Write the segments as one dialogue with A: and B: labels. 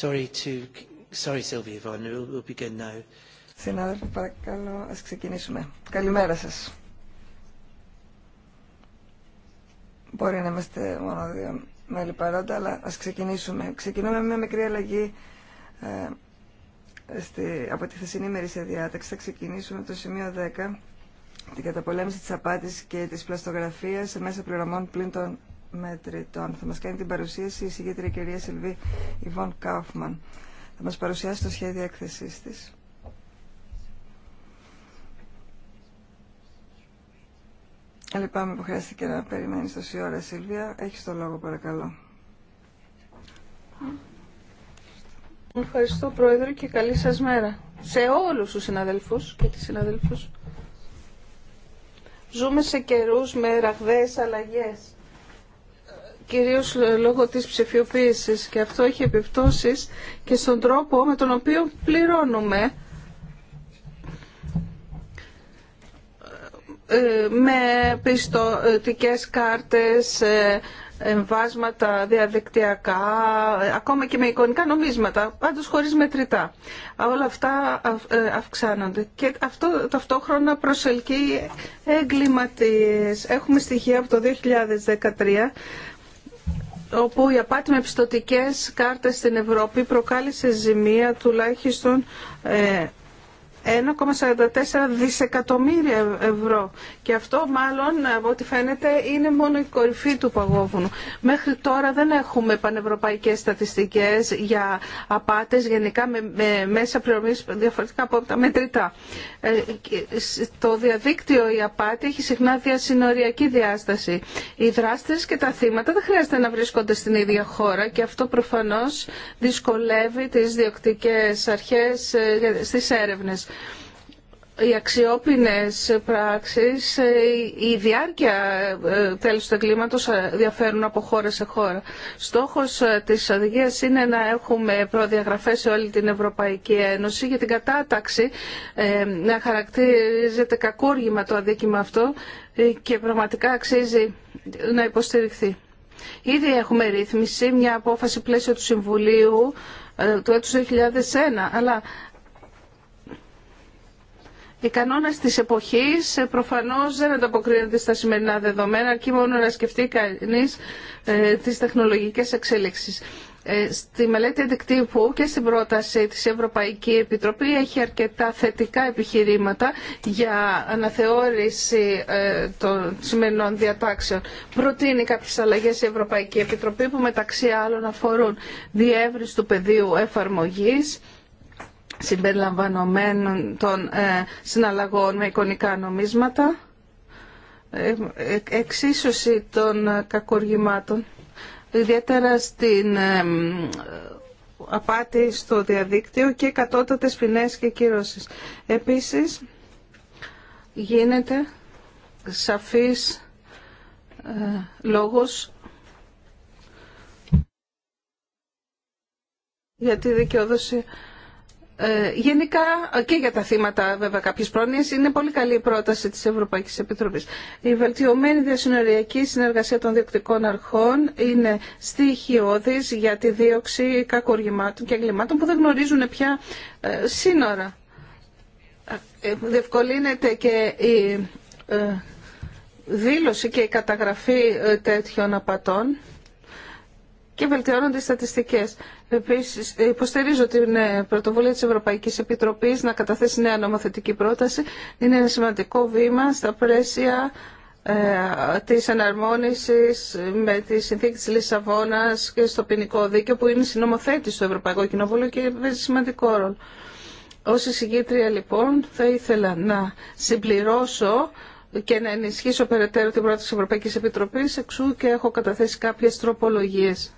A: Sorry
B: παρακαλώ, ας ξεκινήσουμε. Καλημέρα σας. Μπορεί να είμαστε μόνο δύο μέλη παρόντα, αλλά ας ξεκινήσουμε. Ξεκινούμε με μια μικρή αλλαγή ε, από τη χθεσινή μερίσια διάταξη. Θα ξεκινήσουμε το σημείο 10, την καταπολέμηση της απάτης και της πλαστογραφίας σε μέσα πληρωμών πλήν των μετρητών. Θα μας κάνει την παρουσίαση η συγκέντρια κυρία Σιλβή Ιβόν Κάουφμαν. Θα μας παρουσιάσει το σχέδιο έκθεσής της. Λυπάμαι που χρειάστηκε να περιμένει τόση ώρα, Σιλβία. Έχει το λόγο, παρακαλώ.
C: Ευχαριστώ, Πρόεδρε, και καλή σας μέρα. Σε όλους τους συναδελφούς και τις συναδελφούς. Ζούμε σε καιρούς με ραγδαίες αλλαγές κυρίως λόγω της ψηφιοποίησης και αυτό έχει επιπτώσεις και στον τρόπο με τον οποίο πληρώνουμε ε, με πιστωτικές κάρτες, ε, εμβάσματα διαδικτυακά, ακόμα και με εικονικά νομίσματα, πάντως χωρίς μετρητά. Όλα αυτά ε, αυξάνονται και αυτό ταυτόχρονα προσελκύει εγκληματίες. Έχουμε στοιχεία από το 2013 όπου η απάτη με πιστοτικές κάρτες στην Ευρώπη προκάλεσε ζημία τουλάχιστον ε, 1,44 δισεκατομμύρια ευρώ. Και αυτό μάλλον, από ό,τι φαίνεται, είναι μόνο η κορυφή του παγόβουνου. Μέχρι τώρα δεν έχουμε πανευρωπαϊκές στατιστικές για απάτες γενικά με, μέσα πληρωμής διαφορετικά από τα μετρητά. Ε, το διαδίκτυο η απάτη έχει συχνά διασυνοριακή διάσταση. Οι δράστες και τα θύματα δεν χρειάζεται να βρίσκονται στην ίδια χώρα και αυτό προφανώς δυσκολεύει τις διοκτικές αρχές ε, στις έρευνες οι αξιόπινες πράξεις, ε, η διάρκεια ε, τέλους του εγκλήματος ε, διαφέρουν από χώρα σε χώρα. Στόχος της οδηγίας είναι να έχουμε προδιαγραφές σε όλη την Ευρωπαϊκή Ένωση για την κατάταξη να χαρακτηρίζεται κακούργημα το αδίκημα αυτό και πραγματικά αξίζει να υποστηριχθεί. Ήδη έχουμε ρύθμιση, μια απόφαση πλαίσιο του Συμβουλίου του έτους 2001, αλλά οι κανόνες της εποχής ε, προφανώ δεν ανταποκρίνονται στα σημερινά δεδομένα, αρκεί μόνο να σκεφτεί κανείς ε, τις τεχνολογικές εξέλιξεις. Ε, στη μελέτη αντικτύπου και στην πρόταση της Ευρωπαϊκή Επιτροπή έχει αρκετά θετικά επιχειρήματα για αναθεώρηση των σημερινών διατάξεων. Προτείνει κάποιες αλλαγές η Ευρωπαϊκή Επιτροπή που μεταξύ άλλων αφορούν διεύρυνση του πεδίου εφαρμογής, συμπεριλαμβανομένων των ε, συναλλαγών με εικονικά νομίσματα, ε, ε, εξίσωση των κακοργημάτων, ιδιαίτερα στην απάτη στο διαδίκτυο και κατώτατες ποινές και κύρωσης. Επίσης, γίνεται σαφής λόγος για τη δικαιοδοσία ε, γενικά ε, και για τα θύματα βέβαια κάποιες πρόνοιες είναι πολύ καλή η πρόταση της Ευρωπαϊκής Επιτροπής. Η βελτιωμένη διασυνοριακή συνεργασία των διοκτικών αρχών είναι στοιχειώδης για τη δίωξη κακουργημάτων και εγκλημάτων που δεν γνωρίζουν πια ε, σύνορα. Διευκολύνεται και η δήλωση και η καταγραφή τέτοιων απατών και βελτιώνονται οι στατιστικές. Επίσης, υποστηρίζω την ε, πρωτοβουλία της Ευρωπαϊκής Επιτροπής να καταθέσει νέα νομοθετική πρόταση. Είναι ένα σημαντικό βήμα στα πλαίσια ε, της εναρμόνισης με τη συνθήκη της Λισαβόνας και στο ποινικό δίκαιο που είναι συνομοθέτης στο Ευρωπαϊκό Κοινοβούλιο και παίζει σημαντικό ρόλο. Ως εισηγήτρια λοιπόν θα ήθελα να συμπληρώσω και να ενισχύσω περαιτέρω την πρόταση της Ευρωπαϊκής Επιτροπής εξού και έχω καταθέσει κάποιες τροπολογίες.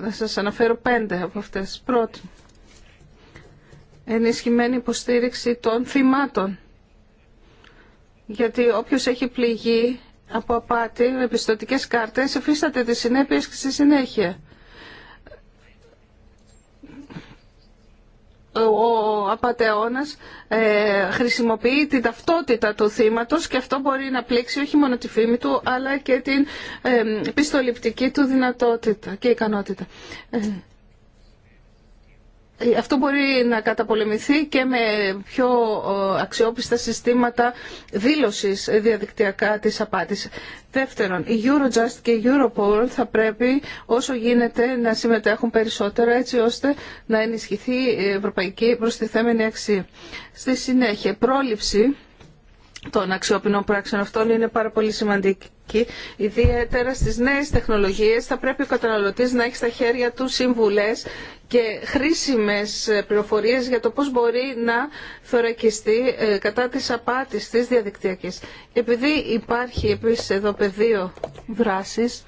C: Να σας αναφέρω πέντε από αυτές. Πρώτον, ενισχυμένη υποστήριξη των θυμάτων. Γιατί όποιος έχει πληγεί από απάτη με πιστοτικές κάρτες, εφίσταται τις συνέπειες και στη συνέχεια. ο απατεώνας ε, χρησιμοποιεί την ταυτότητα του θύματος και αυτό μπορεί να πλήξει όχι μόνο τη φήμη του αλλά και την ε, πιστοληπτική του δυνατότητα και ικανότητα. Ε, αυτό μπορεί να καταπολεμηθεί και με πιο αξιόπιστα συστήματα δήλωσης διαδικτυακά της απάτης. Δεύτερον, η Eurojust και η Europol θα πρέπει όσο γίνεται να συμμετέχουν περισσότερα έτσι ώστε να ενισχυθεί η ευρωπαϊκή προστιθέμενη αξία. Στη συνέχεια, πρόληψη των αξιόπινων πράξεων αυτών είναι πάρα πολύ σημαντική. Ιδιαίτερα στις νέες τεχνολογίες θα πρέπει ο καταναλωτής να έχει στα χέρια του σύμβουλες και χρήσιμες πληροφορίες για το πώς μπορεί να θωρακιστεί ε, κατά της απάτης της διαδικτυακής. Επειδή υπάρχει επίσης εδώ πεδίο δράσης,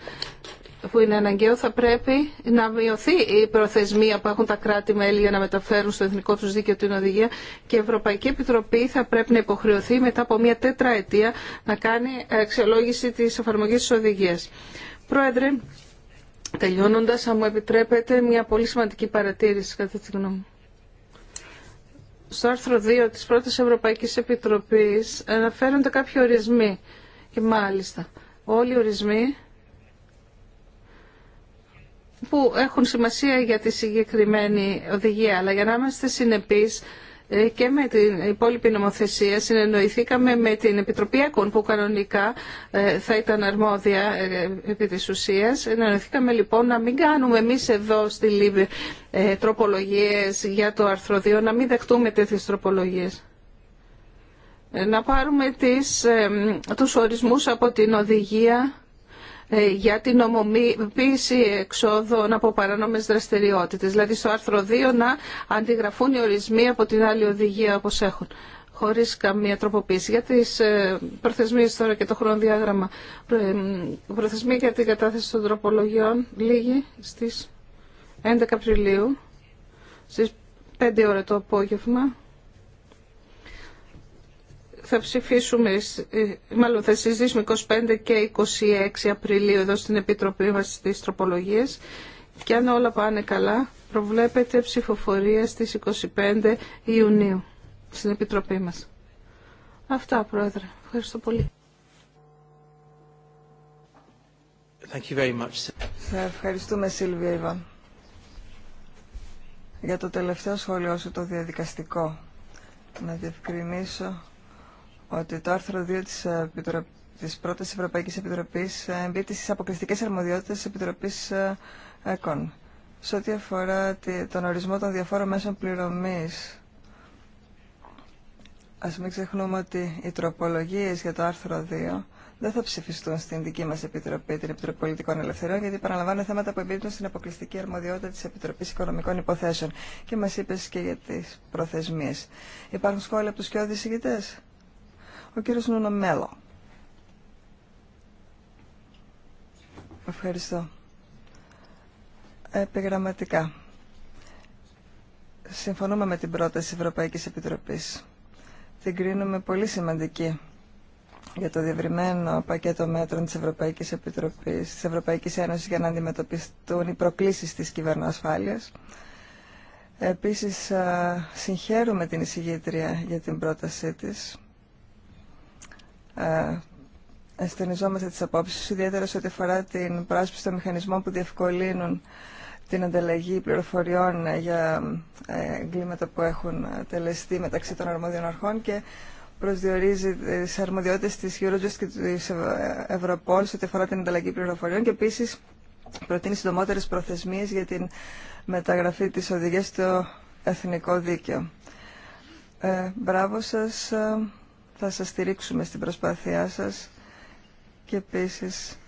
C: που είναι αναγκαίο θα πρέπει να μειωθεί η προθεσμία που έχουν τα κράτη-μέλη για να μεταφέρουν στο εθνικό του δίκαιο την οδηγία και η Ευρωπαϊκή Επιτροπή θα πρέπει να υποχρεωθεί μετά από μια τέτρα τετραετία να κάνει αξιολόγηση τη εφαρμογή τη οδηγία. Πρόεδρε, τελειώνοντα αν μου επιτρέπετε μια πολύ σημαντική παρατήρηση κατά τη γνώμη μου. Στο άρθρο 2 της πρώτης Ευρωπαϊκής Επιτροπής αναφέρονται κάποιοι ορισμοί και μάλιστα όλοι οι ορισμοί που έχουν σημασία για τη συγκεκριμένη οδηγία. Αλλά για να είμαστε συνεπείς ε, και με την υπόλοιπη νομοθεσία συνεννοηθήκαμε με την Επιτροπή που κανονικά ε, θα ήταν αρμόδια ε, επί της Συνεννοηθήκαμε λοιπόν να μην κάνουμε εμείς εδώ στη ΛΥΒΕ τροπολογίες για το άρθρο 2, να μην δεχτούμε τέτοιες τροπολογίες να πάρουμε τις, τους ορισμούς από την οδηγία ε, για την ομοποιήση εξόδων από παράνομες δραστηριότητες. Δηλαδή στο άρθρο 2 να αντιγραφούν οι ορισμοί από την άλλη οδηγία όπως έχουν χωρίς καμία τροποποίηση. Για τις ε, προθεσμίες τώρα και το χρονοδιάγραμμα. Ε, προθεσμία για την κατάθεση των τροπολογιών λίγη στις 11 Απριλίου, στις 5 ώρα το απόγευμα θα ψηφίσουμε, ε, μάλλον θα συζητήσουμε 25 και 26 Απριλίου εδώ στην Επιτροπή μας της τροπολογίας και αν όλα πάνε καλά προβλέπεται ψηφοφορία στις 25 Ιουνίου στην Επιτροπή μας. Αυτά Πρόεδρε. Ευχαριστώ πολύ.
A: Thank you very much.
B: ευχαριστούμε Σίλβια Για το τελευταίο σχόλιο σου το διαδικαστικό να διευκρινίσω ότι το άρθρο 2 της, ε, της πρώτης Ευρωπαϊκής Επιτροπής ε, εμπίπτει στις αποκλειστικές αρμοδιότητες της Επιτροπής ε, ΕΚΟΝ. Σε ό,τι αφορά τον ορισμό των διαφόρων μέσων πληρωμής, ας μην ξεχνούμε ότι οι τροπολογίες για το άρθρο 2 δεν θα ψηφιστούν στην δική μα Επιτροπή, την Επιτροπή Πολιτικών Ελευθεριών, γιατί παραλαμβάνουν θέματα που εμπίπτουν στην αποκλειστική αρμοδιότητα τη Επιτροπή Οικονομικών Υποθέσεων. Και μα είπε και για τι προθεσμίε. Υπάρχουν σχόλια από του και ο κύριος Μέλο. Ευχαριστώ. Ε, επιγραμματικά. Συμφωνούμε με την πρόταση Ευρωπαϊκής Επιτροπής. Την κρίνουμε πολύ σημαντική για το διευρυμένο πακέτο μέτρων της Ευρωπαϊκής Επιτροπής, της Ευρωπαϊκής Ένωσης για να αντιμετωπιστούν οι προκλήσεις της κυβερνοασφάλειας. Επίσης, συγχαίρουμε την εισηγήτρια για την πρότασή της ε, ασθενιζόμαστε τις απόψεις, ιδιαίτερα σε ό,τι αφορά την πράσπιση των μηχανισμών που διευκολύνουν την ανταλλαγή πληροφοριών για ε, εγκλήματα που έχουν τελεστεί μεταξύ των αρμόδιων αρχών και προσδιορίζει τι αρμοδιότητες της Eurojust και της Ευρωπόλ σε ό,τι αφορά την ανταλλαγή πληροφοριών και επίσης προτείνει συντομότερε προθεσμίες για την μεταγραφή της οδηγίας στο εθνικό δίκαιο. Ε, μπράβο σας. Ε, θα σας στηρίξουμε στην προσπάθειά σας και επίσης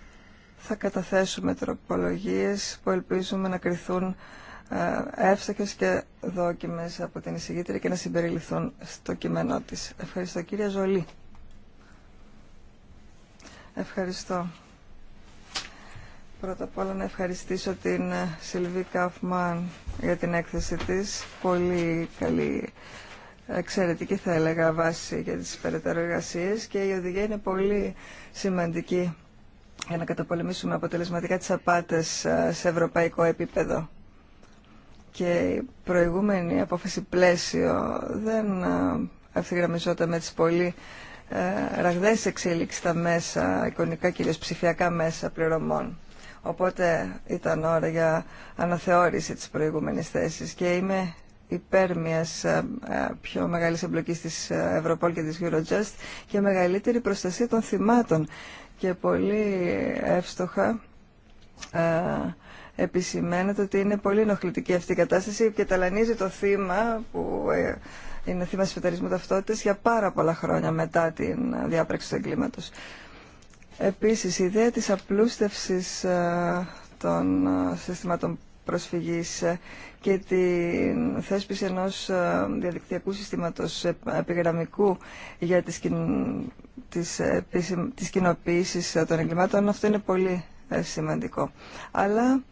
B: θα καταθέσουμε τροπολογίες που ελπίζουμε να κριθούν ε, εύστοχες και δόκιμες από την εισηγήτρια και να συμπεριληφθούν στο κείμενό της. Ευχαριστώ κύριε Ζολή. Ευχαριστώ. Πρώτα απ' όλα να ευχαριστήσω την ε, Σιλβί Καφμάν για την έκθεση της. Πολύ καλή εξαιρετική θα έλεγα βάση για τις περαιτέρω εργασίες και η οδηγία είναι πολύ σημαντική για να καταπολεμήσουμε αποτελεσματικά τις απάτες ε, σε ευρωπαϊκό επίπεδο. Και η προηγούμενη απόφαση πλαίσιο δεν αυθυγραμμιζόταν ε, με τις πολύ ε, ραγδαίες εξέλιξεις στα μέσα, εικονικά κυρίως ψηφιακά μέσα πληρωμών. Οπότε ήταν ώρα για αναθεώρηση της προηγούμενης θέσης και είμαι υπέρ μιας ε, ε, πιο μεγάλης εμπλοκής της ε, Ευρωπόλ και της Eurojust και μεγαλύτερη προστασία των θυμάτων. Και πολύ εύστοχα επισημαίνεται ότι είναι πολύ ενοχλητική αυτή η κατάσταση και ταλανίζει το θύμα που είναι θύμα συμφεταρισμού ταυτότητας για πάρα πολλά χρόνια μετά την διάπραξη του εγκλήματο. Επίση η ιδέα τη απλούστευση των συστημάτων προσφυγής και τη θέσπιση ενός ε, διαδικτυακού συστήματος επιγραμμικού για τις, κοιν... τις, ε, τις κοινοποίησεις ε, των εγκλημάτων, αυτό είναι πολύ σημαντικό. Αλλά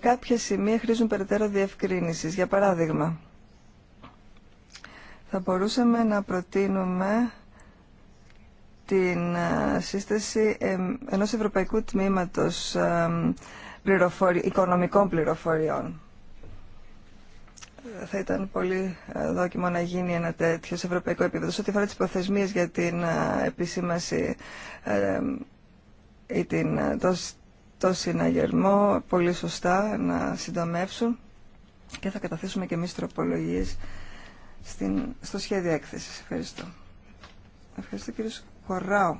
B: κάποια σημεία χρήζουν περαιτέρω διευκρίνησης. Για παράδειγμα, θα μπορούσαμε να προτείνουμε την σύσταση ενός Ευρωπαϊκού Τμήματος πληροφορι... οικονομικών πληροφοριών. Θα ήταν πολύ ε, δόκιμο να γίνει ένα τέτοιο σε ευρωπαϊκό επίπεδο. Σε ό,τι αφορά τι υποθεσμίε για την ε, επισήμαση ε, ή την, το, το συναγερμό, πολύ σωστά να συντομεύσουν και θα καταθέσουμε και εμεί τροπολογίε στο σχέδιο έκθεση. Ευχαριστώ. Ευχαριστώ κύριο Κοράου.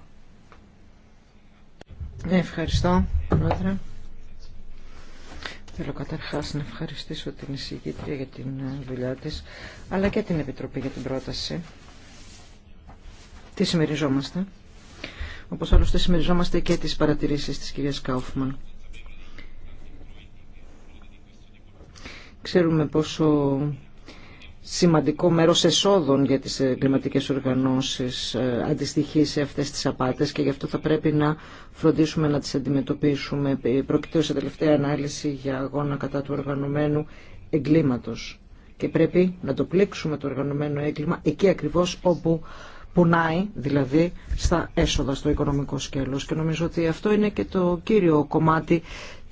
D: Ευχαριστώ, Πρόεδρε. Θέλω καταρχάς να ευχαριστήσω την εισηγήτρια για την ε, δουλειά της, αλλά και την Επιτροπή για την πρόταση. Τι συμμεριζόμαστε. Όπως άλλωστε συμμεριζόμαστε και τις παρατηρήσεις της κυρίας Κάουφμαν. Ξέρουμε πόσο σημαντικό μέρος εσόδων για τις ε, κλιματικές οργανώσεις ε, αντιστοιχεί σε αυτές τις απάτες και γι' αυτό θα πρέπει να φροντίσουμε να τις αντιμετωπίσουμε. Ε, πρόκειται σε τελευταία ανάλυση για αγώνα κατά του οργανωμένου εγκλήματος και πρέπει να το πλήξουμε το οργανωμένο έγκλημα εκεί ακριβώς όπου πουνάει δηλαδή στα έσοδα στο οικονομικό σκέλος και νομίζω ότι αυτό είναι και το κύριο κομμάτι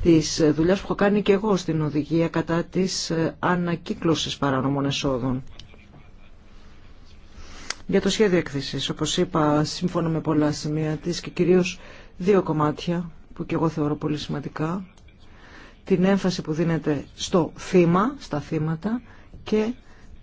D: της δουλειάς που έχω κάνει και εγώ στην οδηγία κατά της ε, ανακύκλωσης παρανομών εσόδων. Για το σχέδιο εκθέσης, όπως είπα, σύμφωνα με πολλά σημεία της και κυρίως δύο κομμάτια που και εγώ θεωρώ πολύ σημαντικά. Την έμφαση που δίνεται στο θύμα, στα θύματα και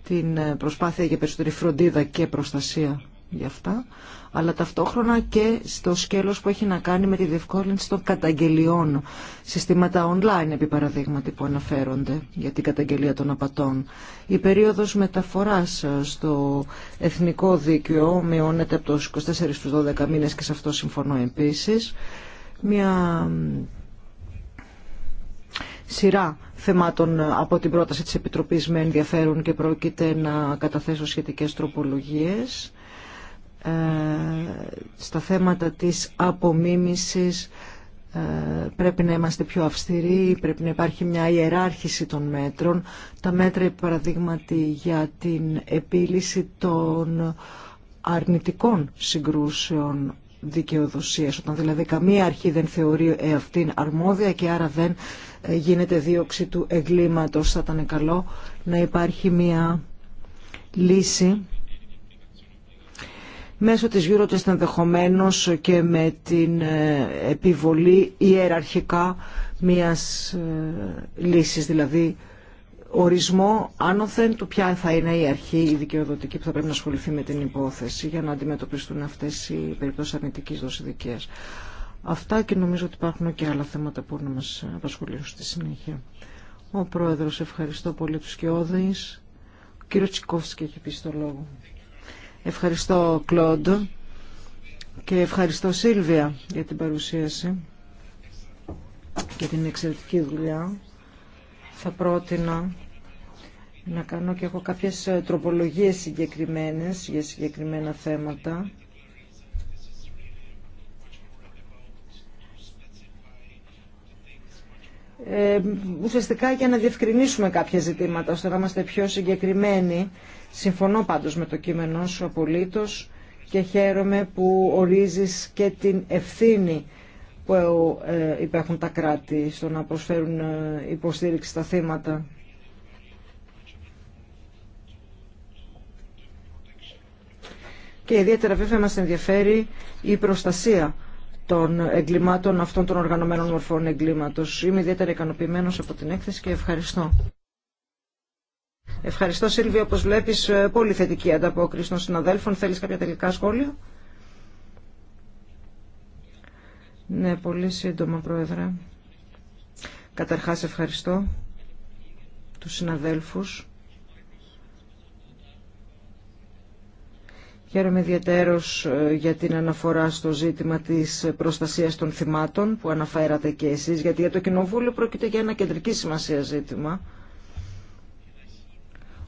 D: την ε, προσπάθεια για περισσότερη φροντίδα και προστασία για αυτά, αλλά ταυτόχρονα και στο σκέλος που έχει να κάνει με τη διευκόλυνση των καταγγελιών, συστήματα online επί παραδείγματι που αναφέρονται για την καταγγελία των απατών. Η περίοδος μεταφοράς ε, στο εθνικό δίκαιο μειώνεται από τους 24 στους 12 μήνες και σε αυτό συμφωνώ επίσης. Μια σειρά θεμάτων ε, από την πρόταση της Επιτροπής με ενδιαφέρουν και πρόκειται να καταθέσω σχετικές τροπολογίες. Ε, στα θέματα της απομίμησης ε, πρέπει να είμαστε πιο αυστηροί, πρέπει να υπάρχει μια ιεράρχηση των μέτρων. Τα μέτρα, παραδείγματι, για την επίλυση των αρνητικών συγκρούσεων δικαιοδοσίας, όταν δηλαδή καμία αρχή δεν θεωρεί ε, αυτήν αρμόδια και άρα δεν γίνεται δίωξη του εγκλήματος. Θα ήταν καλό να υπάρχει μια λύση μέσω της Eurotest ενδεχομένω και με την ε, επιβολή ιεραρχικά μιας ε, λύσης, δηλαδή ορισμό άνωθεν του ποια θα είναι η αρχή, η δικαιοδοτική που θα πρέπει να ασχοληθεί με την υπόθεση για να αντιμετωπιστούν αυτές οι περιπτώσεις αρνητικής δοσηδικίας. Αυτά και νομίζω ότι υπάρχουν και άλλα θέματα που να μας απασχολήσουν στη συνέχεια. Ο Πρόεδρος, ευχαριστώ πολύ τους Κιώδης. Ο κύριο Τσικόφσκι έχει πει στο λόγο. Ευχαριστώ Κλοντ και ευχαριστώ Σίλβια για την παρουσίαση και την εξαιρετική δουλειά. Θα πρότεινα να κάνω και έχω κάποιες ε, τροπολογίες συγκεκριμένες για συγκεκριμένα θέματα. Ε, ουσιαστικά για να διευκρινίσουμε κάποια ζητήματα ώστε να είμαστε πιο συγκεκριμένοι Συμφωνώ πάντως με το κείμενό σου απολύτως και χαίρομαι που ορίζεις και την ευθύνη που ε, ε, υπάρχουν τα κράτη στο να προσφέρουν ε, υποστήριξη στα θύματα. Και ιδιαίτερα βέβαια μας ενδιαφέρει η προστασία των εγκλημάτων αυτών των οργανωμένων μορφών εγκλήματος. Είμαι ιδιαίτερα ικανοποιημένος από την έκθεση και ευχαριστώ. Ευχαριστώ Σίλβη. όπως βλέπεις ε, πολύ θετική ανταπόκριση των συναδέλφων. Θέλεις κάποια τελικά σχόλια? Ναι, πολύ σύντομα Πρόεδρε. Καταρχάς ευχαριστώ τους συναδέλφους. Χαίρομαι ιδιαίτερω ε, για την αναφορά στο ζήτημα της προστασίας των θυμάτων που αναφέρατε και εσείς, γιατί για το Κοινοβούλιο πρόκειται για ένα κεντρική σημασία ζήτημα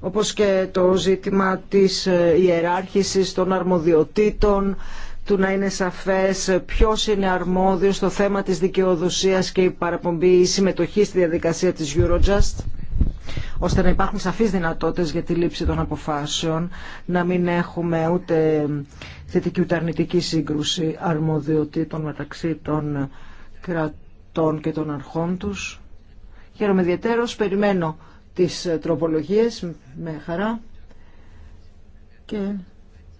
D: όπως και το ζήτημα της ε, ιεράρχησης των αρμοδιοτήτων, του να είναι σαφές ε, ποιος είναι αρμόδιος στο θέμα της δικαιοδοσίας και η παραπομπή η συμμετοχή στη διαδικασία της Eurojust ώστε να υπάρχουν σαφείς δυνατότητες για τη λήψη των αποφάσεων, να μην έχουμε ούτε ε, θετική ούτε αρνητική σύγκρουση αρμοδιοτήτων μεταξύ των κρατών και των αρχών τους. Χαίρομαι ιδιαίτερως, περιμένω τις ε, τροπολογίες με χαρά και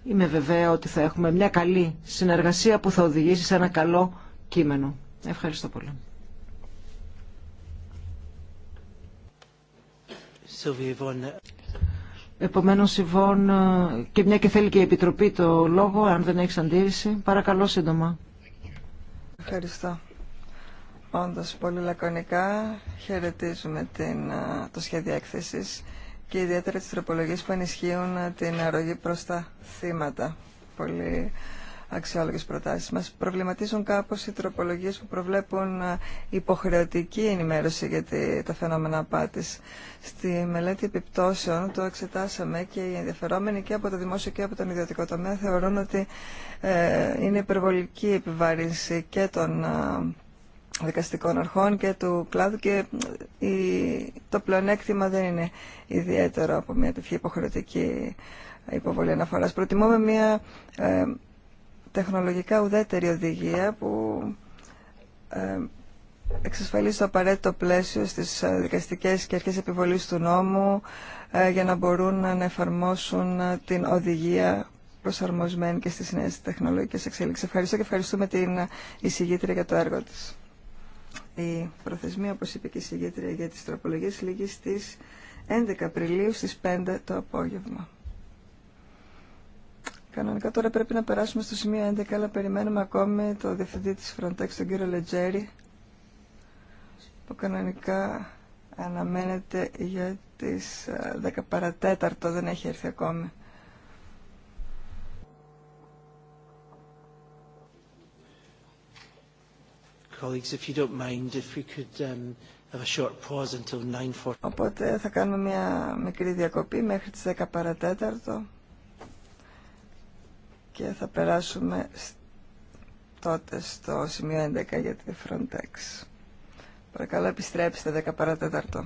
D: είμαι βεβαία ότι θα έχουμε μια καλή συνεργασία που θα οδηγήσει σε ένα καλό κείμενο. Ευχαριστώ πολύ. Επομένω Ιβόν, ε, και μια και θέλει και η Επιτροπή το λόγο, αν δεν έχει αντίρρηση, παρακαλώ σύντομα.
B: Ευχαριστώ. Όντως, πολύ λακωνικά χαιρετίζουμε την, το σχέδιο έκθεσης και ιδιαίτερα τις τροπολογίες που ενισχύουν την αρρωγή προς τα θύματα. Πολύ αξιόλογες προτάσεις μας. Προβληματίζουν κάπως οι τροπολογίες που προβλέπουν υποχρεωτική ενημέρωση για τα φαινόμενα απάτης. Στη μελέτη επιπτώσεων το εξετάσαμε και οι ενδιαφερόμενοι και από το δημόσιο και από τον ιδιωτικό τομέα θεωρούν ότι ε, είναι υπερβολική επιβάρυνση και των δικαστικών αρχών και του κλάδου και ε, το πλεονέκτημα δεν είναι ιδιαίτερο από μια τέτοια υποχρεωτική υποβολή αναφοράς. Προτιμούμε μια ε, τεχνολογικά ουδέτερη οδηγία που ε, εξασφαλίσει το απαραίτητο πλαίσιο στις ε, δικαστικές και αρχές επιβολής του νόμου για να μπορούν να εφαρμόσουν την οδηγία προσαρμοσμένη και στις νέες τεχνολογικές εξέλιξεις. Ευχαριστώ και ευχαριστούμε την εισηγήτρια για το έργο της. Η προθεσμία, όπως είπε και η συγγετρία για τις τροπολογίες, λήγει στις 11 Απριλίου στις 5 το απόγευμα. Κανονικά τώρα πρέπει να περάσουμε στο σημείο 11, αλλά περιμένουμε ακόμη το διευθυντή της Frontex, τον κύριο Λετζέρη, που κανονικά αναμένεται για τις 10 ε, δεν έχει
A: έρθει ακόμη. Colleagues, if you don't mind, if we could um, have a short pause until 9.40. Οπότε θα
B: κάνουμε μια μικρή διακοπή μέχρι τις 10 παρατέταρτο και θα περάσουμε τότε στο σημείο 11 για τη Frontex. Παρακαλώ επιστρέψτε 10 παρατέταρτο.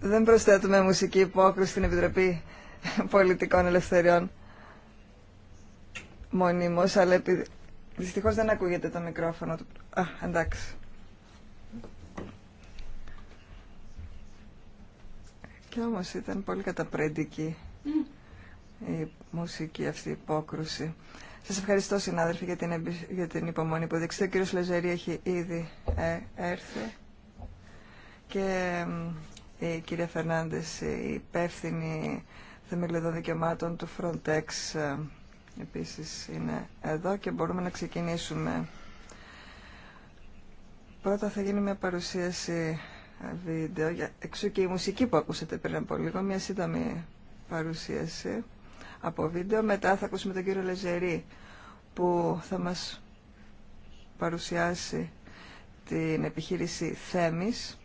B: Δεν προσθέτουμε μουσική υπόκριση στην Επιτροπή Πολιτικών Ελευθεριών μονίμως, αλλά επί δυστυχώς δεν ακούγεται το μικρόφωνο του. Α, εντάξει. Και όμως ήταν πολύ καταπρέντικη η μουσική αυτή η υπόκρουση. Σας ευχαριστώ συνάδελφοι για την, την υπομονή που δείξετε. Ο κύριος Λεζερή έχει ήδη ε, έρθει και η κυρία Φερνάντες, η υπεύθυνη θεμελιωδών δικαιωμάτων του Frontex, ε, επίσης είναι εδώ και μπορούμε να ξεκινήσουμε. Πρώτα θα γίνει μια παρουσίαση ε, βίντεο, εξού και η μουσική που ακούσατε πριν από λίγο, μια σύντομη παρουσίαση από βίντεο. Μετά θα ακούσουμε τον κύριο Λεζερή που θα μας παρουσιάσει την επιχείρηση Θέμης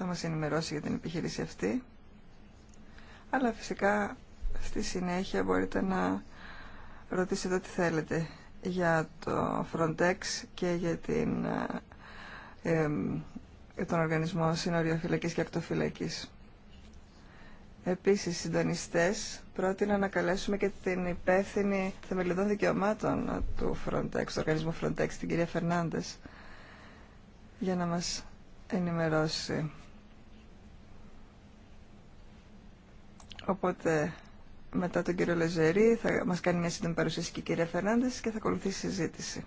B: θα μας ενημερώσει για την επιχείρηση αυτή. Αλλά φυσικά στη συνέχεια μπορείτε να ρωτήσετε ό,τι θέλετε για το Frontex και για, την, ε, ε, ε τον Οργανισμό Συνοριοφυλακής και Ακτοφυλακής. Επίσης, συντονιστέ συντονιστές να καλέσουμε και την υπεύθυνη θεμελιωδών δικαιωμάτων του Frontex, του οργανισμού Frontex, την κυρία Φερνάντες, για να μας ενημερώσει Οπότε μετά τον κύριο Λεζερή θα μας κάνει μια σύντομη παρουσίαση και η κυρία Φερνάντες και θα ακολουθήσει η συζήτηση.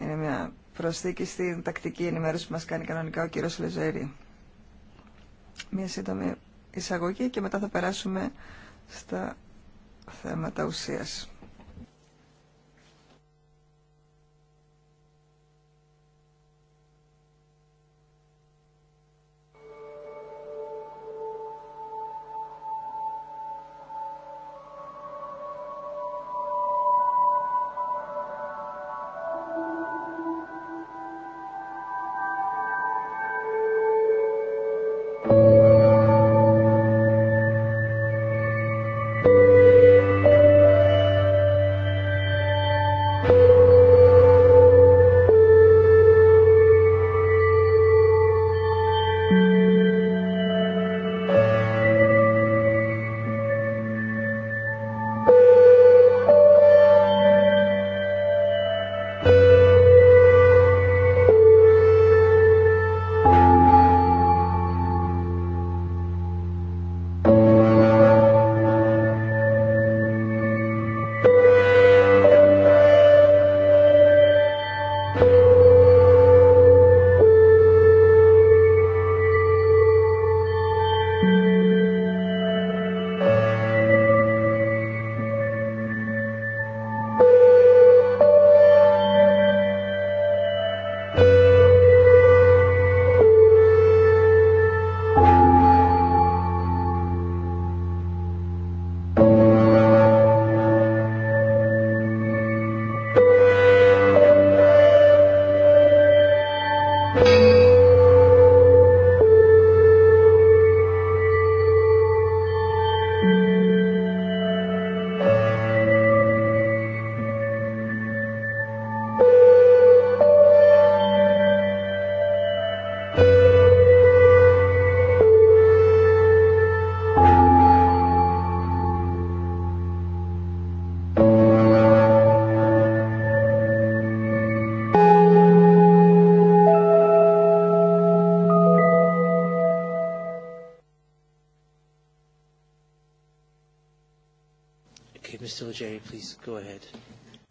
B: Είναι μια προσθήκη στην τακτική ενημέρωση που μας κάνει κανονικά ο κύριος Λεζερή. Μια σύντομη εισαγωγή και μετά θα περάσουμε στα θέματα ουσίας.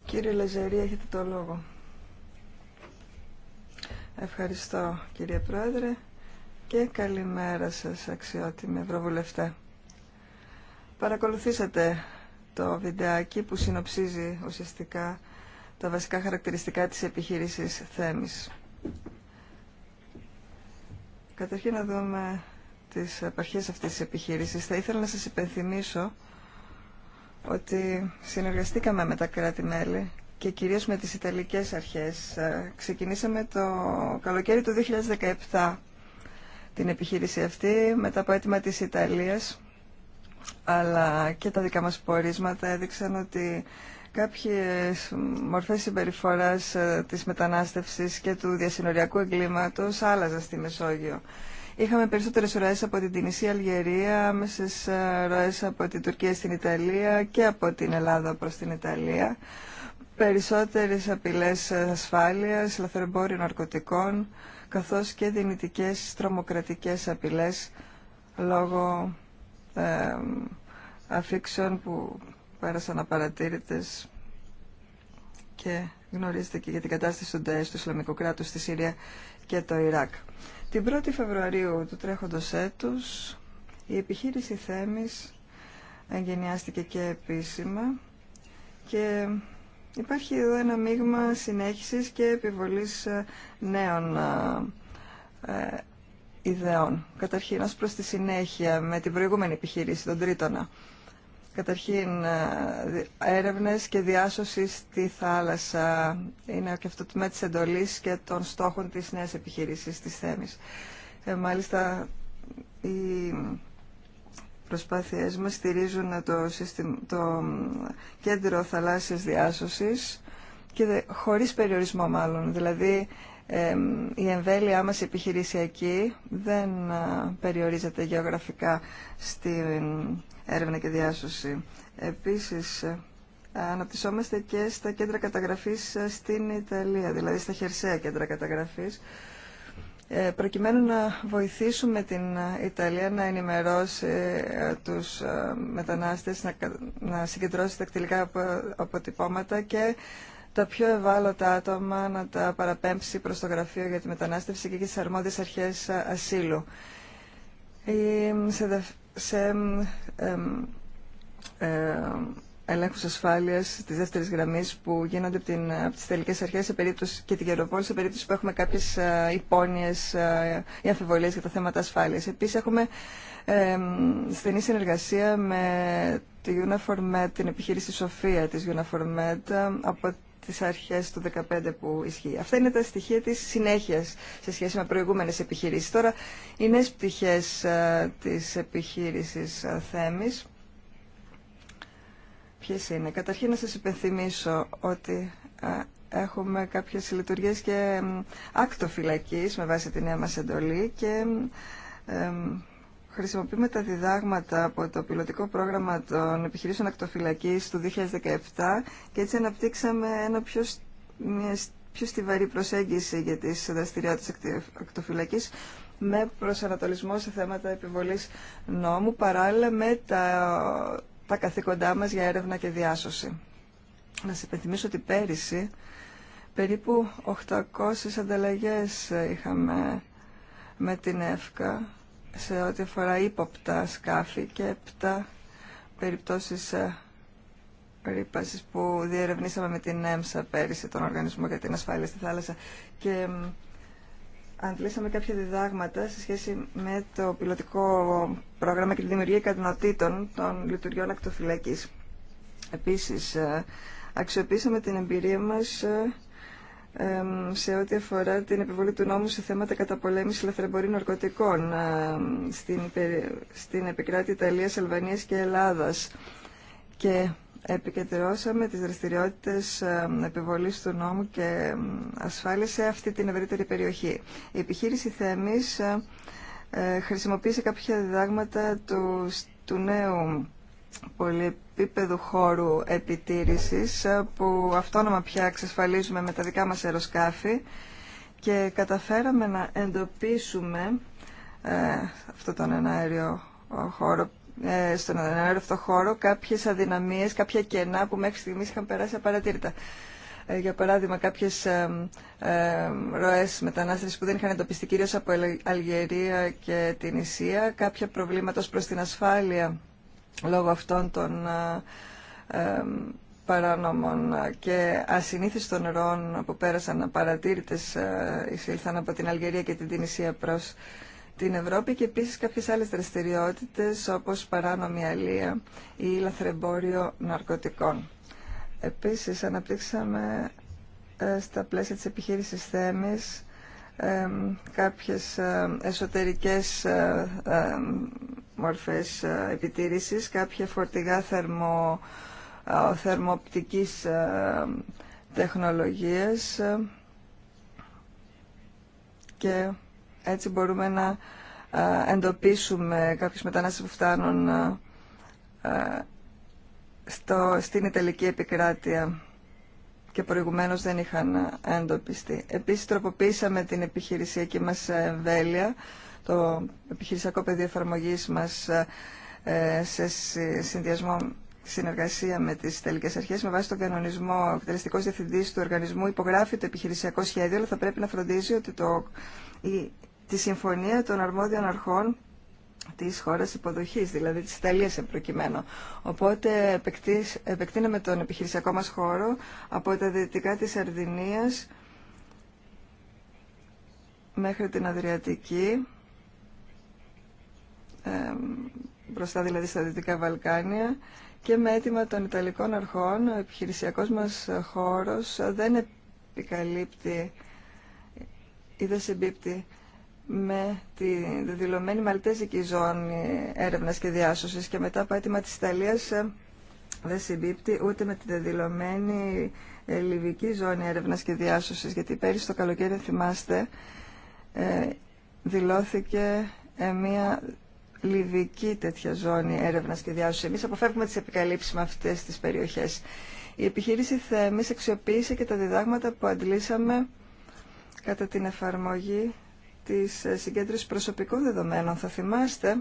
B: Κύριε Λαζαρή, έχετε το λόγο. Ευχαριστώ κύριε Πρόεδρε και καλημέρα σας αξιότιμη Ευρωβουλευτέ. Παρακολουθήσατε το βιντεάκι που συνοψίζει ουσιαστικά τα βασικά χαρακτηριστικά της επιχείρησης Θέμης. Καταρχήν να δούμε τις επαρχές αυτής της επιχείρησης. Θα ήθελα να σας υπενθυμίσω ότι συνεργαστήκαμε με τα κράτη-μέλη και κυρίως με τις Ιταλικές αρχές. Ε, ξεκινήσαμε το καλοκαίρι του 2017 την επιχείρηση αυτή μετά από αίτημα της Ιταλίας αλλά και τα δικά μας πορίσματα έδειξαν ότι κάποιες μορφές συμπεριφοράς ε, της μετανάστευσης και του διασυνοριακού εγκλήματος άλλαζαν στη Μεσόγειο. Είχαμε περισσότερες ροέ από την Τινησία Αλγερία, άμεσε ε, ροέ από την Τουρκία στην Ιταλία και από την Ελλάδα προ την Ιταλία. Περισσότερες απειλέ ε, ασφάλειας, λαθρεμπόριο ναρκωτικών, καθώς και δυνητικές τρομοκρατικές απειλέ λόγω ε, αφήξεων που πέρασαν απαρατήρητες και γνωρίζετε και για την κατάσταση του ΝΤΕΣ, του Ισλαμικού κράτους στη Συρία και το Ιράκ. Την 1η Φεβρουαρίου του τρέχοντος έτους η επιχείρηση Θέμης εγγενιάστηκε και επίσημα και υπάρχει εδώ ένα μείγμα συνέχισης και επιβολής ε, νέων ε, ε, ιδεών. Καταρχήν, ως προς τη συνέχεια με την προηγούμενη επιχείρηση, τον Τρίτονα. Καταρχήν, ε, έρευνες και διάσωση στη θάλασσα είναι και αυτό το και των στόχων της νέας επιχείρησης της Θέμης. Ε, μάλιστα, οι προσπάθειές μας στηρίζουν το, συστημ το κέντρο θαλάσσιας διάσωσης και χωρίς περιορισμό μάλλον. Δηλαδή, η εμβέλειά μας η επιχειρησιακή δεν περιορίζεται γεωγραφικά στην έρευνα και διάσωση. Επίσης, ε, αναπτυσσόμαστε και στα κέντρα καταγραφής ε, στην Ιταλία, δηλαδή στα χερσαία κέντρα καταγραφής, ε, προκειμένου να βοηθήσουμε την Ιταλία να ενημερώσει τους μετανάστες, να συγκεντρώσει τα κτηλικά αποτυπώματα και τα πιο ευάλωτα άτομα να τα παραπέμψει προς το Γραφείο για τη Μετανάστευση και τις αρμόδιες αρχές ασύλου. σε, σε ε, ε, ελέγχους ασφάλειας της δεύτερης γραμμής που γίνονται από, την, από τις τελικές αρχές σε περίπτωση, και την Γεροπόλη σε περίπτωση που έχουμε κάποιες ε, υπόνοιες ε, ή αμφιβολίες για τα θέματα ασφάλειας. Επίσης έχουμε ε, στενή συνεργασία με τη UNAFORMED, την επιχείρηση Σοφία της UNAFORMED από τις αρχές του 2015 που ισχύει. Αυτά είναι τα στοιχεία της συνέχειας σε σχέση με προηγούμενες επιχειρήσεις. Τώρα, οι νέες πτυχές ε, της επιχείρησης ε, Θέμης. Ποιες είναι. Καταρχήν να σας υπενθυμίσω ότι ε, έχουμε κάποιες λειτουργίες και άκτο φυλακής με βάση τη νέα μας εντολή και χρησιμοποιούμε τα διδάγματα από το πιλωτικό πρόγραμμα των επιχειρήσεων ακτοφυλακής του 2017 και έτσι αναπτύξαμε ένα πιο, μια πιο στιβαρή προσέγγιση για τις της ακτοφυλακής με προσανατολισμό σε θέματα επιβολής νόμου παράλληλα με τα, τα καθήκοντά μας για έρευνα και διάσωση. Να σας υπενθυμίσω ότι πέρυσι περίπου 800 ανταλλαγές είχαμε με την ΕΦΚΑ σε ό,τι αφορά ύποπτα σκάφη και έπτα περιπτώσεις ε, ρήπασης που διερευνήσαμε με την ΕΜΣΑ πέρυσι, τον Οργανισμό για την Ασφάλεια στη Θάλασσα. Και αντλήσαμε κάποια διδάγματα σε σχέση με το πιλωτικό πρόγραμμα και τη δημιουργία ικανοτήτων των λειτουργιών ακτοφυλακής. Επίσης, ε, αξιοποιήσαμε την εμπειρία μας ε, σε ό,τι αφορά την επιβολή του νόμου σε θέματα καταπολέμησης λαθρεμπορή ναρκωτικών στην, στην επικράτη Ιταλίας, Αλβανίας και Ελλάδας. Και επικεντρώσαμε τις δραστηριότητες επιβολής του νόμου και ασφάλεια αυτή την ευρύτερη περιοχή. Η επιχείρηση Θέμης ε, ε, χρησιμοποίησε κάποια διδάγματα του, του νέου επίπεδου χώρου επιτήρησης ε, που αυτόνομα πια εξασφαλίζουμε με τα δικά μας αεροσκάφη και καταφέραμε να εντοπίσουμε ε, αυτόν τον αέριο χώρο, ε, στον αέριο αυτό χώρο κάποιες αδυναμίες, κάποια κενά που μέχρι στιγμής είχαν περάσει απαρατήρητα. Ε, για παράδειγμα, κάποιες ε, ε, ροές μετανάστευσης που δεν είχαν εντοπιστεί κυρίως από Αλγερία και την Ισία, κάποια προβλήματα προς την ασφάλεια λόγω αυτών των ε, παράνομων και ασυνήθιστων ροών που πέρασαν παρατήρητες ε, εισήλθαν από την Αλγερία και την Τινησία προς την Ευρώπη και επίσης κάποιες άλλες δραστηριότητες όπως παράνομη αλία ή λαθρεμπόριο ναρκωτικών. Επίσης αναπτύξαμε ε, στα πλαίσια της επιχείρησης θέμης κάποιες εσωτερικές μορφές ε, επιτήρησης, κάποια φορτηγά θερμο, ε, θερμοπτικής ε, τεχνολογίας και έτσι μπορούμε να εντοπίσουμε κάποιους μετανάστες που φτάνουν στο, στην Ιταλική επικράτεια και προηγουμένως δεν είχαν εντοπιστεί. Επίσης τροποποίησαμε την επιχειρησιακή μας εμβέλεια το επιχειρησιακό πεδίο εφαρμογή μας ε, σε συνδυασμό συνεργασία με τι τελικέ αρχέ. Με βάση τον κανονισμό, ο εκτελεστικό διευθυντή του οργανισμού υπογράφει το επιχειρησιακό σχέδιο, αλλά θα πρέπει να φροντίζει ότι το, η, τη συμφωνία των αρμόδιων αρχών τη χώρα υποδοχή, δηλαδή τη Ιταλία προκειμένου. Οπότε επεκτείναμε τον επιχειρησιακό μα χώρο από τα δυτικά τη Αρδινία μέχρι την Αδριατική μπροστά δηλαδή στα Δυτικά Βαλκάνια και με αίτημα των Ιταλικών αρχών ο επιχειρησιακός μας χώρος δεν επικαλύπτει ή δεν συμπίπτει με τη δηλωμένη μαλτέζικη ζώνη έρευνας και διάσωσης και μετά από αίτημα της Ιταλίας δεν συμπίπτει ούτε με τη δεδηλωμένη ε, λιβική ζώνη έρευνας και διάσωσης γιατί πέρυσι το καλοκαίρι θυμάστε ε, δηλώθηκε ε, μια λιβική τέτοια ζώνη έρευνα και διάσωση. Εμείς αποφεύγουμε τις επικαλύψεις με αυτές τις περιοχές. Η επιχείρηση Θέμη αξιοποίησε και τα διδάγματα που αντλήσαμε κατά την εφαρμογή της συγκέντρωση προσωπικών δεδομένων. Θα θυμάστε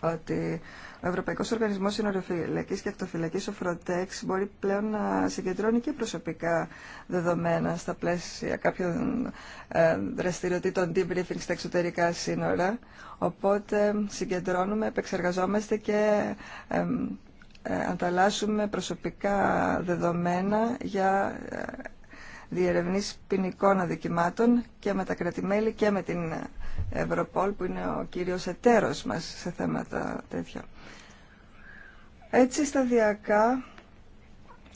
B: ότι ο Ευρωπαϊκός Οργανισμός Συνοριοφυλακής και Ακτοφυλακής, ο Frontex, μπορεί πλέον να συγκεντρώνει και προσωπικά δεδομένα στα πλαίσια κάποιων ε, δραστηριοτήτων debriefing στα εξωτερικά σύνορα. Οπότε συγκεντρώνουμε, επεξεργαζόμαστε και ε, ανταλλάσσουμε προσωπικά δεδομένα για ε, διερευνήσεις ποινικών αδικημάτων και με τα κρατημέλη και με την Ευρωπόλ που είναι ο κύριος εταίρος μας σε θέματα τέτοια. Έτσι σταδιακά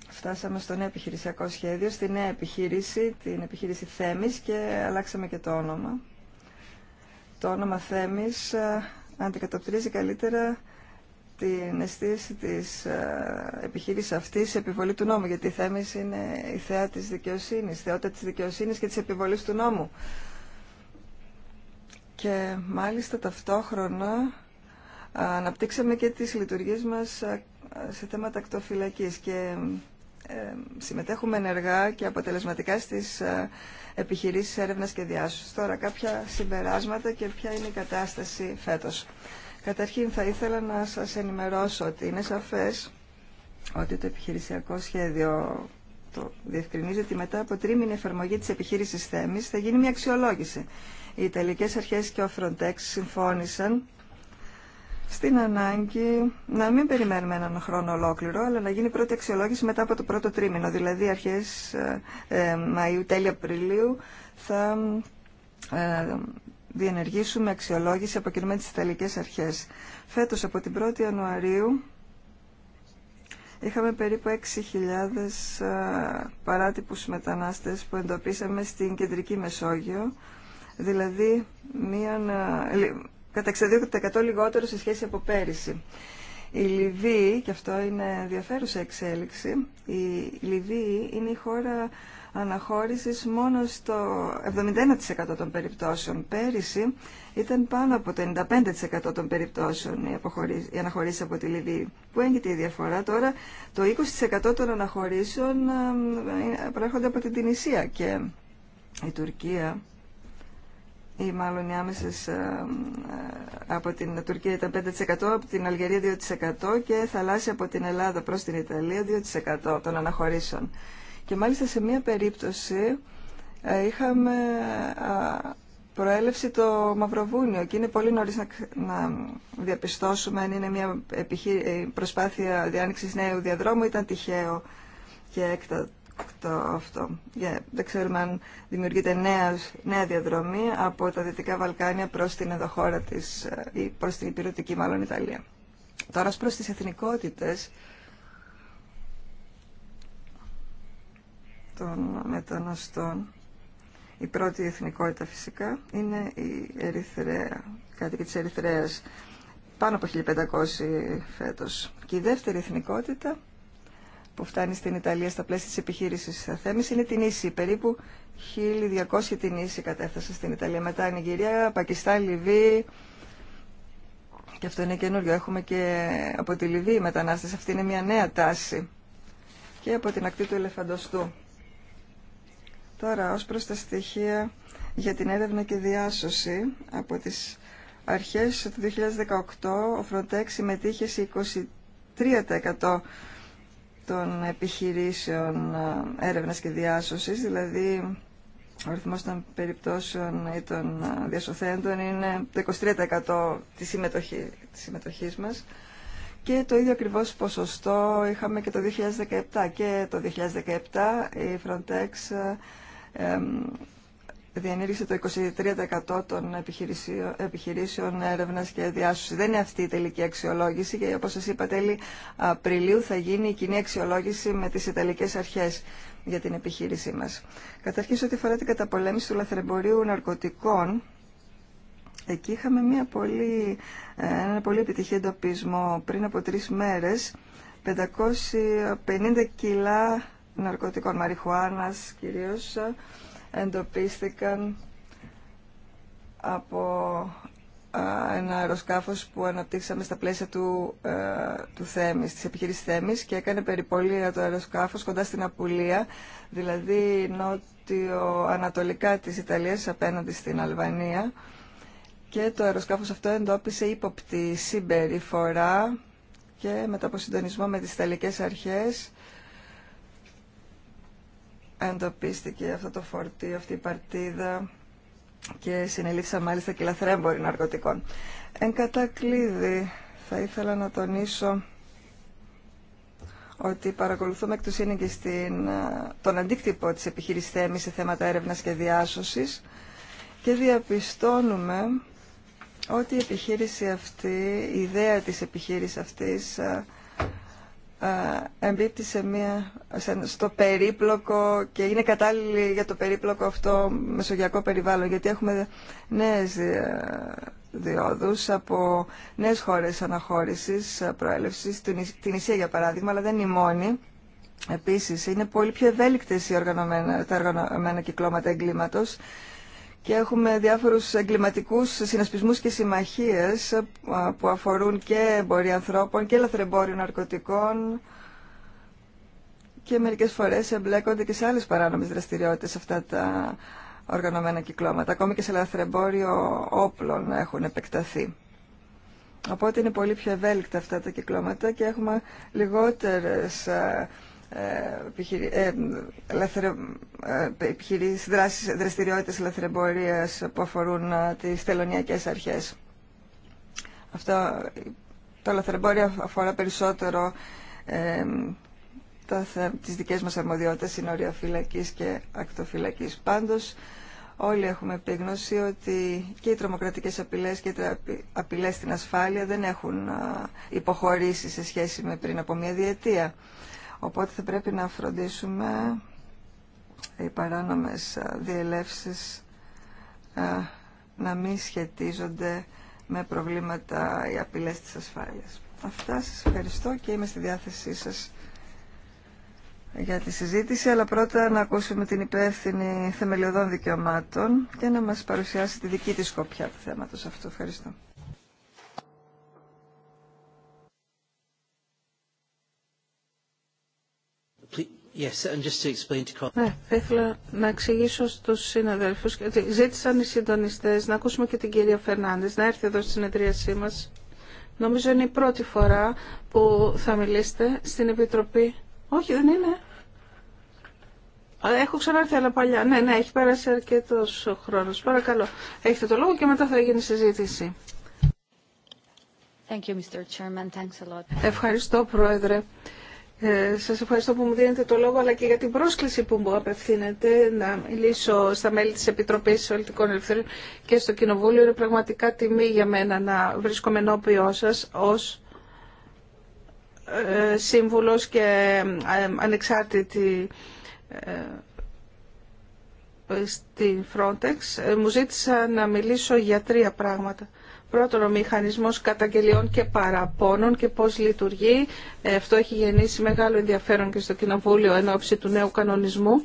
B: φτάσαμε στο νέο επιχειρησιακό σχέδιο, στη νέα επιχείρηση, την επιχείρηση Θέμης και αλλάξαμε και το όνομα. Το όνομα Θέμης ε, αντικατοπτρίζει καλύτερα την αισθήση της ε, επιχείρησης αυτής σε επιβολή του νόμου, γιατί η Θέμης είναι η θέα της δικαιοσύνης, θεότητα της δικαιοσύνης και της επιβολής του νόμου. Και μάλιστα ταυτόχρονα αναπτύξαμε και τις λειτουργίες μας σε θέματα ακτοφυλακής και ε, συμμετέχουμε ενεργά και αποτελεσματικά στις επιχειρήσεις έρευνας και διάσωσης. Τώρα κάποια συμπεράσματα και ποια είναι η κατάσταση φέτος. Καταρχήν θα ήθελα να σας ενημερώσω ότι είναι σαφές ότι το επιχειρησιακό σχέδιο το διευκρινίζει ότι μετά από τρίμηνη εφαρμογή της επιχείρησης θέμης θα γίνει μια αξιολόγηση. Οι Ιταλικές Αρχές και ο Frontex συμφώνησαν στην ανάγκη να μην περιμένουμε έναν χρόνο ολόκληρο, αλλά να γίνει πρώτη αξιολόγηση μετά από το πρώτο τρίμηνο. Δηλαδή αρχές ε, ε Μαΐου, τέλη Απριλίου θα ε, διενεργήσουμε αξιολόγηση από με τις Ιταλικές Αρχές. Φέτος από την 1η Ιανουαρίου είχαμε περίπου 6.000 ε, παράτυπους μετανάστες που εντοπίσαμε στην Κεντρική Μεσόγειο, δηλαδή μίαν, κατά 62% λιγότερο σε σχέση από πέρυσι. Η Λιβύη, και αυτό είναι ενδιαφέρουσα εξέλιξη, η Λιβύη είναι η χώρα αναχώρησης μόνο στο 71% των περιπτώσεων. Πέρυσι ήταν πάνω από το 95% των περιπτώσεων οι, η από τη Λιβύη. Πού έγινε η διαφορά τώρα. Το 20% των αναχωρήσεων ε, ε, προέρχονται από την Τινησία και η Τουρκία ή μάλλον οι άμεσε ε, ε, από την Τουρκία ήταν 5%, από την Αλγερία 2% και θαλάσσια από την Ελλάδα προς την Ιταλία 2% των αναχωρήσεων. Και μάλιστα σε μία περίπτωση ε, είχαμε προέλευση το Μαυροβούνιο και είναι πολύ νωρίς να, διαπιστώσουμε αν είναι μια προσπάθεια διάνοιξης νέου διαδρόμου ήταν τυχαίο και έκτατο αυτό. Yeah, δεν ξέρουμε αν δημιουργείται νέα, νέα διαδρομή από τα Δυτικά Βαλκάνια προς την εδοχώρα της ε, ή προς την υπηρετική μάλλον Ιταλία. Τώρα προς τις εθνικότητες των μεταναστών, η πρώτη εθνικότητα φυσικά είναι η Ερυθρέα, Κάτοικη της Ερυθρέας, πάνω από 1500 φέτος. Και η δεύτερη εθνικότητα που φτάνει στην Ιταλία στα πλαίσια της επιχείρησης Θέμης είναι την ίση. Περίπου 1.200 την ίση κατέφτασε στην Ιταλία. Μετά η Νιγηρία, Πακιστάν, Λιβύη. Και αυτό είναι καινούριο. Έχουμε και από τη Λιβύη μετανάστες. Αυτή είναι μια νέα τάση. Και από την ακτή του Ελεφαντοστού. Τώρα, ως προς τα στοιχεία για την έρευνα και διάσωση από τις αρχές του 2018 ο Frontex συμμετείχε σε 23% των επιχειρήσεων ε, έρευνας και διάσωσης, δηλαδή ο αριθμός των περιπτώσεων ή των ε, διασωθέντων είναι το 23% της, συμμετοχή, της συμμετοχής μας και το ίδιο ακριβώς ποσοστό είχαμε και το 2017 και το 2017 η Frontex ε, διενήργησε το 23% των επιχειρήσεων, έρευνα και διάσωση. Δεν είναι αυτή η τελική αξιολόγηση και όπω σα είπα τέλη Απριλίου θα γίνει η κοινή αξιολόγηση με τι ιταλικέ αρχέ για την επιχείρησή μα. Καταρχήν ό,τι αφορά την καταπολέμηση του λαθρεμπορίου ναρκωτικών, εκεί είχαμε μια πολύ, ε, ένα πολύ επιτυχή εντοπισμό πριν από τρει μέρε, 550 κιλά ναρκωτικών, μαριχουάνας κυρίως, εντοπίστηκαν από ένα αεροσκάφος που αναπτύξαμε στα πλαίσια του, ε, του Θέμης, της επιχείρησης Θέμης και έκανε περιπολία το αεροσκάφος κοντά στην Απουλία, δηλαδή νότιο-ανατολικά της Ιταλίας απέναντι στην Αλβανία και το αεροσκάφος αυτό εντόπισε ύποπτη συμπεριφορά και μετά από συντονισμό με τις Ιταλικές αρχές εντοπίστηκε αυτό το φορτίο, αυτή η παρτίδα και συνελήφθησαν μάλιστα και λαθρέμποροι ναρκωτικών. Εν κατακλείδη θα ήθελα να τονίσω ότι παρακολουθούμε εκ του και στην, τον αντίκτυπο της επιχείρησης θέμης σε θέματα έρευνας και διάσωσης και διαπιστώνουμε ότι η επιχείρηση αυτή, η ιδέα της επιχείρησης αυτής ε, εμπίπτει σε μια, στο περίπλοκο και είναι κατάλληλη για το περίπλοκο αυτό μεσογειακό περιβάλλον γιατί έχουμε νέες ε, διόδους από νέες χώρες αναχώρησης, ε, προέλευσης, την Ισία για παράδειγμα, αλλά δεν είναι η μόνη. Επίσης, είναι πολύ πιο ευέλικτες οργανωμένα, τα οργανωμένα κυκλώματα εγκλήματος και έχουμε διάφορους εγκληματικούς συνασπισμούς και συμμαχίες ε, που αφορούν και εμπορία ανθρώπων και λαθρεμπόριο ναρκωτικών και μερικές φορές εμπλέκονται και σε άλλες παράνομες δραστηριότητες αυτά τα οργανωμένα κυκλώματα. Ακόμη και σε λαθρεμπόριο όπλων έχουν επεκταθεί. Οπότε είναι πολύ πιο ευέλικτα αυτά τα κυκλώματα και έχουμε λιγότερες ε, επιχειρήσει ε, ε, δράσεις, δραστηριότητες ελευθερεμπορίας που αφορούν ε, τις τελωνιακέ αρχές. Αυτό, το ελευθερεμπόριο αφορά περισσότερο ε, τα, τις δικές μας αρμοδιότητες, συνόρια φυλακής και ακτοφυλακής. Πάντως, όλοι έχουμε επίγνωση ότι και οι τρομοκρατικές απειλές και οι απειλές στην ασφάλεια δεν έχουν υποχωρήσει σε σχέση με πριν από μια διετία. Οπότε θα πρέπει να φροντίσουμε οι παράνομες διελεύσεις να μην σχετίζονται με προβλήματα ή απειλές της ασφάλειας. Αυτά σας ευχαριστώ και είμαι στη διάθεσή σας για τη συζήτηση, αλλά πρώτα να ακούσουμε την υπεύθυνη θεμελιωδών δικαιωμάτων και να μας παρουσιάσει τη δική της σκοπιά του θέματος αυτού. Ευχαριστώ.
A: Yes, and just to explain to... Ναι,
C: θα ήθελα να εξηγήσω στους συναδέλφους. Ζήτησαν οι συντονιστές να ακούσουμε και την κυρία Φερνάνδης να έρθει εδώ στη συνεδρίασή μας. Νομίζω είναι η πρώτη φορά που θα μιλήσετε στην Επιτροπή. Όχι, δεν είναι. Έχω ξανάρθει αλλά παλιά. Ναι, ναι, έχει πέρασει αρκετό χρόνο. Παρακαλώ. Έχετε το λόγο και μετά θα γίνει συζήτηση. Thank you, Mr. Thanks a lot. Ευχαριστώ, Πρόεδρε. Ε, σας ευχαριστώ που μου δίνετε το λόγο, αλλά και για την πρόσκληση που μου απευθύνετε να μιλήσω στα μέλη της Επιτροπής Πολιτικών Ελευθερίων και στο Κοινοβούλιο. Είναι πραγματικά τιμή για μένα να βρίσκομαι ενώπιό σας ως ε, σύμβουλος και ε, ανεξάρτητη ε, ε, στη Frontex. Μου ζήτησα να μιλήσω για τρία πράγματα. Πρώτον, ο μηχανισμός καταγγελιών και παραπώνων και πώς λειτουργεί. Ε, αυτό έχει γεννήσει μεγάλο ενδιαφέρον και στο Κοινοβούλιο εν ώψη του νέου κανονισμού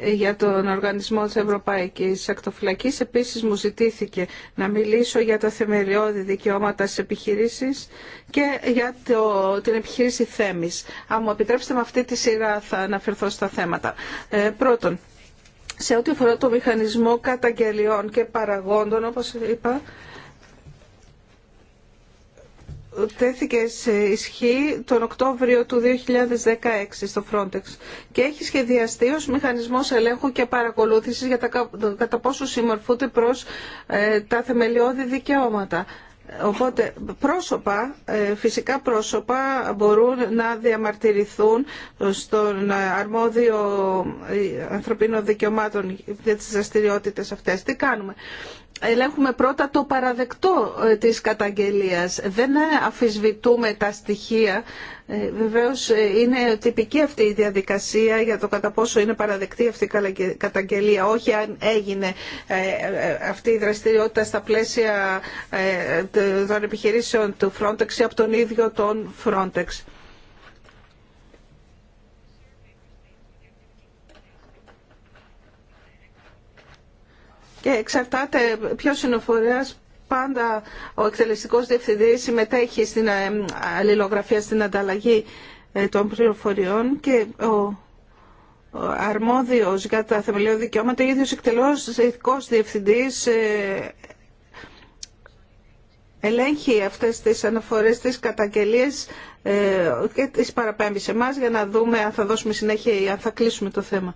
C: ε, για τον Οργανισμό της Ευρωπαϊκής Ακτοφυλακής. Επίσης μου ζητήθηκε να μιλήσω για τα θεμελιώδη δικαιώματα τη επιχειρήσεις και για το, την επιχείρηση Θέμης. Αν μου επιτρέψετε με αυτή τη σειρά θα αναφερθώ στα θέματα. Ε, πρώτον, σε ό,τι αφορά το μηχανισμό καταγγελιών και παραγόντων, όπως είπα, τέθηκε σε ισχύ τον Οκτώβριο του 2016 στο Frontex και έχει σχεδιαστεί ως μηχανισμός ελέγχου και παρακολούθησης για τα κατά πόσο συμμορφούνται προς ε, τα θεμελιώδη δικαιώματα. Οπότε πρόσωπα, ε, φυσικά πρόσωπα μπορούν να διαμαρτυρηθούν στον αρμόδιο ε, ανθρωπίνων δικαιωμάτων για τις δραστηριότητε αυτές. Τι κάνουμε ελέγχουμε πρώτα το παραδεκτό ε, της καταγγελίας. Δεν ε, αφισβητούμε τα στοιχεία. Ε, βεβαίως είναι τυπική αυτή η διαδικασία για το κατά πόσο είναι παραδεκτή αυτή η καταγγελία. Όχι αν έγινε αυτή η δραστηριότητα στα πλαίσια των επιχειρήσεων του Frontex ή από τον ίδιο τον Frontex. και εξαρτάται ποιο είναι ο πάντα ο εκτελεστικός διευθυντής συμμετέχει στην ε, αλληλογραφία, στην ανταλλαγή ε, των πληροφοριών και ο αρμόδιος για τα θεμελιώδη δικαιώματα, ο ίδιος εκτελεστικό διευθυντής ε, ελέγχει αυτές τις αναφορές, τις καταγγελίες και τις παραπέμπει σε εμάς για να δούμε αν θα δώσουμε συνέχεια ή αν θα κλείσουμε το θέμα.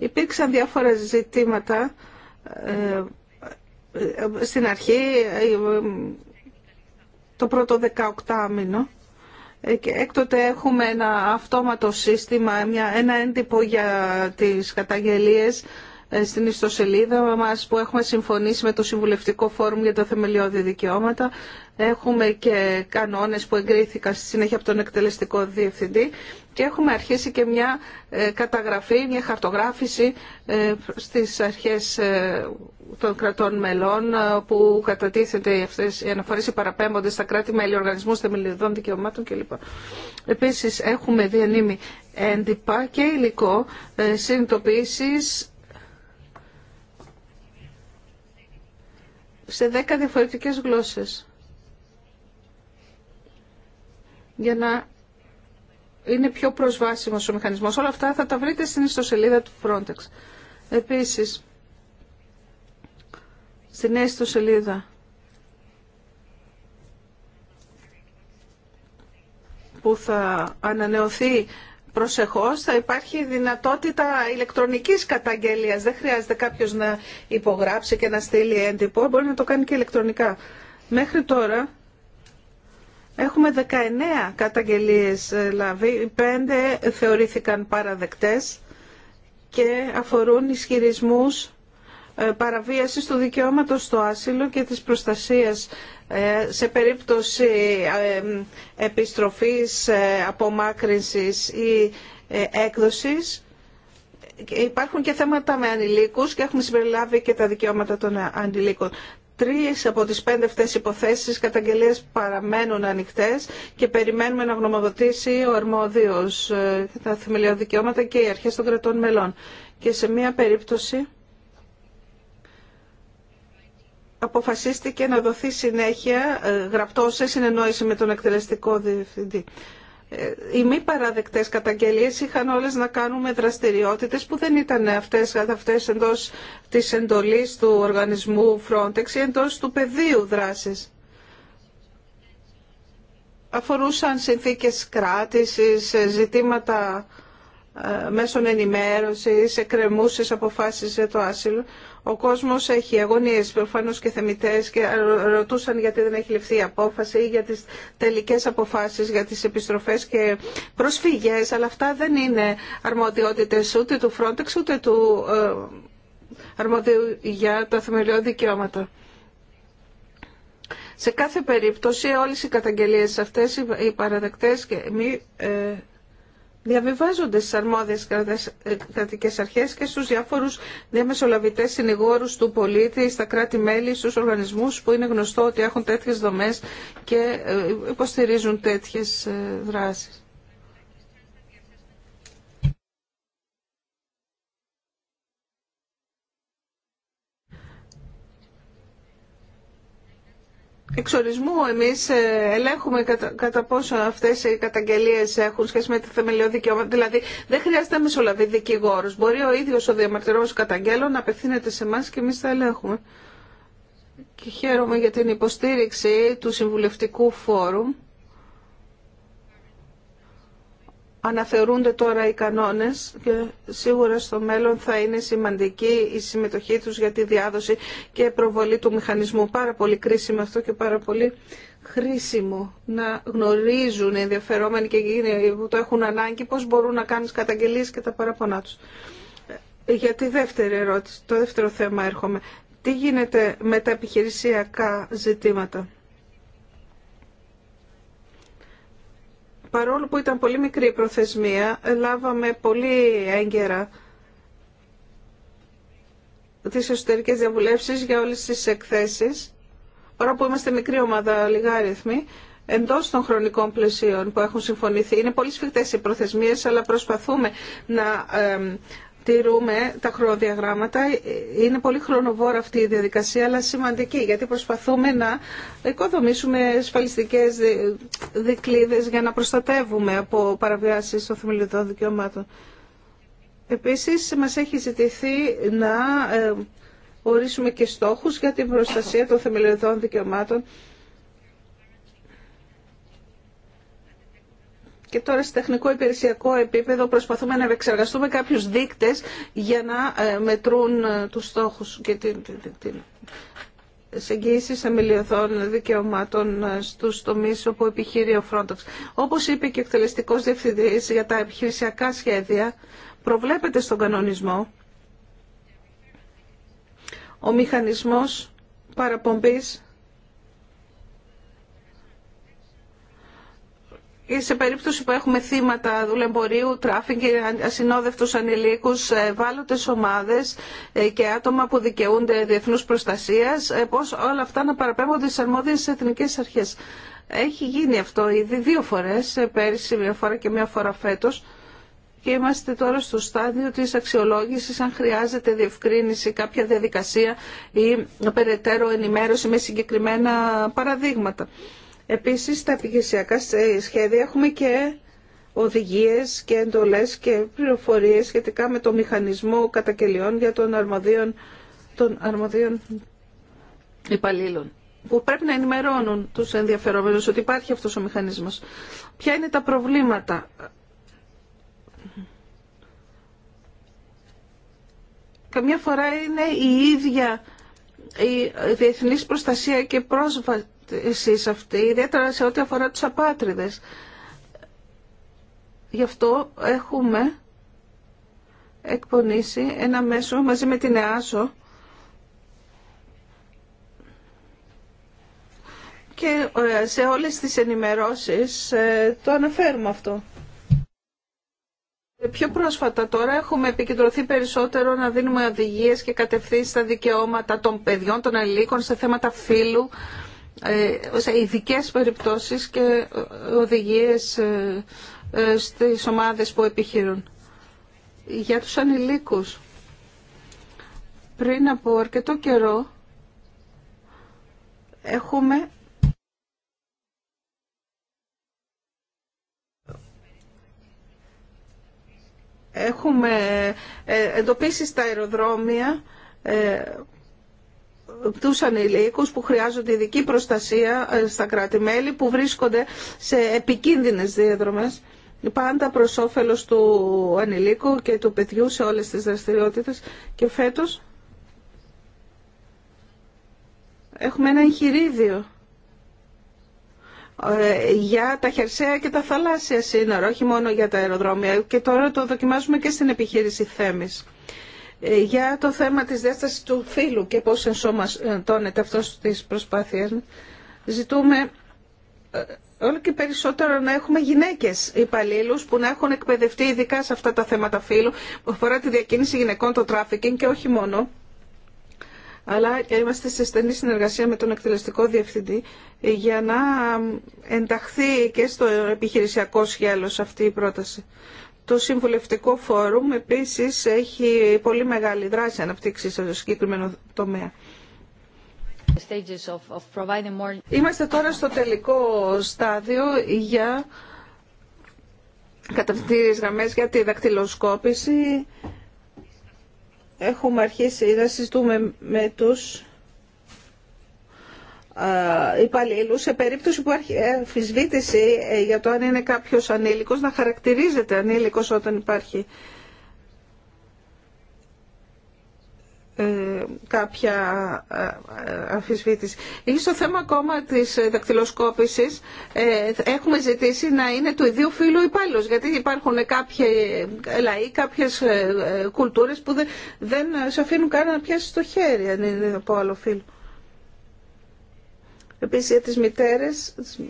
C: Υπήρξαν διάφορα ζητήματα ε, στην αρχή, ε, το πρώτο 18 μήνο. Ε, και έκτοτε έχουμε ένα αυτόματο σύστημα, μια, ένα έντυπο για τις καταγγελίες στην ιστοσελίδα μας που έχουμε συμφωνήσει με το Συμβουλευτικό Φόρουμ για τα Θεμελιώδη Δικαιώματα. Έχουμε και κανόνες που εγκρίθηκαν στη συνέχεια από τον εκτελεστικό διευθυντή και έχουμε αρχίσει και μια ε, καταγραφή, μια χαρτογράφηση ε, στις αρχές ε, των κρατών μελών που κατατίθεται αυτές οι αναφορές οι παραπέμπονται στα κράτη-μέλη, οργανισμούς θεμελιωδών δικαιωμάτων κλπ. Επίσης έχουμε διανύμει έντυπα και υλικό συνειδητοποίησης σε δέκα διαφορετικές γλώσσες. για να είναι πιο προσβάσιμος ο μηχανισμός. Όλα αυτά θα τα βρείτε στην ιστοσελίδα του Frontex. Επίσης, στην νέα ιστοσελίδα που θα ανανεωθεί προσεχώς θα υπάρχει δυνατότητα ηλεκτρονικής καταγγελίας. Δεν χρειάζεται κάποιος να υπογράψει και να στείλει έντυπο, μπορεί να το κάνει και ηλεκτρονικά. Μέχρι τώρα Έχουμε 19 καταγγελίες ε, λάβει, 5 θεωρήθηκαν παραδεκτές και αφορούν ισχυρισμούς ε, παραβίασης του δικαιώματος στο άσυλο και της προστασίας ε, σε περίπτωση επιστροφής, απομάκρυνσης ή έκδοσης. Υπάρχουν και θέματα με ανηλίκους και έχουμε συμπεριλάβει και τα δικαιώματα των ανηλίκων. Τρεις από τις πέντε αυτές υποθέσεις καταγγελίες παραμένουν ανοιχτές και περιμένουμε να γνωμοδοτήσει ο αρμόδιος ε, τα θεμελιώδη δικαιώματα και οι αρχές των κρατών μελών. Και σε μία περίπτωση αποφασίστηκε να δοθεί συνέχεια ε, γραπτό σε συνεννόηση με τον εκτελεστικό διευθυντή. Ε, οι μη παραδεκτές καταγγελίες είχαν όλες να κάνουν με δραστηριότητες που δεν ήταν αυτές, αυτές εντός της εντολής του οργανισμού Frontex ή εντός του πεδίου δράσης. Αφορούσαν συνθήκες κράτησης, ε, ζητήματα ε, μέσων ενημέρωσης, εκκρεμούσες αποφάσεις για το άσυλο. Ο κόσμος έχει αγωνίες προφανώς και θεμητέ, και ρωτούσαν γιατί δεν έχει ληφθεί η απόφαση ή για τις τελικές αποφάσεις, για τις επιστροφές και προσφύγες, αλλά αυτά δεν είναι αρμοδιότητες ούτε του Frontex ούτε του ε, αρμοδίου για τα θεμελιώδη δικαιώματα. Σε κάθε περίπτωση όλες οι καταγγελίες αυτές, οι παραδεκτές και μη ε, διαβιβάζονται στις αρμόδιες ε, κρατικές αρχές και στους διάφορους διαμεσολαβητές συνηγόρους του πολίτη, στα κράτη-μέλη, στους οργανισμούς που είναι γνωστό ότι έχουν τέτοιες δομές και ε, υποστηρίζουν τέτοιες ε, δράσεις. Εξορισμού εμείς ε, ελέγχουμε κατά, πόσο αυτές οι καταγγελίες έχουν σχέση με τη θεμελιώδη δικαιώματα. Δηλαδή δεν χρειάζεται να μεσολαβεί δικηγόρος. Μπορεί ο ίδιος ο διαμαρτυρός καταγγέλων να απευθύνεται σε εμά και εμείς τα ελέγχουμε. Και χαίρομαι για την υποστήριξη του Συμβουλευτικού Φόρουμ αναθεωρούνται τώρα οι κανόνες και σίγουρα στο μέλλον θα είναι σημαντική η συμμετοχή τους για τη διάδοση και προβολή του μηχανισμού. Πάρα πολύ κρίσιμο αυτό και πάρα πολύ χρήσιμο να γνωρίζουν οι ενδιαφερόμενοι και που το έχουν ανάγκη πώς μπορούν να κάνουν καταγγελίες και τα παραπονά τους. Ε, για τη δεύτερη ερώτηση, το δεύτερο θέμα έρχομαι. Τι γίνεται με τα επιχειρησιακά ζητήματα. παρόλο που ήταν πολύ μικρή η προθεσμία, λάβαμε πολύ έγκαιρα τις εσωτερικές διαβουλεύσεις για όλες τις εκθέσεις. Ώρα που είμαστε μικρή ομάδα, λιγάριθμοι, εντός των χρονικών πλαισίων που έχουν συμφωνηθεί. Είναι πολύ σφιχτές οι προθεσμίες, αλλά προσπαθούμε να τηρούμε τα χρονοδιαγράμματα. Είναι πολύ χρονοβόρα αυτή η διαδικασία, αλλά σημαντική, γιατί προσπαθούμε να οικοδομήσουμε ασφαλιστικές δικλείδες για να προστατεύουμε από παραβιάσεις των θεμελιωδών δικαιωμάτων. Επίσης, μας έχει ζητηθεί να ε, ορίσουμε και στόχους για την προστασία των θεμελιωδών δικαιωμάτων Και τώρα σε τεχνικό υπηρεσιακό επίπεδο προσπαθούμε να επεξεργαστούμε κάποιους δείκτες για να ε, μετρούν ε, τους στόχους και την, εγγύηση αμελιωδών δικαιωμάτων ε, στους τομείς όπου επιχείρει ο Frontex. Όπως είπε και ο εκτελεστικός διευθυντής για τα επιχειρησιακά σχέδια, προβλέπεται στον κανονισμό ο μηχανισμός παραπομπής Ε, σε περίπτωση που έχουμε θύματα δουλεμπορίου, τράφικ, ασυνόδευτους ανηλίκους, ε, ευάλωτες ομάδες ε, και άτομα που δικαιούνται διεθνούς προστασίας, πώς όλα αυτά να παραπέμπονται στις αρμόδιες εθνικές αρχές. Έχει γίνει αυτό ήδη δύο φορές, πέρυσι μια φορά και μια φορά φέτος και είμαστε τώρα στο στάδιο της αξιολόγησης αν χρειάζεται διευκρίνηση, κάποια διαδικασία ή περαιτέρω ενημέρωση με συγκεκριμένα παραδείγματα. Επίσης, στα επιχειρησιακά σχέδια έχουμε και οδηγίες και εντολές και πληροφορίες σχετικά με το μηχανισμό κατακελιών για τον αρμοδίων, των αρμοδίων υπαλλήλων που πρέπει να ενημερώνουν τους ενδιαφερόμενους ότι υπάρχει αυτός ο μηχανισμός. Ποια είναι τα προβλήματα. Καμιά φορά είναι η ίδια η διεθνής προστασία και πρόσβαση ερώτησης αυτή, ιδιαίτερα σε ό,τι αφορά τους απάτριδες. Γι' αυτό έχουμε εκπονήσει ένα μέσο μαζί με την ΕΑΣΟ και ε, σε όλες τις ενημερώσεις ε, το αναφέρουμε αυτό. Ε, πιο πρόσφατα τώρα έχουμε επικεντρωθεί περισσότερο να δίνουμε οδηγίες και κατευθύνσεις στα δικαιώματα των παιδιών, των ελικων σε θέματα φύλου ε, σε ειδικέ περιπτώσεις και ε, οδηγίες ε, στις ομάδες που επιχειρούν. Για τους ανηλίκους, πριν από αρκετό καιρό έχουμε έχουμε εντοπίσει στα αεροδρόμια τους ανηλίκους που χρειάζονται ειδική προστασία ε, στα κράτη-μέλη που βρίσκονται σε επικίνδυνες διαδρομές πάντα προς όφελος του ανηλίκου και του παιδιού σε όλες τις δραστηριότητες και φέτος έχουμε ένα εγχειρίδιο ε, για τα χερσαία και τα θαλάσσια σύνορα, όχι μόνο για τα αεροδρόμια και τώρα το δοκιμάζουμε και στην επιχείρηση Θέμης. Ε, για το θέμα της διάστασης του φύλου και πώς ενσωματώνεται αυτό στις προσπάθειες. Ζητούμε ε, όλο και περισσότερο να έχουμε γυναίκες υπαλλήλου που να έχουν εκπαιδευτεί ειδικά σε αυτά τα θέματα φύλου που αφορά τη διακίνηση γυναικών, το τράφικινγκ και όχι μόνο. Αλλά είμαστε σε στενή συνεργασία με τον εκτελεστικό διευθυντή για να ενταχθεί και στο επιχειρησιακό σχέλος αυτή η πρόταση. Το Συμβουλευτικό Φόρουμ επίσης έχει πολύ μεγάλη δράση αναπτύξει το συγκεκριμένο τομέα. Είμαστε τώρα στο τελικό στάδιο για κατευθυντήριες γραμμές για τη δακτυλοσκόπηση. Έχουμε αρχίσει να συζητούμε με τους ε, υπαλλήλου σε περίπτωση που υπάρχει αμφισβήτηση ε, για το αν είναι κάποιος ανήλικος να χαρακτηρίζεται ανήλικος όταν υπάρχει ε, κάποια αμφισβήτηση. Ή στο θέμα ακόμα της δακτυλοσκόπησης έχουμε ζητήσει να είναι του ιδίου φύλου υπάλληλος γιατί υπάρχουν κάποιοι λαοί, κάποιες κουλτούρες που δεν, δεν σε αφήνουν καν να πιάσει το χέρι αν είναι από άλλο φύλο. Επίσης για τις μητέρες, τις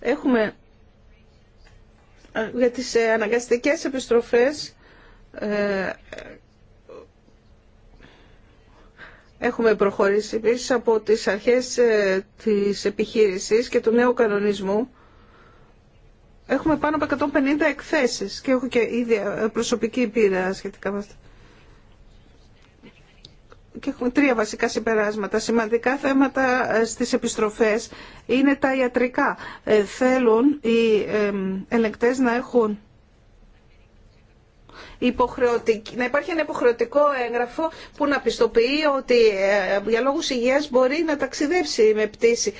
C: Έχουμε για τις ε, αναγκαστικές επιστροφές ε, Έχουμε προχωρήσει επίσης από τις αρχές ε, της επιχείρησης και του νέου κανονισμού Έχουμε πάνω από 150 εκθέσεις και έχω και ήδη ε, προσωπική πείρα σχετικά με αυτά. Και έχουμε τρία βασικά συμπεράσματα. Σημαντικά θέματα ε, στις επιστροφές είναι τα ιατρικά. Ε, θέλουν οι ελεγκτές να έχουν να υπάρχει ένα υποχρεωτικό έγγραφο που να πιστοποιεί ότι για λόγους υγείας μπορεί να ταξιδέψει με πτήση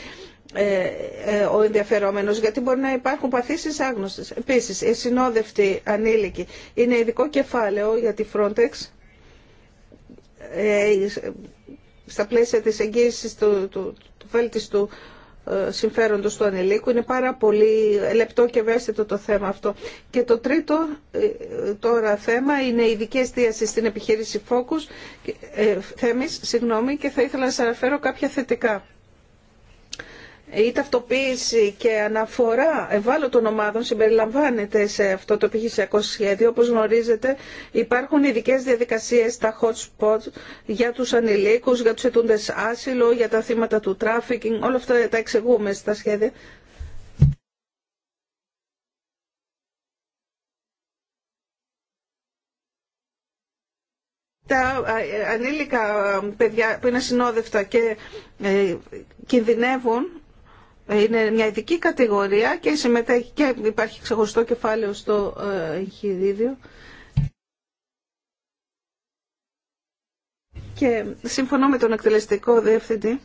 C: ε, ε, ο ενδιαφερόμενος, γιατί μπορεί να υπάρχουν παθήσεις άγνωστες. Επίσης, η συνόδευτη ανήλικη είναι ειδικό κεφάλαιο για τη Frontex ε, στα πλαίσια της εγγύησης του, του, του συμφέροντος του ανηλίκου. Είναι πάρα πολύ λεπτό και ευαίσθητο το θέμα αυτό. Και το τρίτο τώρα θέμα είναι η ειδική εστίαση στην επιχείρηση Focus, ε, και θα ήθελα να σας αναφέρω κάποια θετικά η ταυτοποίηση και αναφορά ευάλωτων ομάδων συμπεριλαμβάνεται σε αυτό το επιχειρησιακό σχέδιο. Όπως γνωρίζετε υπάρχουν ειδικέ διαδικασίες στα hot για τους ανηλίκους, για τους αιτούντες άσυλο, για τα θύματα του τράφικινγκ. Όλα αυτά τα εξηγούμε στα σχέδια. τα ε, ανήλικα ε, παιδιά που είναι συνόδευτα και ε, κινδυνεύουν είναι μια ειδική κατηγορία και συμμετέχει και υπάρχει ξεχωριστό κεφάλαιο στο ε, εγχειρίδιο. Και συμφωνώ με τον εκτελεστικό διευθυντή.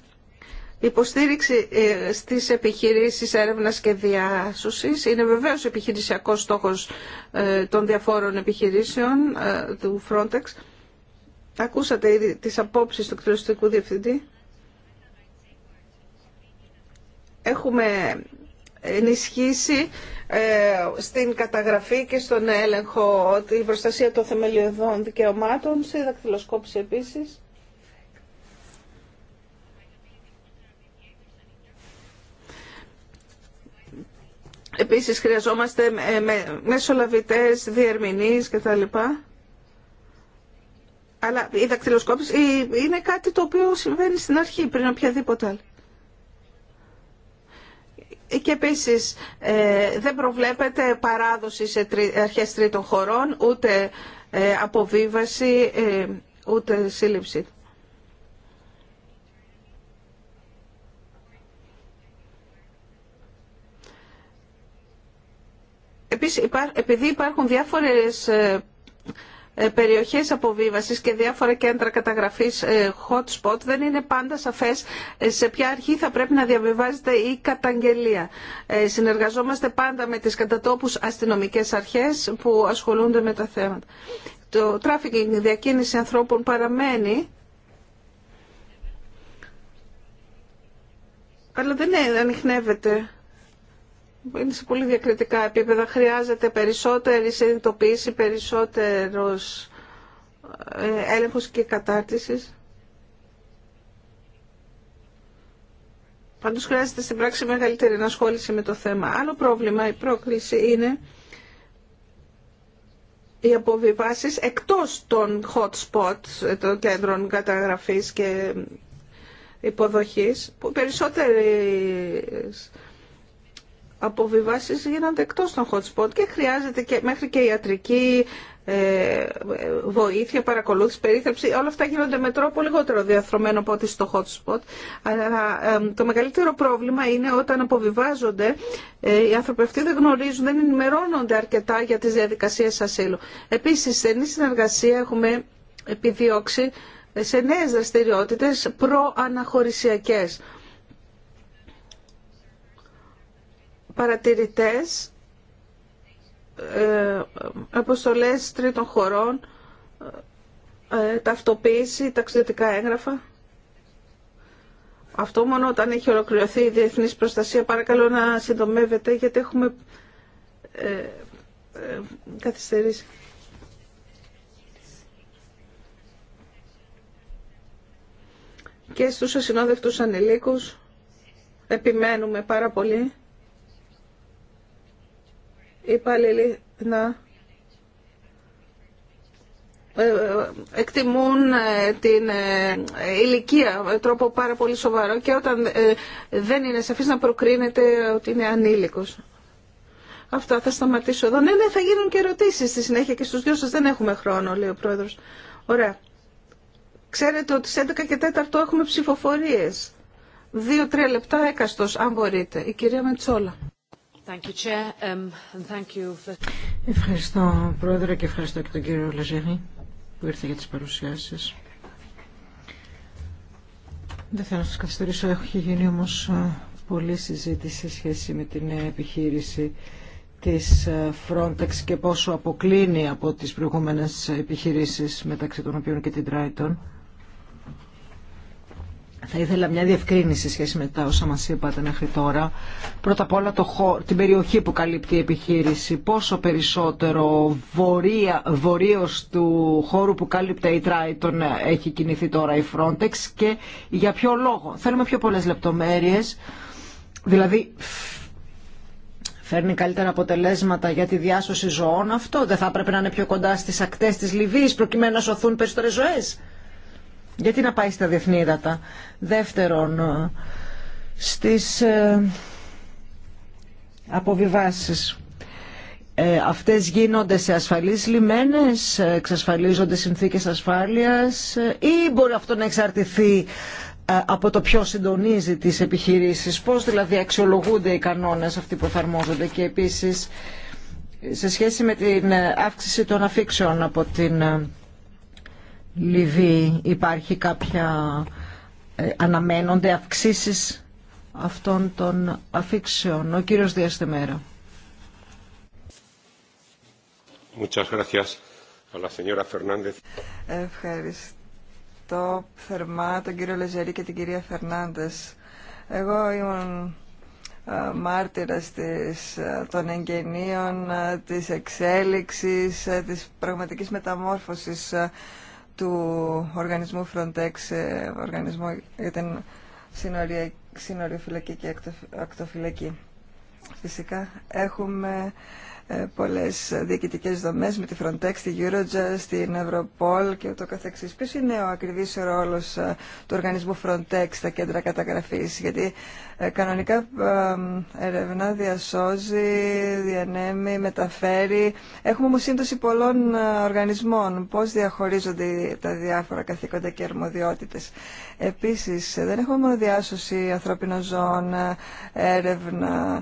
C: Υποστήριξη ε, στις επιχειρήσεις έρευνας και διάσωσης είναι βεβαίως επιχειρησιακός στόχος ε, των διαφόρων επιχειρήσεων του Frontex. Ακούσατε ήδη τις απόψεις του εκτελεστικού διευθυντή. έχουμε ενισχύσει ε, στην καταγραφή και στον έλεγχο ότι η προστασία των θεμελιωδών δικαιωμάτων, στη δακτυλοσκόπηση επίσης. Επίσης χρειαζόμαστε μεσολαβητές, διερμηνείς κτλ. Αλλά η δακτυλοσκόπηση είναι κάτι το οποίο συμβαίνει στην αρχή πριν οποιαδήποτε άλλη. Και επίσης ε, δεν προβλέπεται παράδοση σε αρχές τρίτων χωρών, ούτε ε, αποβίβαση, ε, ούτε σύλληψη. Επίσης, επειδή υπάρχουν διάφορες ε, περιοχές αποβίβασης και διάφορα κέντρα καταγραφής ε, hot spot δεν είναι πάντα σαφές ε, σε ποια αρχή θα πρέπει να διαβιβάζεται η καταγγελία. Συνεργαζόμαστε πάντα με τις κατατόπους αστυνομικές αρχές που ασχολούνται με τα θέματα. Το τράφικινγκ διακίνηση ανθρώπων παραμένει αλλά δεν ανοιχνεύεται είναι σε πολύ διακριτικά επίπεδα. Χρειάζεται περισσότερη συνειδητοποίηση, περισσότερος ε, έλεγχος και κατάρτισης. Πάντως χρειάζεται στην πράξη μεγαλύτερη ενασχόληση με το θέμα. Άλλο πρόβλημα, η πρόκληση είναι οι αποβιβάσεις εκτός των hot spots, ε, των κέντρων καταγραφής και υποδοχής, που περισσότεροι αποβιβάσεις γίνονται εκτός των hot spot και χρειάζεται και, μέχρι και ιατρική ε, βοήθεια, παρακολούθηση, περίθαλψη. Όλα αυτά γίνονται με τρόπο λιγότερο διαθρωμένο από ό,τι στο hot spot. Αλλά το μεγαλύτερο πρόβλημα είναι όταν αποβιβάζονται, ε, οι άνθρωποι αυτοί δεν γνωρίζουν, δεν ενημερώνονται αρκετά για τις διαδικασίες ασύλου. Επίσης, στενή συνεργασία έχουμε επιδιώξει σε νέες δραστηριότητες προαναχωρησιακές παρατηρητές ε, αποστολές τρίτων χωρών ε, ταυτοποίηση, ταξιδιωτικά έγγραφα. Αυτό μόνο όταν έχει ολοκληρωθεί η διεθνής προστασία. Παρακαλώ να συντομεύετε γιατί έχουμε ε, ε, καθυστερήσει. Και στους ασυνόδευτους ανηλίκους επιμένουμε πάρα πολύ υπάλληλοι να ε, ε, εκτιμούν ε, την ηλικία με τρόπο πάρα πολύ σοβαρό και όταν δεν είναι σαφής να προκρίνεται ότι είναι ανήλικος. Αυτά θα σταματήσω εδώ. Ναι, ναι, θα γίνουν και ερωτήσεις στη συνέχεια και στους δυο σας δεν έχουμε χρόνο, λέει ο πρόεδρος. Ωραία. Ξέρετε ότι στις 11 και 4 έχουμε ψηφοφορίες. Δύο-τρία λεπτά έκαστος, αν μπορείτε. Η κυρία Μετσόλα. Um, ευχαριστώ,
D: Πρόεδρε, και ευχαριστώ και τον κύριο Λεζένη που ήρθε για τις παρουσιάσεις. Δεν θέλω να σας καθυστερήσω, έχει γίνει όμως πολλή συζήτηση σε σχέση με την επιχείρηση της Frontex και πόσο αποκλίνει από τις προηγούμενες επιχειρήσεις μεταξύ των οποίων και την Triton. Θα ήθελα μια διευκρίνηση σχέση με τα όσα μας είπατε μέχρι τώρα. Πρώτα απ' όλα το την περιοχή που καλύπτει η επιχείρηση. Πόσο περισσότερο βορεία, του χώρου που κάλυπτε η Τράιτον έχει κινηθεί τώρα η Frontex και για ποιο λόγο. Θέλουμε πιο πολλές λεπτομέρειες. Δηλαδή φέρνει καλύτερα αποτελέσματα για τη διάσωση ζωών αυτό. Δεν θα έπρεπε να είναι πιο κοντά στις ακτές της Λιβύης προκειμένου να σωθούν περισσότερες ζωές. Γιατί να πάει στα διεθνή ύδατα. Δεύτερον, ε, στις ε, αποβιβάσεις. Ε, αυτές γίνονται σε ασφαλείς λιμένες, εξασφαλίζονται συνθήκες ασφάλειας ή μπορεί αυτό να εξαρτηθεί από το ποιο συντονίζει τις επιχειρήσεις, πώς δηλαδή αξιολογούνται οι κανόνες αυτοί που εφαρμόζονται και επίσης σε σχέση με την αύξηση των αφήξεων από την Λιβύη υπάρχει κάποια ε, αναμένονται αυξήσεις αυτών των αφήξεων. Ο κύριος Διαστημέρα.
B: Ευχαριστώ θερμά τον κύριο Λεζερή και την κυρία Φερνάντες. Εγώ ήμουν ε, μάρτυρας της, ε, των εγγενείων, ε, της εξέλιξης, της πραγματικής μεταμόρφωσης του οργανισμού Frontex, ε, οργανισμού για την συνοριοφυλακή και ακτοφυλακή. Φυσικά έχουμε ε, πολλές διοικητικές δομές με τη Frontex, τη Eurojust, την Europol και ούτω καθεξής. Ποιος είναι ο ακριβής ρόλος ε, του οργανισμού Frontex στα κέντρα καταγραφής, γιατί ε, κανονικά ερευνά διασώζει, διανέμει, μεταφέρει. Έχουμε όμως σύντοση πολλών οργανισμών, πώς διαχωρίζονται τα διάφορα καθήκοντα και αρμοδιότητες. Επίσης, δεν έχουμε μόνο διάσωση ανθρώπινων ζώων, έρευνα,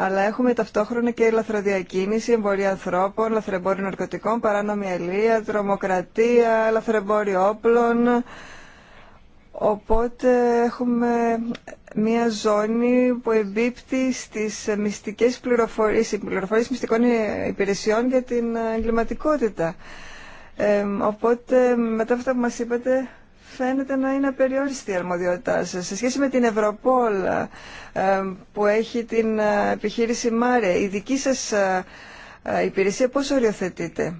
B: αλλά έχουμε ταυτόχρονα και λαθροδιακή διακίνηση, εμπορία ανθρώπων, λαθρεμπόριο ναρκωτικών, παράνομη ελεία, τρομοκρατία, λαθρεμπόριο όπλων. Οπότε έχουμε μία ζώνη που εμπίπτει στις μυστικές πληροφορίες, οι πληροφορίες μυστικών υπηρεσιών για την εγκληματικότητα. Ε, οπότε μετά αυτά που μας είπατε φαίνεται να είναι απεριόριστη η αρμοδιότητά σας. Σε σχέση με την Ευρωπόλ ε, που έχει την ε, επιχείρηση Μάρε, η δική σας ε, υπηρεσία πώ οριοθετείτε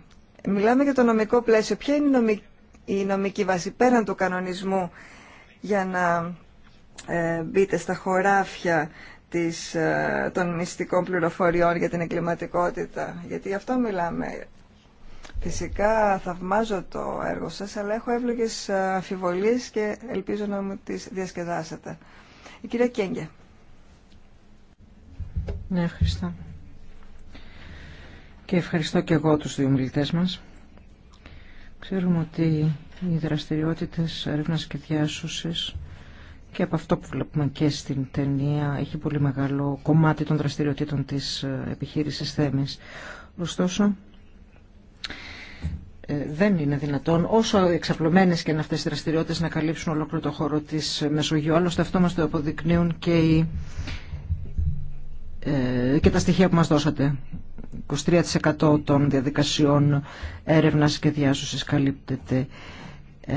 B: Μιλάμε για το νομικό πλαίσιο. Ποια είναι η νομική, βάση πέραν του κανονισμού για να μπείτε στα χωράφια της, των μυστικών πληροφοριών για την εγκληματικότητα. Γιατί γι' αυτό μιλάμε. Φυσικά θαυμάζω το έργο σας, αλλά έχω εύλογες ε, αφιβολίες και ελπίζω να μου τις διασκεδάσετε. Η κυρία Κέγγε.
D: Ναι, ευχαριστώ. Και ευχαριστώ και εγώ τους δύο μιλητές μας. Ξέρουμε ότι οι δραστηριότητες έρευνα και διάσωσης και από αυτό που βλέπουμε και στην ταινία έχει πολύ μεγάλο κομμάτι των δραστηριοτήτων της ε, επιχείρησης Θέμης. Ωστόσο, ε, δεν είναι δυνατόν, όσο εξαπλωμένε και είναι αυτές οι δραστηριότητε να καλύψουν ολόκληρο το χώρο της Μεσογείου. Άλλωστε αυτό μας το αποδεικνύουν και, οι, ε, και τα στοιχεία που μας δώσατε. 23% των διαδικασιών έρευνας και διάσωση καλύπτεται. Ε,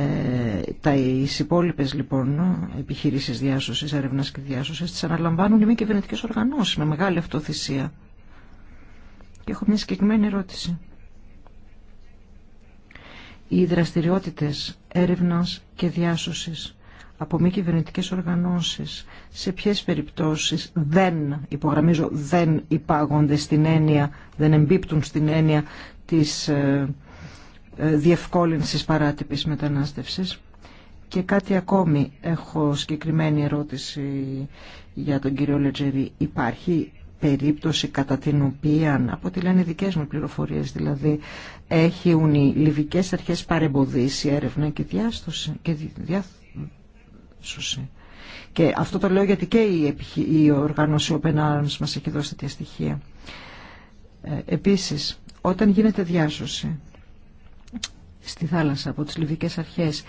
D: τα υπόλοιπε λοιπόν επιχειρήσεις διάσωσης, έρευνας και διάσωση, τι αναλαμβάνουν οι μη κυβερνητικέ οργανώσει με μεγάλη αυτοθυσία. Και έχω μια συγκεκριμένη ερώτηση οι δραστηριότητες έρευνας και διάσωσης από μη κυβερνητικέ οργανώσεις σε ποιες περιπτώσεις δεν, υπογραμμίζω, δεν υπάγονται στην έννοια, δεν εμπίπτουν στην έννοια της ε, ε, διευκόλυνσης παράτυπης μετανάστευσης. Και κάτι ακόμη έχω συγκεκριμένη ερώτηση για τον κύριο Λετζερή. Υπάρχει περίπτωση κατά την οποία, από ό,τι λένε δικές μου πληροφορίες δηλαδή, έχουν οι λιβικές αρχές παρεμποδίσει έρευνα και διάσωση και διάσωση. Και αυτό το λέω γιατί και η, η οργάνωση Open Arms μας έχει δώσει τέτοια στοιχεία. Ε, επίσης, όταν γίνεται διάσωση στη θάλασσα από τις λιβικές αρχές,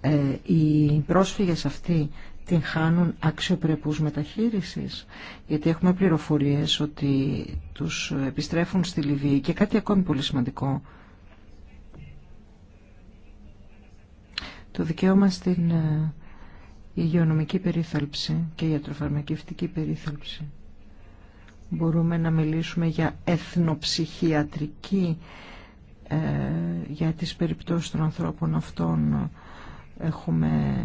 D: ε, οι πρόσφυγες αυτοί την χάνουν αξιοπρεπούς μεταχείρισης. Γιατί έχουμε πληροφορίες ότι τους επιστρέφουν στη Λιβύη και κάτι ακόμη πολύ σημαντικό. Το δικαίωμα στην ε, υγειονομική περίθαλψη και ιατροφαρμακευτική περίθαλψη. Μπορούμε να μιλήσουμε για εθνοψυχιατρική, ε, για τις περιπτώσεις των ανθρώπων αυτών. Έχουμε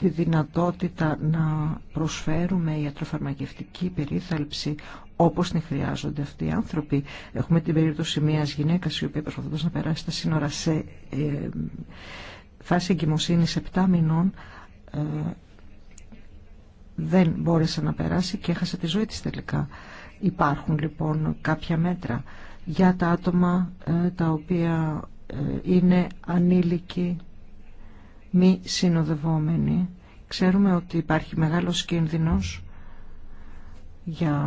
D: τη δυνατότητα να προσφέρουμε ιατροφαρμακευτική περίθαλψη όπως την χρειάζονται αυτοί οι άνθρωποι. Έχουμε την περίπτωση μιας γυναίκας η οποία προσπαθούσε να περάσει τα σύνορα σε ε, φάση εγκυμοσύνης 7 μηνών ε, δεν μπόρεσε να περάσει και έχασε τη ζωή της τελικά. Υπάρχουν λοιπόν κάποια μέτρα για τα άτομα ε, τα οποία ε, είναι ανήλικοι μη συνοδευόμενοι. Ξέρουμε ότι υπάρχει μεγάλος κίνδυνος για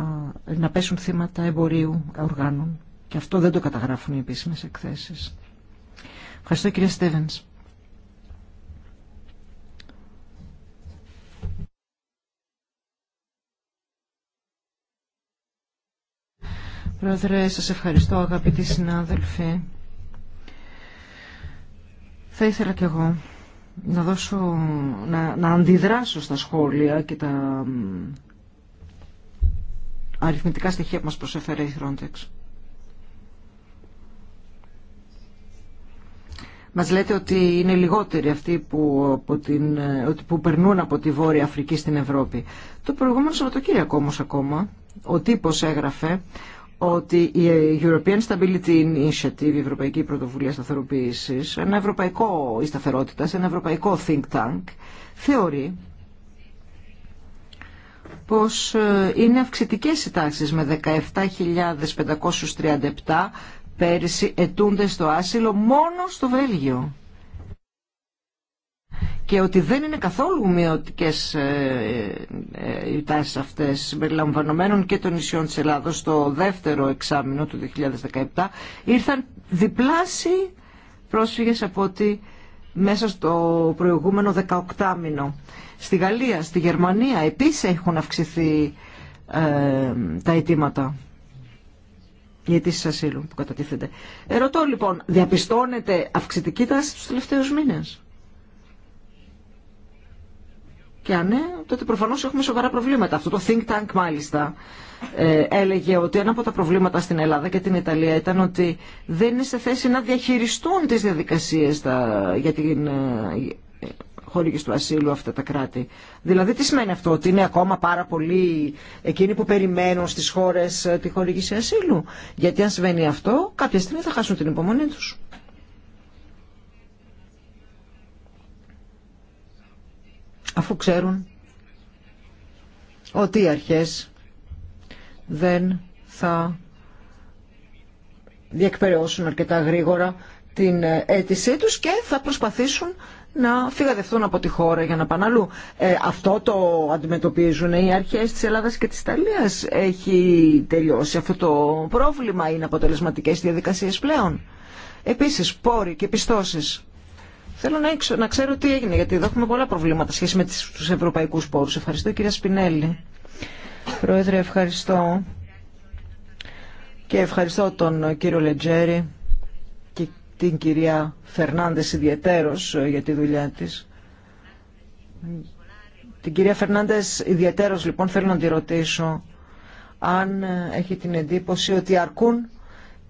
D: να πέσουν θύματα εμπορίου οργάνων και αυτό δεν το καταγράφουν οι επίσημες εκθέσεις. Ευχαριστώ κυρία Στέβενς. Πρόεδρε, σας ευχαριστώ αγαπητοί συνάδελφοι. Θα ήθελα κι εγώ να, δώσω, να, να αντιδράσω στα σχόλια και τα αριθμητικά στοιχεία που μας προσέφερε η Frontex. Μας λέτε ότι είναι λιγότεροι αυτοί που, την, ε, που περνούν από τη Βόρεια Αφρική στην Ευρώπη. Το προηγούμενο Σαββατοκύριακο όμως ακόμα, ο τύπος έγραφε ότι η European Stability Initiative, η Ευρωπαϊκή Πρωτοβουλία Σταθεροποίηση, ένα ευρωπαϊκό η σταθερότητα, ένα ευρωπαϊκό think tank, θεωρεί πως ε, είναι αυξητικές οι τάξεις με 17.537 πέρυσι ετούνται στο άσυλο μόνο στο Βέλγιο και ότι δεν είναι καθόλου μειωτικές ε, ε, οι τάσει αυτές συμπεριλαμβανομένων και των νησιών τη Ελλάδος στο δεύτερο εξάμεινο του 2017 ήρθαν διπλάσιοι πρόσφυγες από ότι μέσα στο προηγούμενο 18 μήνο. Στη Γαλλία, στη Γερμανία επίσης έχουν αυξηθεί ε, τα αιτήματα οι αιτήσει ασύλου που κατατίθενται. Ερωτώ λοιπόν, διαπιστώνεται αυξητική τάση στους τελευταίους μήνες. Και αν ναι, τότε προφανώς έχουμε σοβαρά προβλήματα. Αυτό το Think Tank μάλιστα ε, έλεγε ότι ένα από τα προβλήματα στην Ελλάδα και την Ιταλία ήταν ότι δεν είναι σε θέση να διαχειριστούν τις διαδικασίες για την ε, χορήγηση του ασύλου αυτά τα κράτη. Δηλαδή τι σημαίνει αυτό, ότι είναι ακόμα πάρα πολύ εκείνοι που περιμένουν στις χώρες ε, τη χορήγηση ασύλου. Γιατί αν συμβαίνει αυτό, κάποια στιγμή θα χάσουν την υπομονή τους. αφού ξέρουν ότι οι αρχές δεν θα διεκπαιρεώσουν αρκετά γρήγορα την αίτησή τους και θα προσπαθήσουν να φυγαδευτούν από τη χώρα για να πάνε αλλού. Ε, αυτό το αντιμετωπίζουν οι αρχές της Ελλάδας και της Ιταλίας. Έχει τελειώσει αυτό το πρόβλημα, είναι αποτελεσματικές διαδικασίες πλέον. Επίσης, πόροι και πιστώσεις. Θέλω να, να ξέρω τι έγινε, γιατί εδώ έχουμε πολλά προβλήματα σχέση με του ευρωπαϊκούς πόρους. Ευχαριστώ κυρία Σπινέλη. Πρόεδρε, ευχαριστώ. Και ευχαριστώ τον κύριο Λετζέρη και την κυρία Φερνάνδες ιδιαίτερος ε, για τη δουλειά τη. Την κυρία Φερνάνδες ιδιαίτερος λοιπόν θέλω να τη ρωτήσω αν ε, έχει την εντύπωση ότι αρκούν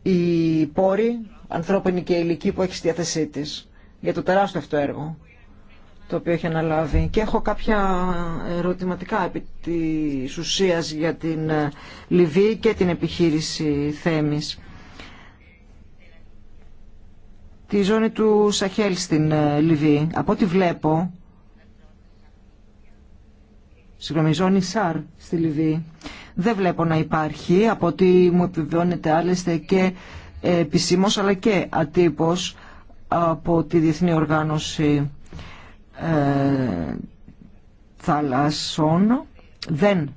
D: οι πόροι ανθρώπινοι και ηλικοί που έχει στη διάθεσή της για το τεράστιο αυτό έργο το οποίο έχει αναλάβει. Και έχω κάποια ερωτηματικά επί της ουσίας για την ε, Λιβύη και την επιχείρηση Θέμης. Τη ζώνη του Σαχέλ στην ε, Λιβύη. Από ό,τι βλέπω, συγγνώμη, ζώνη ΣΑΡ στη Λιβύη, δεν βλέπω να υπάρχει, από ό,τι μου επιβεβαιώνεται άλλωστε και ε, επισήμως αλλά και ατύπως, από τη Διεθνή Οργάνωση ε, Θαλασσών. Δεν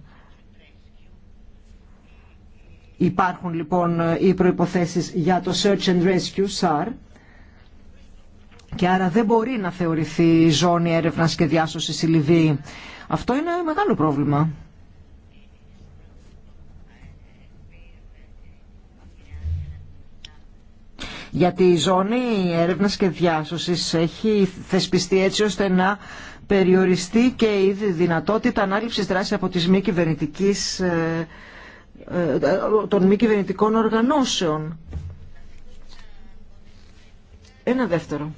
D: υπάρχουν λοιπόν οι προϋποθέσεις για το Search and Rescue, SAR, και άρα δεν μπορεί να θεωρηθεί ζώνη έρευνας και διάσωσης η Λιβύη. Αυτό είναι μεγάλο πρόβλημα. Γιατί η ζώνη έρευνας και διάσωσης έχει θεσπιστεί έτσι ώστε να περιοριστεί και η δυνατότητα ανάληψης δράσης από τις μη ε, ε, των μη κυβερνητικών οργανώσεων. Ένα δεύτερο.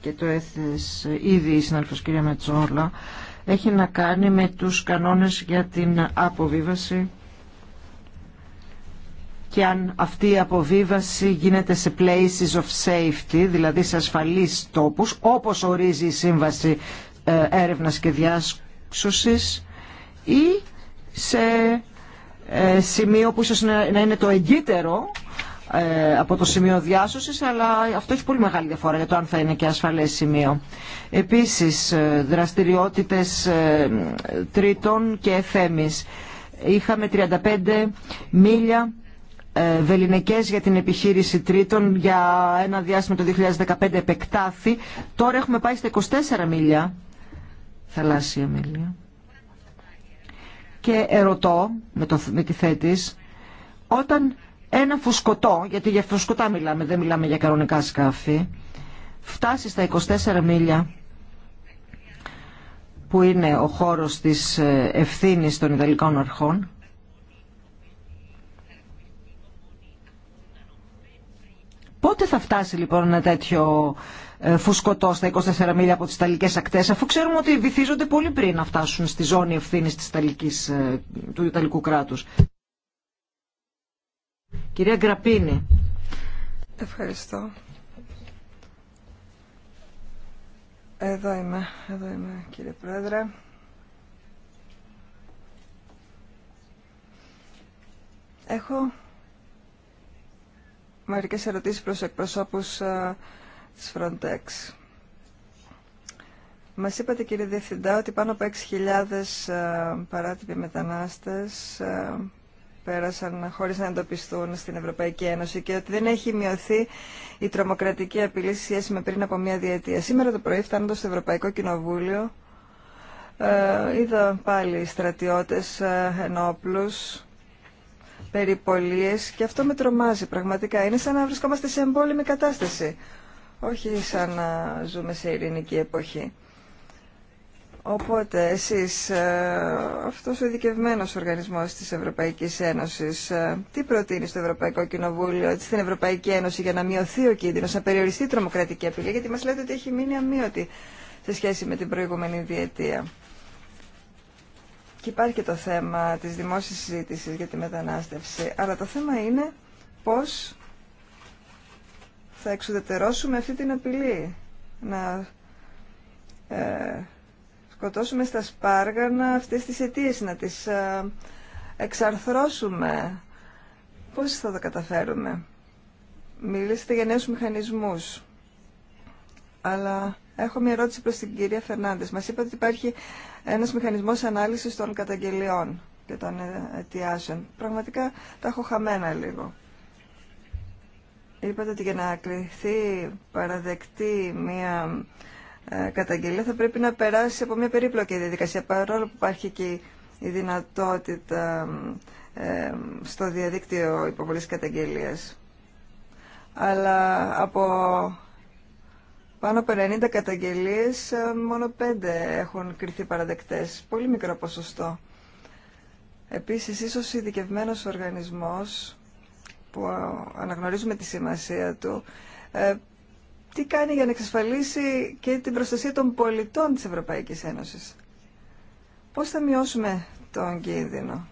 D: Και το έθεσε ήδη η συνάδελφος κυρία Μετσόλα. Έχει να κάνει με τους κανόνες για την αποβίβαση και αν αυτή η αποβίβαση γίνεται σε places of safety, δηλαδή σε ασφαλείς τόπους, όπως ορίζει η Σύμβαση ε, Έρευνας και Διάσωσης ή σε ε, σημείο που ίσως να είναι το εγκύτερο ε, από το σημείο διάσωσης, αλλά αυτό έχει πολύ μεγάλη διαφορά για το αν θα είναι και ασφαλές σημείο. Επίσης, δραστηριότητες τρίτων και εφέμης. Είχαμε 35 μίλια ε, βεληνικές για την επιχείρηση τρίτων για ένα διάστημα το 2015 επεκτάθη. Τώρα έχουμε πάει στα 24 μίλια, θαλάσσια μίλια. Και ερωτώ με, το, με τη θέτη, όταν ένα φουσκωτό, γιατί για φουσκωτά μιλάμε, δεν μιλάμε για κανονικά σκάφη, φτάσει στα 24 μίλια, που είναι ο χώρος της ε, ευθύνης των Ιταλικών αρχών, Πότε θα φτάσει λοιπόν ένα τέτοιο ε, φουσκωτό στα 24 μίλια από τις Ιταλικές ακτές, αφού ξέρουμε ότι βυθίζονται πολύ πριν να φτάσουν στη ζώνη ευθύνης ε, του Ιταλικού κράτους.
B: Κυρία Γκραπίνη. Ευχαριστώ. Εδώ είμαι, εδώ είμαι κύριε Πρόεδρε. Έχω μερικές ερωτήσεις προς εκπροσώπους ε, της Frontex. Μας είπατε κύριε Διευθυντά ότι πάνω από 6.000 ε, παράτυποι μετανάστες ε, πέρασαν χωρίς να εντοπιστούν στην Ευρωπαϊκή Ένωση και ότι δεν έχει μειωθεί η τρομοκρατική απειλή σχέση με πριν από μία διετία. Σήμερα το πρωί φτάνοντας στο Ευρωπαϊκό Κοινοβούλιο είδα πάλι στρατιώτες ενόπλους περιπολίες και αυτό με τρομάζει πραγματικά. Είναι σαν να βρισκόμαστε σε εμπόλεμη κατάσταση, όχι σαν να ζούμε σε ειρηνική εποχή. Οπότε εσείς, ε, αυτός ο ειδικευμένο οργανισμός της Ευρωπαϊκής Ένωσης, ε, τι προτείνει στο Ευρωπαϊκό Κοινοβούλιο, στην Ευρωπαϊκή Ένωση για να μειωθεί ο κίνδυνος, να περιοριστεί η τρομοκρατική απειλή, γιατί μας λέτε ότι έχει μείνει αμύωτη σε σχέση με την προηγούμενη διετία. Και υπάρχει και το θέμα της δημόσιας συζήτηση για τη μετανάστευση. Αλλά το θέμα είναι πώς θα εξουδετερώσουμε αυτή την απειλή. Να ε, σκοτώσουμε στα σπάργανα αυτές τις αιτίες, να τις ε, εξαρθρώσουμε. Πώς θα τα καταφέρουμε. Μιλήσετε για νέους μηχανισμούς. Αλλά Έχω μια ερώτηση προς την κυρία Φερνάνδες. Μας είπατε ότι υπάρχει ένας μηχανισμός ανάλυσης των καταγγελιών και των ε, αιτιάσεων. Πραγματικά τα έχω χαμένα λίγο. Είπατε ότι για να κληθεί παραδεκτή μια ε, καταγγελία θα πρέπει να περάσει από μια περίπλοκη διαδικασία παρόλο που υπάρχει και η δυνατότητα ε, στο διαδίκτυο υποβολής καταγγελίας. Αλλά από πάνω από 90 καταγγελίες, ε, μόνο 5 έχουν κριθεί παραδεκτές. Πολύ μικρό ποσοστό. Επίσης, ίσως ειδικευμένος οργανισμός, που ε, αναγνωρίζουμε τη σημασία του, ε, τι κάνει για να εξασφαλίσει και την προστασία των πολιτών της Ευρωπαϊκής Ένωσης. Πώς θα μειώσουμε τον κίνδυνο.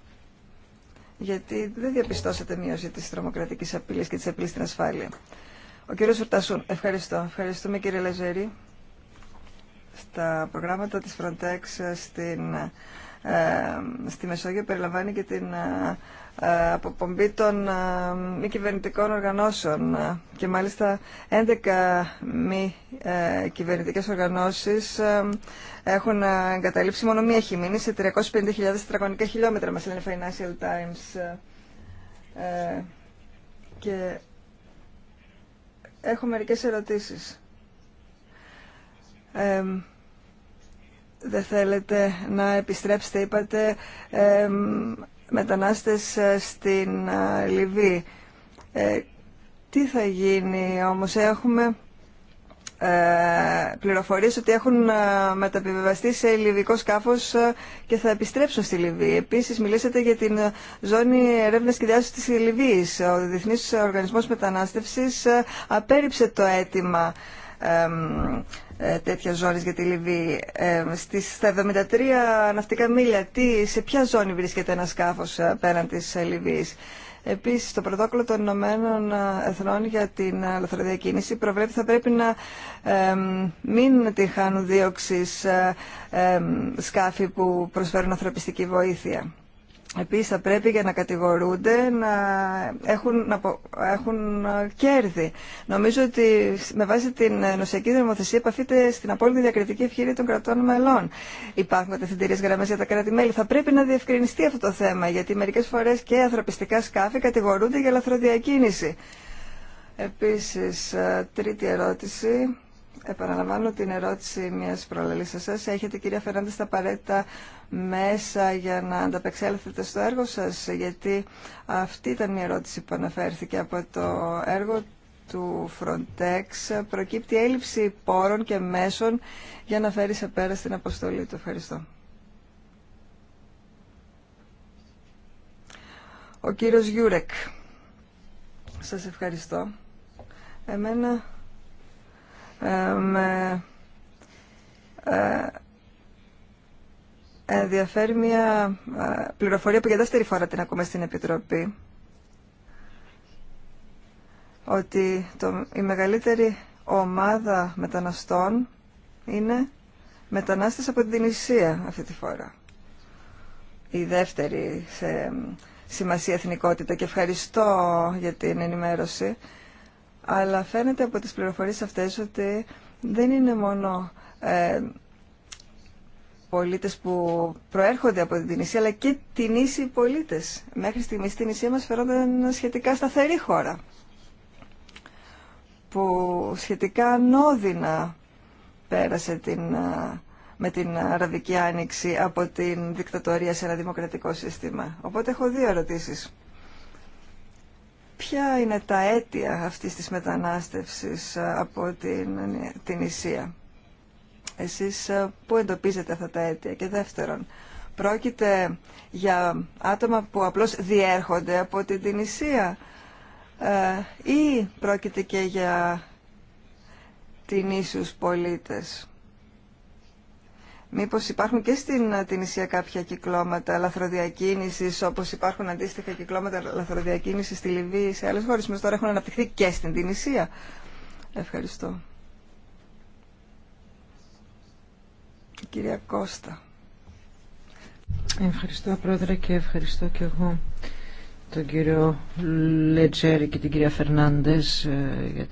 B: Γιατί δεν διαπιστώσατε μείωση της τρομοκρατικής απειλής και της απειλής στην ασφάλεια. Ο κύριος Φουρτασούν, ευχαριστώ. Ευχαριστούμε κύριε Λεζερή. Στα προγράμματα της Frontex ε, στην, ε, στη Μεσόγειο περιλαμβάνει και την ε, ε αποπομπή των ε, μη κυβερνητικών οργανώσεων και μάλιστα 11 μη ε, κυβερνητικές οργανώσεις έχουν εγκαταλείψει μόνο μία έχει σε 350.000 τετραγωνικά χιλιόμετρα μας λένε Financial Times και έχω μερικές ερωτήσεις. Ε, δεν θέλετε να επιστρέψετε, είπατε, ε, μετανάστες στην ε, Λιβύη. Ε, τι θα γίνει όμως, έχουμε ε, πληροφορίες ότι έχουν ε, μεταπιβεβαστεί σε λιβικό σκάφος ε, και θα επιστρέψουν στη Λιβύη. Επίσης μιλήσατε για την ζώνη ερεύνας και διάσωσης της Λιβύης. Ο Διεθνής Οργανισμός Μετανάστευσης απέρριψε το αίτημα τέτοια ζώνης για τη Λιβύη. Στις, στα 73 ναυτικά μίλια, τι, σε ποια ζώνη βρίσκεται ένα σκάφος πέραν της Λιβύης. Επίση, το πρωτόκολλο των Ηνωμένων Εθνών για την λαθροδιακίνηση προβλέπει θα πρέπει να μην τη χάνουν δίωξη ε, σκάφη που προσφέρουν ανθρωπιστική βοήθεια. Επίσης θα πρέπει για να κατηγορούνται να έχουν, να έχουν ε, κέρδη. Νομίζω ότι με βάση την ε, νοσιακή δημοθεσία, επαφείται στην απόλυτη διακριτική ευχήρια των κρατών μελών. Υπάρχουν κατευθυντήριες γραμμές για τα κράτη-μέλη. Θα πρέπει να διευκρινιστεί αυτό το θέμα, γιατί μερικές φορές και ανθρωπιστικά σκάφη κατηγορούνται για λαθροδιακίνηση. Επίσης, ε, τρίτη ερώτηση επαναλαμβάνω την ερώτηση μιας προλαλή σα. Έχετε, κυρία Φέραντε τα απαραίτητα μέσα για να ανταπεξέλθετε στο έργο σας, γιατί αυτή ήταν μια ερώτηση που αναφέρθηκε από το έργο του Frontex. Προκύπτει έλλειψη πόρων και μέσων για να φέρει σε πέρα στην αποστολή του. Ευχαριστώ. Ο κύριος Γιούρεκ. Σας ευχαριστώ. Εμένα με ε, ενδιαφέρει μια ε, πληροφορία που για δεύτερη φορά την ακούμε στην Επιτροπή ότι το, η μεγαλύτερη ομάδα μεταναστών είναι μετανάστες από την Ισία αυτή τη φορά. Η δεύτερη σε ε, σημασία εθνικότητα και ευχαριστώ για την ενημέρωση αλλά φαίνεται από τις πληροφορίες αυτές ότι δεν είναι μόνο ε, πολίτες που προέρχονται από την Ισία, αλλά και την Ίση πολίτες. Μέχρι στιγμής την Ισία μας φερόταν σχετικά σταθερή χώρα, που σχετικά ανώδυνα πέρασε την, ε, με την Αραβική Άνοιξη από την δικτατορία σε ένα δημοκρατικό σύστημα. Οπότε έχω δύο ερωτήσεις. Ποια είναι τα αίτια αυτής της μετανάστευσης ε, από την, την Ισία. Εσείς ε, πού εντοπίζετε αυτά τα αίτια. Και δεύτερον, πρόκειται για άτομα που απλώς διέρχονται από την Τινησία ε, ή πρόκειται και για την ίσους πολίτες. Μήπως υπάρχουν και στην ε, Τινησία κάποια κυκλώματα λαθροδιακίνησης, όπως υπάρχουν αντίστοιχα κυκλώματα λαθροδιακίνησης στη Λιβύη, σε άλλες χώρες, μας τώρα έχουν αναπτυχθεί και στην Τινησία. Ευχαριστώ. Η κυρία Κώστα.
D: Ευχαριστώ πρόεδρε και ευχαριστώ και εγώ τον κύριο Λετζέρη και την κυρία Φερνάντες ε,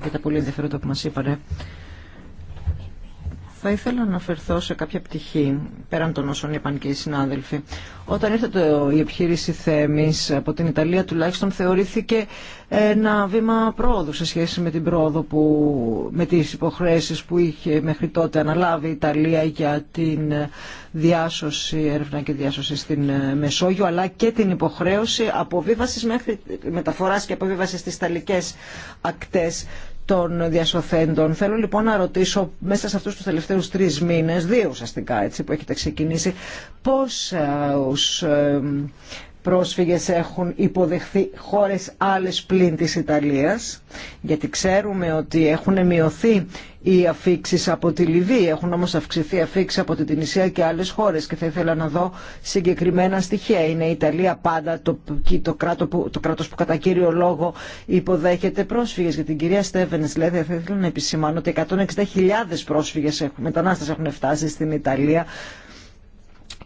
D: για, τα πολύ ενδιαφέροντα που μας είπανε. Θα ήθελα να αναφερθώ σε κάποια πτυχή, πέραν των όσων είπαν και οι συνάδελφοι. Όταν ήρθε το, η επιχείρηση Θέμης από την Ιταλία τουλάχιστον θεωρήθηκε ένα βήμα πρόοδου σε σχέση με την πρόοδο που, με τις υποχρέσεις που είχε μέχρι τότε αναλάβει η Ιταλία για την διάσωση, έρευνα και διάσωση στην ε, Μεσόγειο, αλλά και την υποχρέωση αποβίβασης μέχρι μεταφοράς και αποβίβασης στις Ιταλικές ακτές των διασωθέντων. Θέλω λοιπόν να ρωτήσω μέσα σε αυτούς τους τελευταίους τρεις μήνες, δύο ουσιαστικά έτσι που έχετε ξεκινήσει, ε, ε πρόσφυγες έχουν υποδεχθεί χώρες άλλες πλην της Ιταλίας, γιατί ξέρουμε ότι έχουν μειωθεί οι αφήξει από τη Λιβύη, έχουν όμως αυξηθεί αφήξει από την Τινησία και άλλες χώρες και θα ήθελα να δω συγκεκριμένα στοιχεία. Είναι η Ιταλία πάντα το, το, κράτο που, το κράτος που κατά κύριο λόγο υποδέχεται πρόσφυγες. Για την κυρία Στέβενες δηλαδή θα ήθελα να επισημάνω ότι 160.000 πρόσφυγες έχουν, μετανάστες έχουν φτάσει στην Ιταλία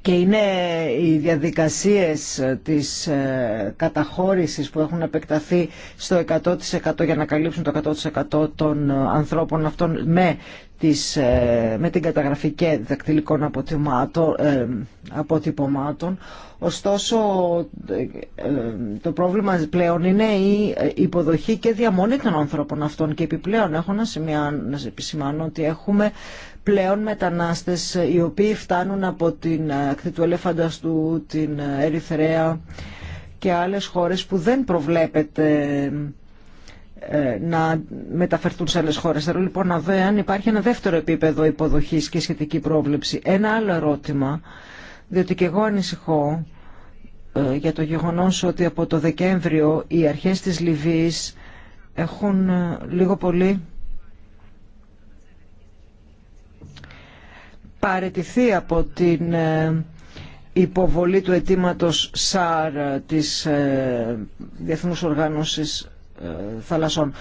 D: και είναι οι διαδικασίες της ε, καταχώρησης που έχουν επεκταθεί στο 100% για να καλύψουν το 100% των ε, ανθρώπων αυτών με, τις, ε, με την καταγραφή και δακτυλικών αποτυπωμάτων. Ωστόσο το πρόβλημα πλέον είναι η υποδοχή και διαμονή των ανθρώπων αυτών και επιπλέον έχω να, σημειά να επισημάνω ότι έχουμε πλέον μετανάστες οι οποίοι φτάνουν από την ακτή του Ελεφανταστού, την Ερυθρέα και άλλες χώρες που δεν προβλέπεται ε, να μεταφερθούν σε άλλες χώρες. Θέλω λοιπόν να δω αν υπάρχει ένα δεύτερο επίπεδο υποδοχής και σχετική πρόβλεψη. Ένα άλλο ερώτημα, διότι και εγώ ανησυχώ ε, για το γεγονός ότι από το Δεκέμβριο οι αρχές της Λιβύης έχουν ε, λίγο πολύ παρετηθεί από την ε, υποβολή του αιτήματο ΣΑΡ ε, της ε, Διεθνούς Οργάνωσης Θαλασσών.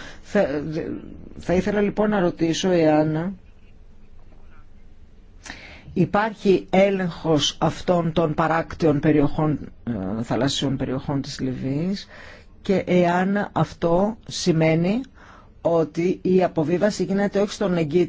D: Θα ήθελα λοιπόν να ρωτήσω εάν υπάρχει έλεγχος αυτών των παράκτιων περιοχών, θαλασσιών περιοχών της Λιβύης και εάν αυτό σημαίνει ότι η αποβίβαση γίνεται όχι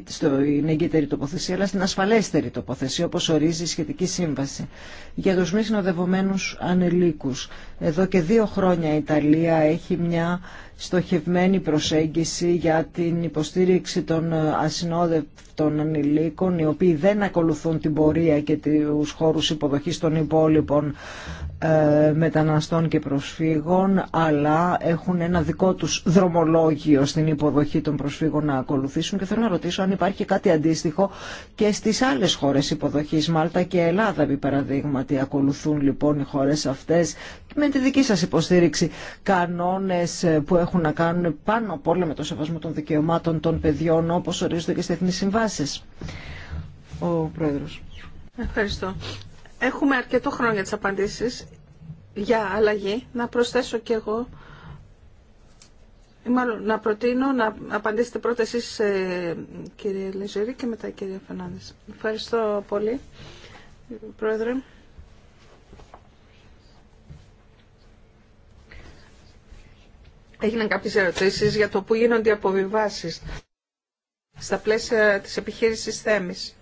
D: στην εγκύτερη τοποθεσία, αλλά στην ασφαλέστερη τοποθεσία, όπως ορίζει η σχετική σύμβαση, για τους μη συνοδευομένους ανελίκους. Εδώ και δύο χρόνια η Ιταλία έχει μια στοχευμένη προσέγγιση για την υποστήριξη των ασυνόδευτων ανηλίκων οι οποίοι δεν ακολουθούν την πορεία και τους χώρους υποδοχής των υπόλοιπων ε, μεταναστών και προσφύγων αλλά έχουν ένα δικό τους δρομολόγιο στην υποδοχή των προσφύγων να ακολουθήσουν και θέλω να ρωτήσω αν υπάρχει κάτι αντίστοιχο και στις άλλες χώρες υποδοχής Μάλτα και Ελλάδα επί παραδείγματι ακολουθούν λοιπόν οι χώρες αυτές με τη δική σας υποστήριξη κανόνες ε, που έχουν να κάνουν πάνω απ' όλα με το σεβασμό των δικαιωμάτων των παιδιών όπως ορίζονται και στις Εθνικές συμβάσεις. Ο Πρόεδρος.
C: Ευχαριστώ. Έχουμε αρκετό χρόνο για τις απαντήσεις για αλλαγή. Να προσθέσω κι εγώ ή μάλλον να προτείνω να απαντήσετε πρώτα εσείς ε, κύριε Λεζερή και μετά κύριε Φερνάνδης. Ευχαριστώ πολύ, Πρόεδρε. Έγιναν κάποιες ερωτήσεις για το που γίνονται οι αποβιβάσεις στα πλαίσια της επιχείρησης Θέμης.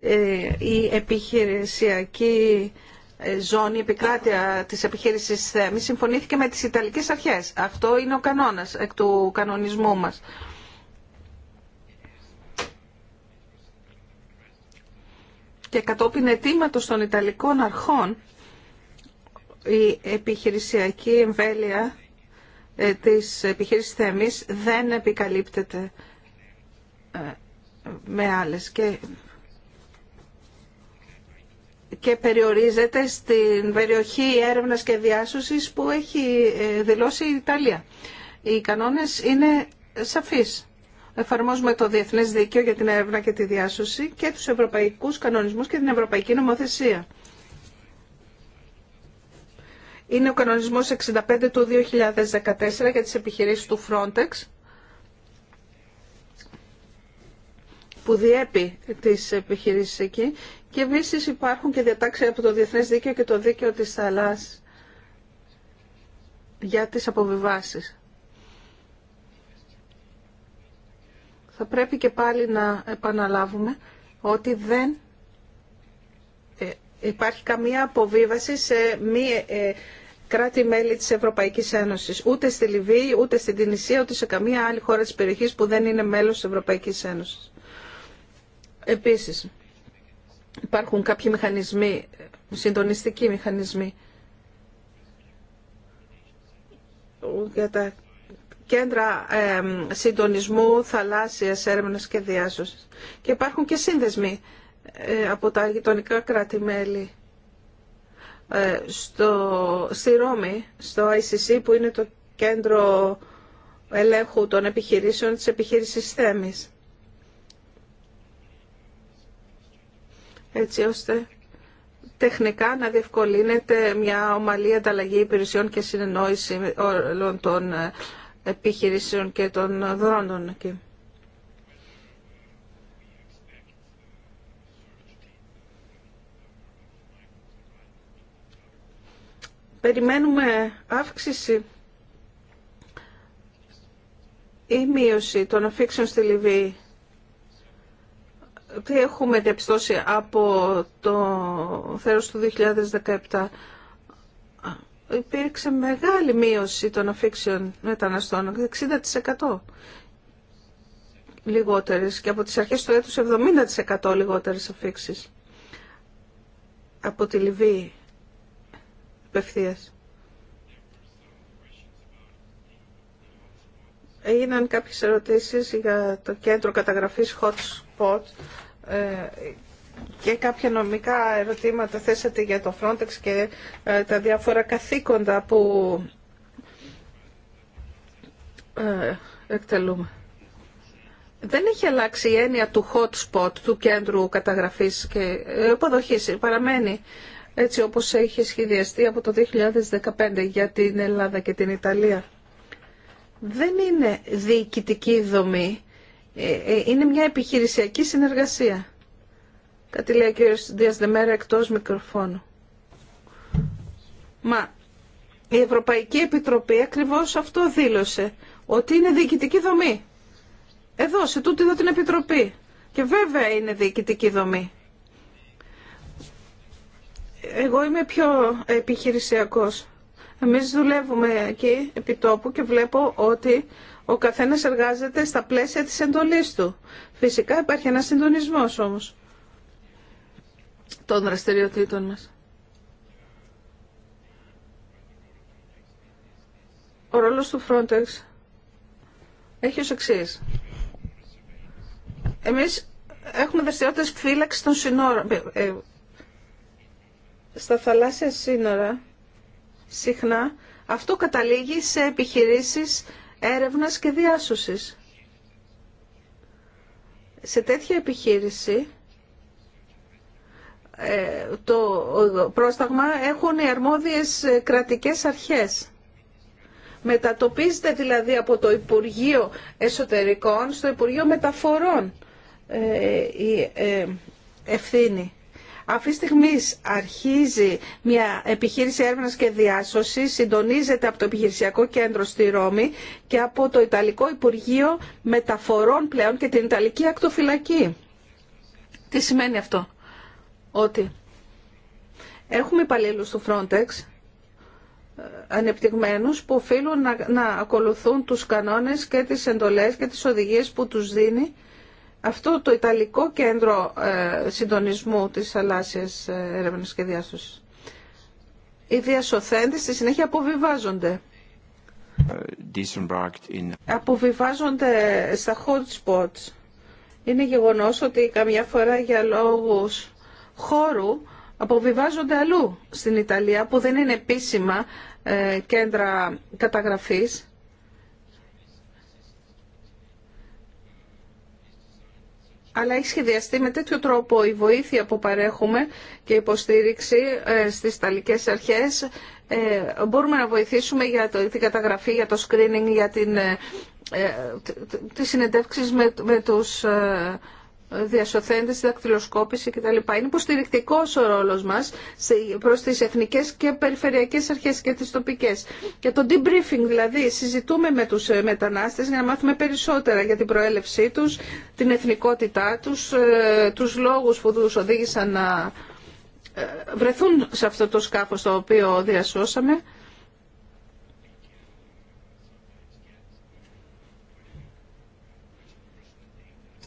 C: Ε, η επιχειρησιακή ε, ζώνη, επικράτεια της επιχείρησης Θέμης συμφωνήθηκε με τις Ιταλικές αρχές. Αυτό είναι ο κανόνας εκ του κανονισμού μας. Και κατόπιν ετήματος των Ιταλικών αρχών η επιχειρησιακή εμβέλεια ε, της επιχείρησης θέμης δεν επικαλύπτεται ε, με άλλες και, και περιορίζεται στην περιοχή έρευνας και διάσωσης που έχει ε, δηλώσει η Ιταλία. Οι κανόνες είναι σαφείς. Εφαρμόζουμε το Διεθνές Δίκαιο για την Έρευνα και τη Διάσωση και τους Ευρωπαϊκούς Κανονισμούς και την Ευρωπαϊκή Νομοθεσία είναι ο κανονισμός 65 του 2014 για τις επιχειρήσεις του Frontex που διέπει τις επιχειρήσεις εκεί και επίση υπάρχουν και διατάξεις από το Διεθνές Δίκαιο και το Δίκαιο της Θαλάσσης για τις αποβιβάσεις. Θα πρέπει και πάλι να επαναλάβουμε ότι δεν υπάρχει καμία αποβίβαση σε μη ε, κράτη-μέλη της Ευρωπαϊκής Ένωσης. Ούτε στη Λιβύη, ούτε στην Τινησία, ούτε σε καμία άλλη χώρα της περιοχής που δεν είναι μέλος της Ευρωπαϊκής Ένωσης. Επίσης, υπάρχουν κάποιοι μηχανισμοί, συντονιστικοί μηχανισμοί για τα κέντρα ε, συντονισμού θαλάσσιας έρευνας και διάσωσης. Και υπάρχουν και σύνδεσμοι ε, από τα γειτονικά κράτη-μέλη ε, στο, στη Ρώμη, στο ICC που είναι το κέντρο ελέγχου των επιχειρήσεων της επιχείρησης Θέμης. Έτσι ώστε τεχνικά να διευκολύνεται μια ομαλή ανταλλαγή υπηρεσιών και συνεννόηση όλων των ε, επιχειρήσεων και των δρόντων εκεί. περιμένουμε αύξηση ή μείωση των αφήξεων στη Λιβύη. Τι έχουμε διαπιστώσει από το θέρος του 2017. Υπήρξε μεγάλη μείωση των αφήξεων μεταναστών, 60% λιγότερες και από τις αρχές του έτους 70% λιγότερες αφήξεις από τη Λιβύη απευθεία. Έγιναν κάποιες ερωτήσεις για το κέντρο καταγραφής hot spot ε, και κάποια νομικά ερωτήματα θέσατε για το Frontex και ε, τα διάφορα καθήκοντα που ε, εκτελούμε. Δεν έχει αλλάξει η έννοια του hot spot, του κέντρου καταγραφής και υποδοχής. Παραμένει έτσι όπως έχει σχεδιαστεί από το 2015 για την Ελλάδα και την Ιταλία. Δεν είναι διοικητική δομή, ε, ε, είναι μια επιχειρησιακή συνεργασία. Κάτι λέει ο κ. Διασδεμέρα εκτός μικροφώνου. Μα η Ευρωπαϊκή Επιτροπή ακριβώς αυτό δήλωσε, ότι είναι διοικητική δομή. Εδώ, σε τούτη εδώ την Επιτροπή. Και βέβαια είναι διοικητική δομή. Εγώ είμαι πιο επιχειρησιακός. Εμείς δουλεύουμε εκεί επί τόπου και βλέπω ότι ο καθένας εργάζεται στα πλαίσια της εντολής του. Φυσικά υπάρχει ένας συντονισμός όμως των δραστηριοτήτων μας. Ο ρόλος του Frontex έχει ως εξή. Εμείς έχουμε δραστηριότητες φύλαξη των συνόρων, ε, ε, στα θαλάσσια σύνορα συχνά αυτό καταλήγει σε επιχειρήσεις έρευνας και διάσωσης. Σε τέτοια επιχείρηση ε, το πρόσταγμα έχουν οι αρμόδιες κρατικές αρχές. Μετατοπίζεται δηλαδή από το Υπουργείο Εσωτερικών στο Υπουργείο Μεταφορών ε, η ε, ευθύνη. Αυτή τη στιγμή αρχίζει μια επιχείρηση έρευνας και διάσωση, συντονίζεται από το Επιχειρησιακό Κέντρο στη Ρώμη και από το Ιταλικό Υπουργείο Μεταφορών πλέον και την Ιταλική Ακτοφυλακή. Τι σημαίνει αυτό. Ότι έχουμε υπαλλήλου του Frontex ε, ανεπτυγμένους που οφείλουν να, να ακολουθούν τους κανόνες και τις εντολές και τις οδηγίες που τους δίνει αυτό το Ιταλικό Κέντρο ε, Συντονισμού της Θαλάσσιας ε, Έρευνας και Διάσωσης. Οι διασωθέντες στη συνέχεια αποβιβάζονται. Αποβιβάζονται στα hot spots. Είναι γεγονός ότι καμιά φορά για λόγους χώρου αποβιβάζονται αλλού στην Ιταλία που δεν είναι επίσημα ε, κέντρα καταγραφής αλλά έχει σχεδιαστεί με τέτοιο τρόπο η βοήθεια που παρέχουμε και η υποστήριξη ε, στις ταλικές αρχές. Ε, μπορούμε να βοηθήσουμε για την καταγραφή, για το screening, για την, ε, τις συνεντεύξεις με, με τους διασωθέντες, δακτυλοσκόπηση κτλ. Είναι υποστηρικτικό ο ρόλο μα προς τις εθνικές και περιφερειακές αρχές και τι τοπικέ. Και το debriefing δηλαδή συζητούμε με τους ε, μετανάστες για να μάθουμε περισσότερα για την προέλευσή τους, την εθνικότητά τους, ε, τους λόγους που του οδήγησαν να ε, βρεθούν σε αυτό το σκάφο το οποίο διασώσαμε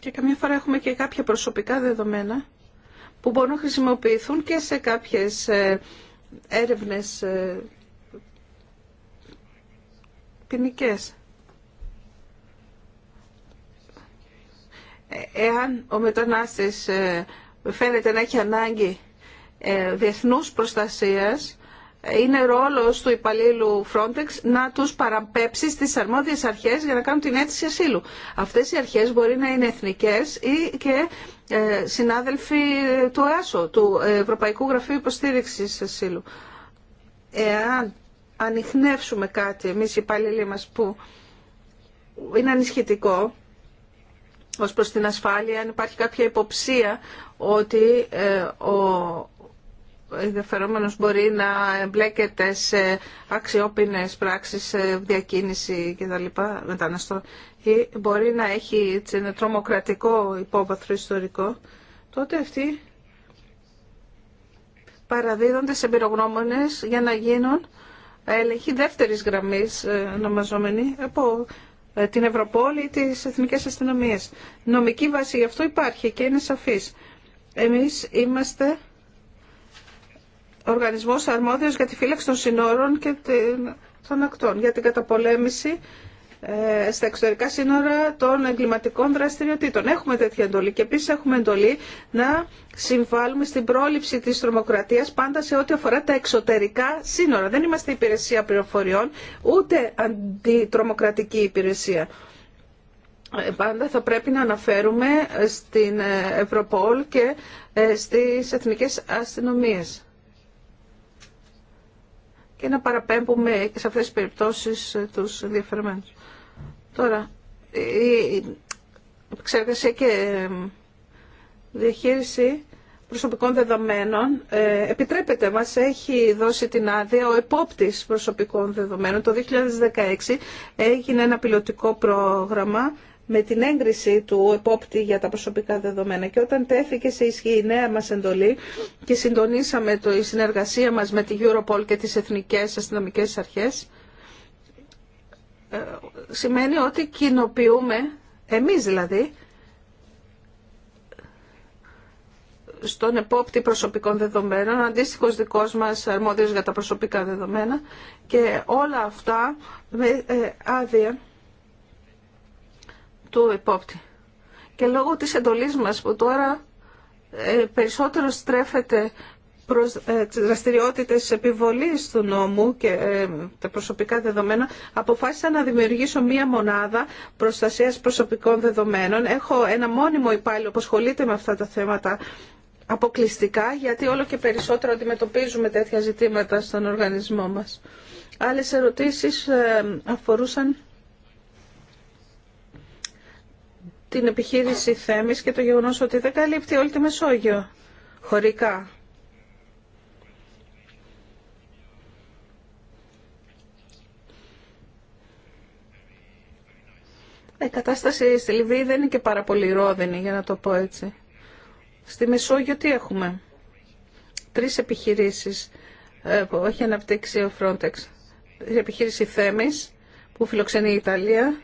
C: Και καμιά φορά έχουμε και κάποια προσωπικά δεδομένα που μπορούν να χρησιμοποιηθούν και σε κάποιες ε, έρευνες ε, ποινικές. Ε, εάν ο μετανάστης φαίνεται να έχει ανάγκη διεθνούς προστασίας, είναι ρόλος του υπαλλήλου Frontex να τους παραπέψει στις αρμόδιες αρχές για να κάνουν την αίτηση ασύλου. Αυτές οι αρχές μπορεί να είναι εθνικές ή και ε, συνάδελφοι του ΕΑΣΟ, του Ευρωπαϊκού Γραφείου Υποστήριξης Ασύλου. Εάν ανοιχνεύσουμε κάτι εμείς οι υπαλλήλοι μας που είναι ανισχυτικό ως προς την ασφάλεια, αν υπάρχει κάποια υποψία ότι ε, ο ενδιαφερόμενο μπορεί να εμπλέκεται σε αξιόπινες πράξεις διακίνηση και μεταναστών ή μπορεί να έχει ένα τρομοκρατικό υπόβαθρο ιστορικό, τότε αυτοί παραδίδονται σε για να γίνουν έλεγχοι δεύτερης γραμμή ε, ονομαζόμενοι από ε, την Ευρωπόλη ή τις Εθνικές Αστυνομίες. Νομική βάση γι' αυτό υπάρχει και είναι σαφή. Εμείς είμαστε οργανισμός αρμόδιος για τη φύλαξη των συνόρων και των ακτών για την καταπολέμηση ε, στα εξωτερικά σύνορα των εγκληματικών δραστηριοτήτων. Έχουμε τέτοια εντολή και επίση έχουμε εντολή να συμβάλλουμε στην πρόληψη τη τρομοκρατίας πάντα σε ό,τι αφορά τα εξωτερικά σύνορα. Δεν είμαστε υπηρεσία πληροφοριών ούτε αντιτρομοκρατική υπηρεσία. Ε, πάντα θα πρέπει να αναφέρουμε στην ε, Ευρωπόλ και στις εθνικές αστυνομίες και να παραπέμπουμε σε αυτές τις περιπτώσεις ε, τους ενδιαφερμένους. Τώρα, η εξεργασία και διαχείριση προσωπικών δεδομένων ε, επιτρέπεται, μας έχει δώσει την άδεια ο επόπτης προσωπικών δεδομένων. Το 2016 έγινε ένα πιλωτικό πρόγραμμα με την έγκριση του επόπτη για τα προσωπικά δεδομένα. Και όταν τέθηκε σε ισχύ η νέα μας εντολή και συντονίσαμε το, η συνεργασία μας με τη Europol και τις Εθνικές Αστυνομικές Αρχές, ε, σημαίνει ότι κοινοποιούμε, εμείς δηλαδή, στον επόπτη προσωπικών δεδομένων, αντίστοιχο δικό μα αρμόδιο για τα προσωπικά δεδομένα και όλα αυτά με ε, άδεια του επόπτη Και λόγω της εντολής μας που τώρα ε, περισσότερο στρέφεται προς ε, δραστηριότητες επιβολής του νόμου και ε, τα προσωπικά δεδομένα, αποφάσισα να δημιουργήσω μία μονάδα προστασίας προσωπικών δεδομένων. Έχω ένα μόνιμο υπάλληλο που ασχολείται με αυτά τα θέματα αποκλειστικά, γιατί όλο και περισσότερο αντιμετωπίζουμε τέτοια ζητήματα στον οργανισμό μας. Άλλες ερωτήσεις αφορούσαν την επιχείρηση Θέμης και το γεγονός ότι δεν καλύπτει όλη τη Μεσόγειο χωρικά. Η κατάσταση στη Λιβύη δεν είναι και πάρα πολύ ρόδινη, για να το πω έτσι. Στη Μεσόγειο τι έχουμε. Τρεις επιχειρήσεις ε, που έχει αναπτύξει ο Frontex. Η επιχείρηση Θέμης, που φιλοξενεί η Ιταλία,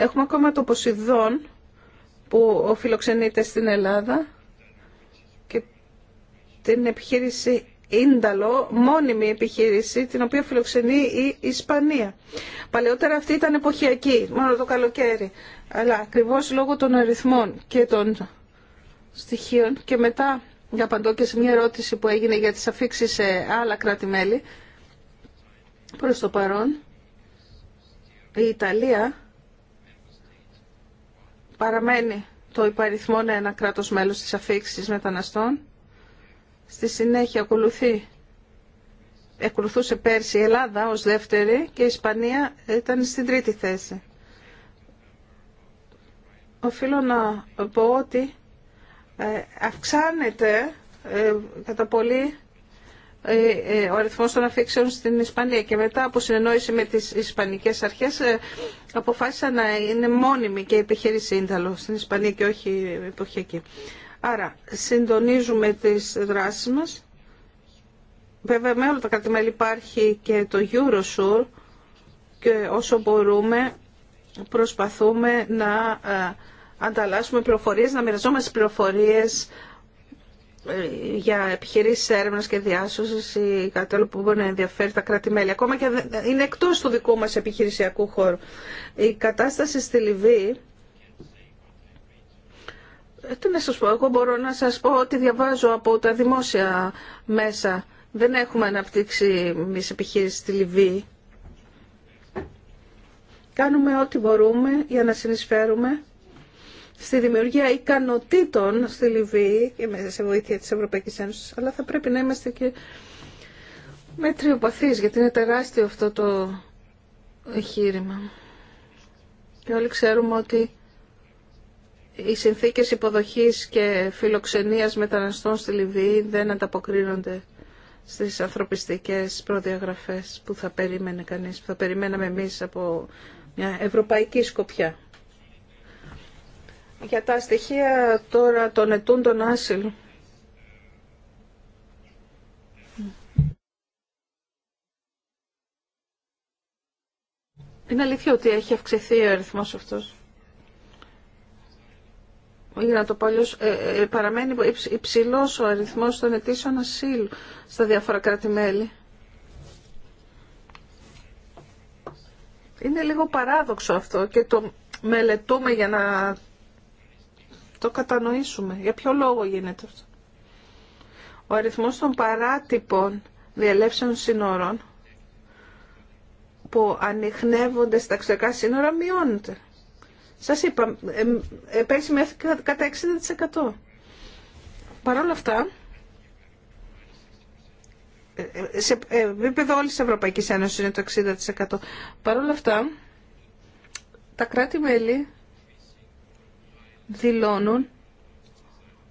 C: Έχουμε ακόμα το Ποσειδόν που φιλοξενείται στην Ελλάδα και την επιχείρηση Ίνταλο, μόνιμη επιχείρηση, την οποία φιλοξενεί η Ισπανία. Παλαιότερα αυτή ήταν εποχιακή, μόνο το καλοκαίρι. Αλλά ακριβώ λόγω των αριθμών και των στοιχείων και μετά για απαντώ και σε μια ερώτηση που έγινε για τις αφήξεις σε άλλα κράτη-μέλη. Προς το παρόν, η Ιταλία παραμένει το υπαριθμό ένα κράτος μέλος της αφήξης μεταναστών. Στη συνέχεια ακολουθεί, ακολουθούσε πέρσι η Ελλάδα ως δεύτερη και η Ισπανία ήταν στην τρίτη θέση. Οφείλω να πω ότι ε, αυξάνεται ε, κατά πολύ ε, ε, ο αριθμό των αφήξεων στην Ισπανία και μετά από συνεννόηση με τις Ισπανικές αρχές ε, αποφάσισα να είναι μόνιμη και η επιχείρηση Ίνταλο στην Ισπανία και όχι εποχιακή. Άρα συντονίζουμε τις δράσεις μας. Βέβαια με όλα τα μέλη υπάρχει και το Eurosur και όσο μπορούμε προσπαθούμε να ανταλλάσσουμε πληροφορίες, να μοιραζόμαστε πληροφορίες για επιχειρήσει έρευνα και διάσωση ή κατόπου που μπορεί να ενδιαφέρει τα κρατήρια. Ακόμα και είναι εκτό του δικού μα επιχειρησιακού χώρου. Η κατι αλλο που μπορει να ενδιαφερει τα κρατη μελη ακομα και ειναι εκτος του δικου μα επιχειρησιακου χωρου η κατασταση στη Λιβύη ε, τι να σας πω, εγώ μπορώ να σας πω ότι διαβάζω από τα δημόσια μέσα. Δεν έχουμε αναπτύξει εμεί επιχείρηση στη Λιβύη. Κάνουμε ό,τι μπορούμε για να συνεισφέρουμε στη δημιουργία ικανοτήτων στη Λιβύη και μέσα σε βοήθεια της Ευρωπαϊκής Ένωσης, αλλά θα πρέπει να είμαστε και μετριοπαθείς, γιατί είναι τεράστιο αυτό το εγχείρημα. Και όλοι ξέρουμε ότι οι συνθήκες υποδοχής και φιλοξενίας μεταναστών στη Λιβύη δεν ανταποκρίνονται στις ανθρωπιστικές προδιαγραφές που θα περίμενε κανείς, που θα περιμέναμε εμείς από μια ευρωπαϊκή σκοπιά. Για τα στοιχεία τώρα των ετούντων άσυλου. Είναι αλήθεια ότι έχει αυξηθεί ο αριθμό αυτός. Για το ε, ε, παραμένει υψηλός ο αριθμός των αιτήσεων ασύλου στα διάφορα κράτη-μέλη. Είναι λίγο παράδοξο αυτό και το μελετούμε για να το κατανοήσουμε. Για ποιο λόγο γίνεται αυτό. Ο αριθμός των παράτυπων διαλέψεων σύνορων που ανοιχνεύονται στα εξωτερικά σύνορα μειώνεται. Σας είπα, ε, ε, πέρσι μειώθηκε κατά 60%. Παρ' όλα αυτά, ε, σε επίπεδο όλης της Ευρωπαϊκής Ένωσης είναι το 60%. Παρ' όλα αυτά, τα κράτη-μέλη δηλώνουν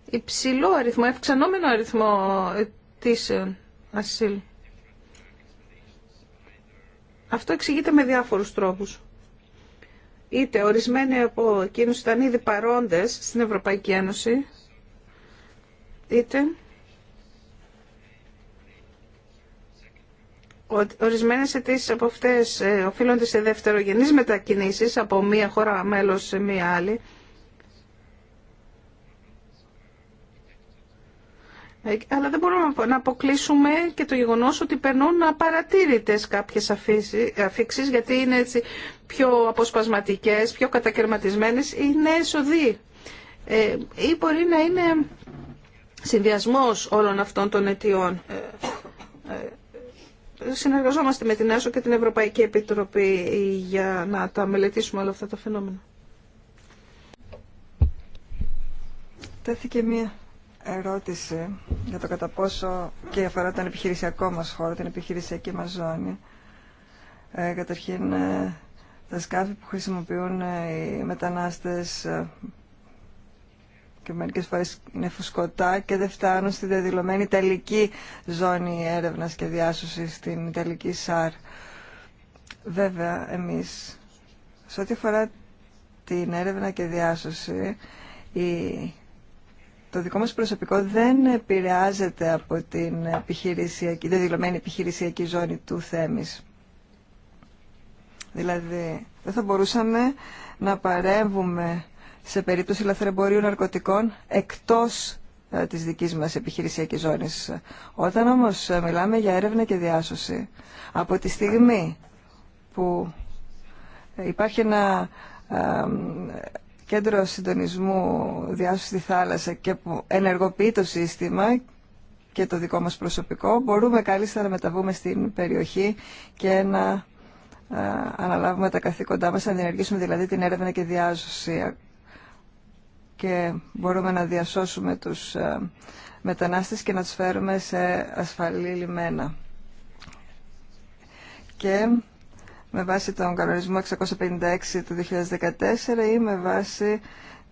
C: υψηλό αριθμό, αυξανόμενο αριθμό αιτήσεων ασύλου. Αυτό εξηγείται με διάφορους τρόπους. Είτε ορισμένοι από εκείνους ήταν ήδη παρόντες στην Ευρωπαϊκή Ένωση, είτε ορισμένες αιτήσει από αυτές ε, οφείλονται σε δευτερογενείς μετακινήσεις από μία χώρα μέλος σε μία άλλη, Αλλά δεν μπορούμε να αποκλείσουμε και το γεγονός ότι περνούν απαρατήρητες κάποιες αφήξεις, γιατί είναι έτσι πιο αποσπασματικές, πιο κατακαιρματισμένες, είναι έσοδοι. Ε, ή μπορεί να είναι συνδυασμός όλων αυτών των αιτιών. Ε, ε, συνεργαζόμαστε με την ΕΣΟ και την Ευρωπαϊκή Επιτροπή για να τα μελετήσουμε όλα αυτά τα φαινόμενα. Τέθηκε μία
B: ερώτηση για το κατά πόσο και αφορά τον επιχειρησιακό μας χώρο, την επιχειρησιακή μας ζώνη. Ε, καταρχήν, ε, τα σκάφη που χρησιμοποιούν ε, οι μετανάστες και μερικές φορές είναι φουσκωτά και δεν φτάνουν στη διαδηλωμένη τελική ζώνη έρευνας και διάσωσης στην Ιταλική ΣΑΡ. Βέβαια, εμείς, σε ό,τι αφορά την έρευνα και διάσωση, η το δικό μας προσωπικό δεν επηρεάζεται από την επιχειρησιακή, δηλωμένη επιχειρησιακή ζώνη του Θέμης. Δηλαδή, δεν θα μπορούσαμε να παρέμβουμε σε περίπτωση λαθρεμπορίου ναρκωτικών εκτός ε, της δικής μας επιχειρησιακής ζώνης. Όταν όμως ε, μιλάμε για έρευνα και διάσωση, από τη στιγμή που υπάρχει ένα ε, κέντρο συντονισμού διάσωσης στη θάλασσα και που ενεργοποιεί το σύστημα και το δικό μας προσωπικό, μπορούμε καλύτερα να μεταβούμε στην περιοχή και να αναλάβουμε τα καθήκοντά μας, να διενεργήσουμε δηλαδή την έρευνα και διάσωση και μπορούμε να διασώσουμε τους μετανάστες και να τους φέρουμε σε ασφαλή λιμένα. Και με βάση τον κανονισμό 656 του 2014 ή με βάση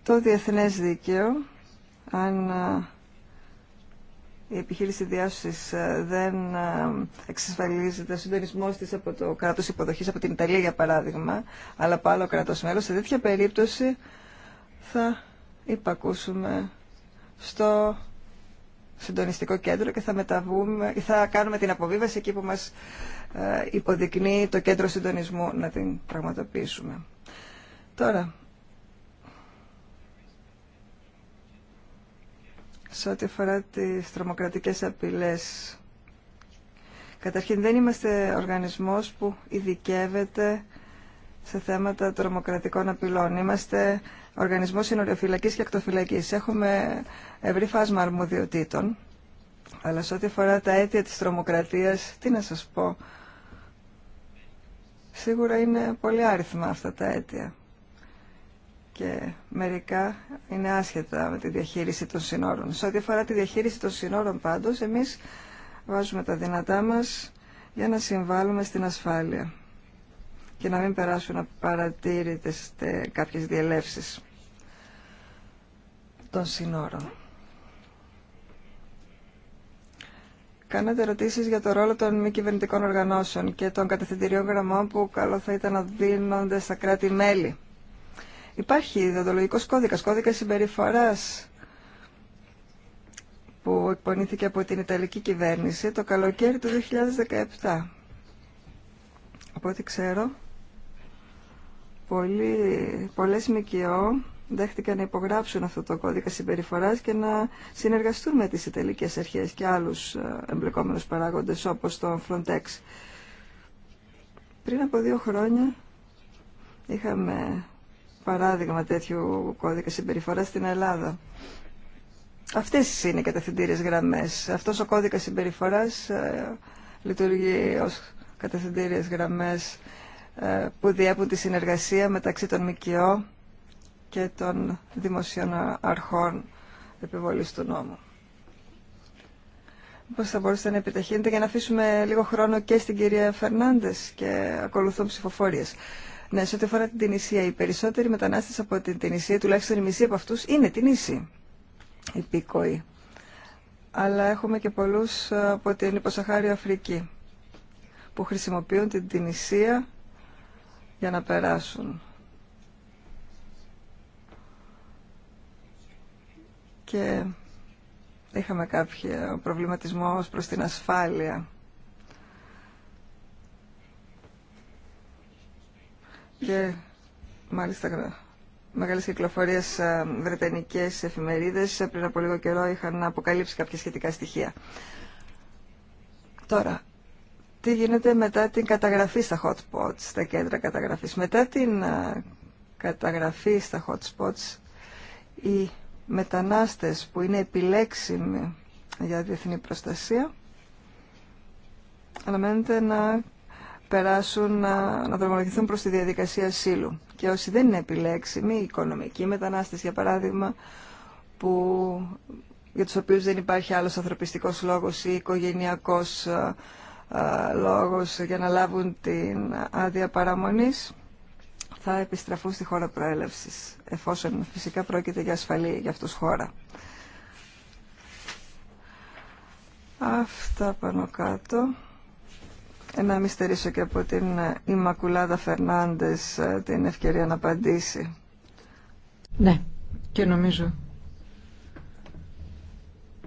B: το διεθνές δίκαιο αν ε, η επιχείρηση διάσωσης ε, δεν ε, εξασφαλίζεται ο συντονισμός της από το κράτος υποδοχής, από την Ιταλία για παράδειγμα, αλλά από άλλο κράτος μέλος, σε τέτοια περίπτωση θα υπακούσουμε στο συντονιστικό κέντρο και θα, μεταβούμε, θα κάνουμε την αποβίβαση εκεί που μας ε, υποδεικνύει το κέντρο συντονισμού να την πραγματοποιήσουμε. Τώρα, σε ό,τι αφορά τις τρομοκρατικές απειλές, καταρχήν δεν είμαστε οργανισμός που ειδικεύεται σε θέματα τρομοκρατικών απειλών. Είμαστε οργανισμός συνοριοφυλακής και ακτοφυλακής. Έχουμε ευρύ φάσμα αρμοδιοτήτων. Αλλά σε ό,τι αφορά τα αίτια της τρομοκρατίας, τι να σας πω. Σίγουρα είναι πολύ άριθμα αυτά τα αίτια. Και μερικά είναι άσχετα με τη διαχείριση των συνόρων. Σε ό,τι αφορά τη διαχείριση των συνόρων πάντως, εμείς βάζουμε τα δυνατά μας για να συμβάλλουμε στην ασφάλεια και να μην περάσουν απαρατήρητες ε, κάποιες διελεύσεις των συνόρων. Κάνατε ερωτήσει για το ρόλο των μη κυβερνητικών οργανώσεων και των κατευθυντηριών γραμμών που καλό θα ήταν να δίνονται στα κράτη-μέλη. Υπάρχει διδοντολογικός κώδικας, κώδικας συμπεριφοράς που εκπονήθηκε από την Ιταλική κυβέρνηση το καλοκαίρι του 2017. Από ό,τι ξέρω, Πολλοί, πολλές ΜΚΟ δέχτηκαν να υπογράψουν αυτό το κώδικα συμπεριφοράς και να συνεργαστούν με τις Ιταλικές Αρχές και άλλους ε, εμπλεκόμενους παράγοντες όπως το Frontex. Πριν από δύο χρόνια είχαμε παράδειγμα τέτοιου κώδικα συμπεριφοράς στην Ελλάδα. Αυτές είναι οι κατευθυντήριες γραμμές. Αυτός ο κώδικας συμπεριφοράς ε, λειτουργεί ως κατευθυντήριες γραμμές ε, που διέπουν τη συνεργασία μεταξύ των ΜΚΟ και των δημοσίων αρχών επιβολής του νόμου. Πώς θα μπορούσατε να επιταχύνετε για να αφήσουμε λίγο χρόνο και στην κυρία Φερνάντε και ακολουθούν ψηφοφόρειες. Ναι, σε ό,τι αφορά την Τινησία, οι περισσότεροι μετανάστες από την Τινησία, τουλάχιστον η μισή από αυτούς, είναι οι υπήκοοι. Αλλά έχουμε και πολλούς από την Υποσαχάριο Αφρική, που χρησιμοποιούν την Τινησία για να περάσουν. Και είχαμε κάποιο προβληματισμό ως προς την ασφάλεια. Και μάλιστα μεγάλες κυκλοφορίες ε, βρετανικές εφημερίδες ε, πριν από λίγο καιρό είχαν αποκαλύψει κάποια σχετικά στοιχεία. Τώρα, τι γίνεται μετά την καταγραφή στα hot spots, στα κέντρα καταγραφής. Μετά την καταγραφή στα hot spots, οι μετανάστες που είναι επιλέξιμοι για διεθνή προστασία αναμένεται να περάσουν, να, να δρομολογηθούν προς τη διαδικασία ασύλου. Και όσοι δεν είναι επιλέξιμοι, οι οικονομικοί μετανάστες για παράδειγμα, που, για τους οποίους δεν υπάρχει άλλος ανθρωπιστικός λόγος ή οικογενειακός λόγους για να λάβουν την άδεια παραμονής θα επιστραφούν στη χώρα προέλευσης, εφόσον φυσικά πρόκειται για ασφαλή για αυτούς χώρα. Αυτά πάνω κάτω. Ε, να και από την Ίμακουλάδα Φερνάντες ε, την ευκαιρία να απαντήσει. Ναι, και νομίζω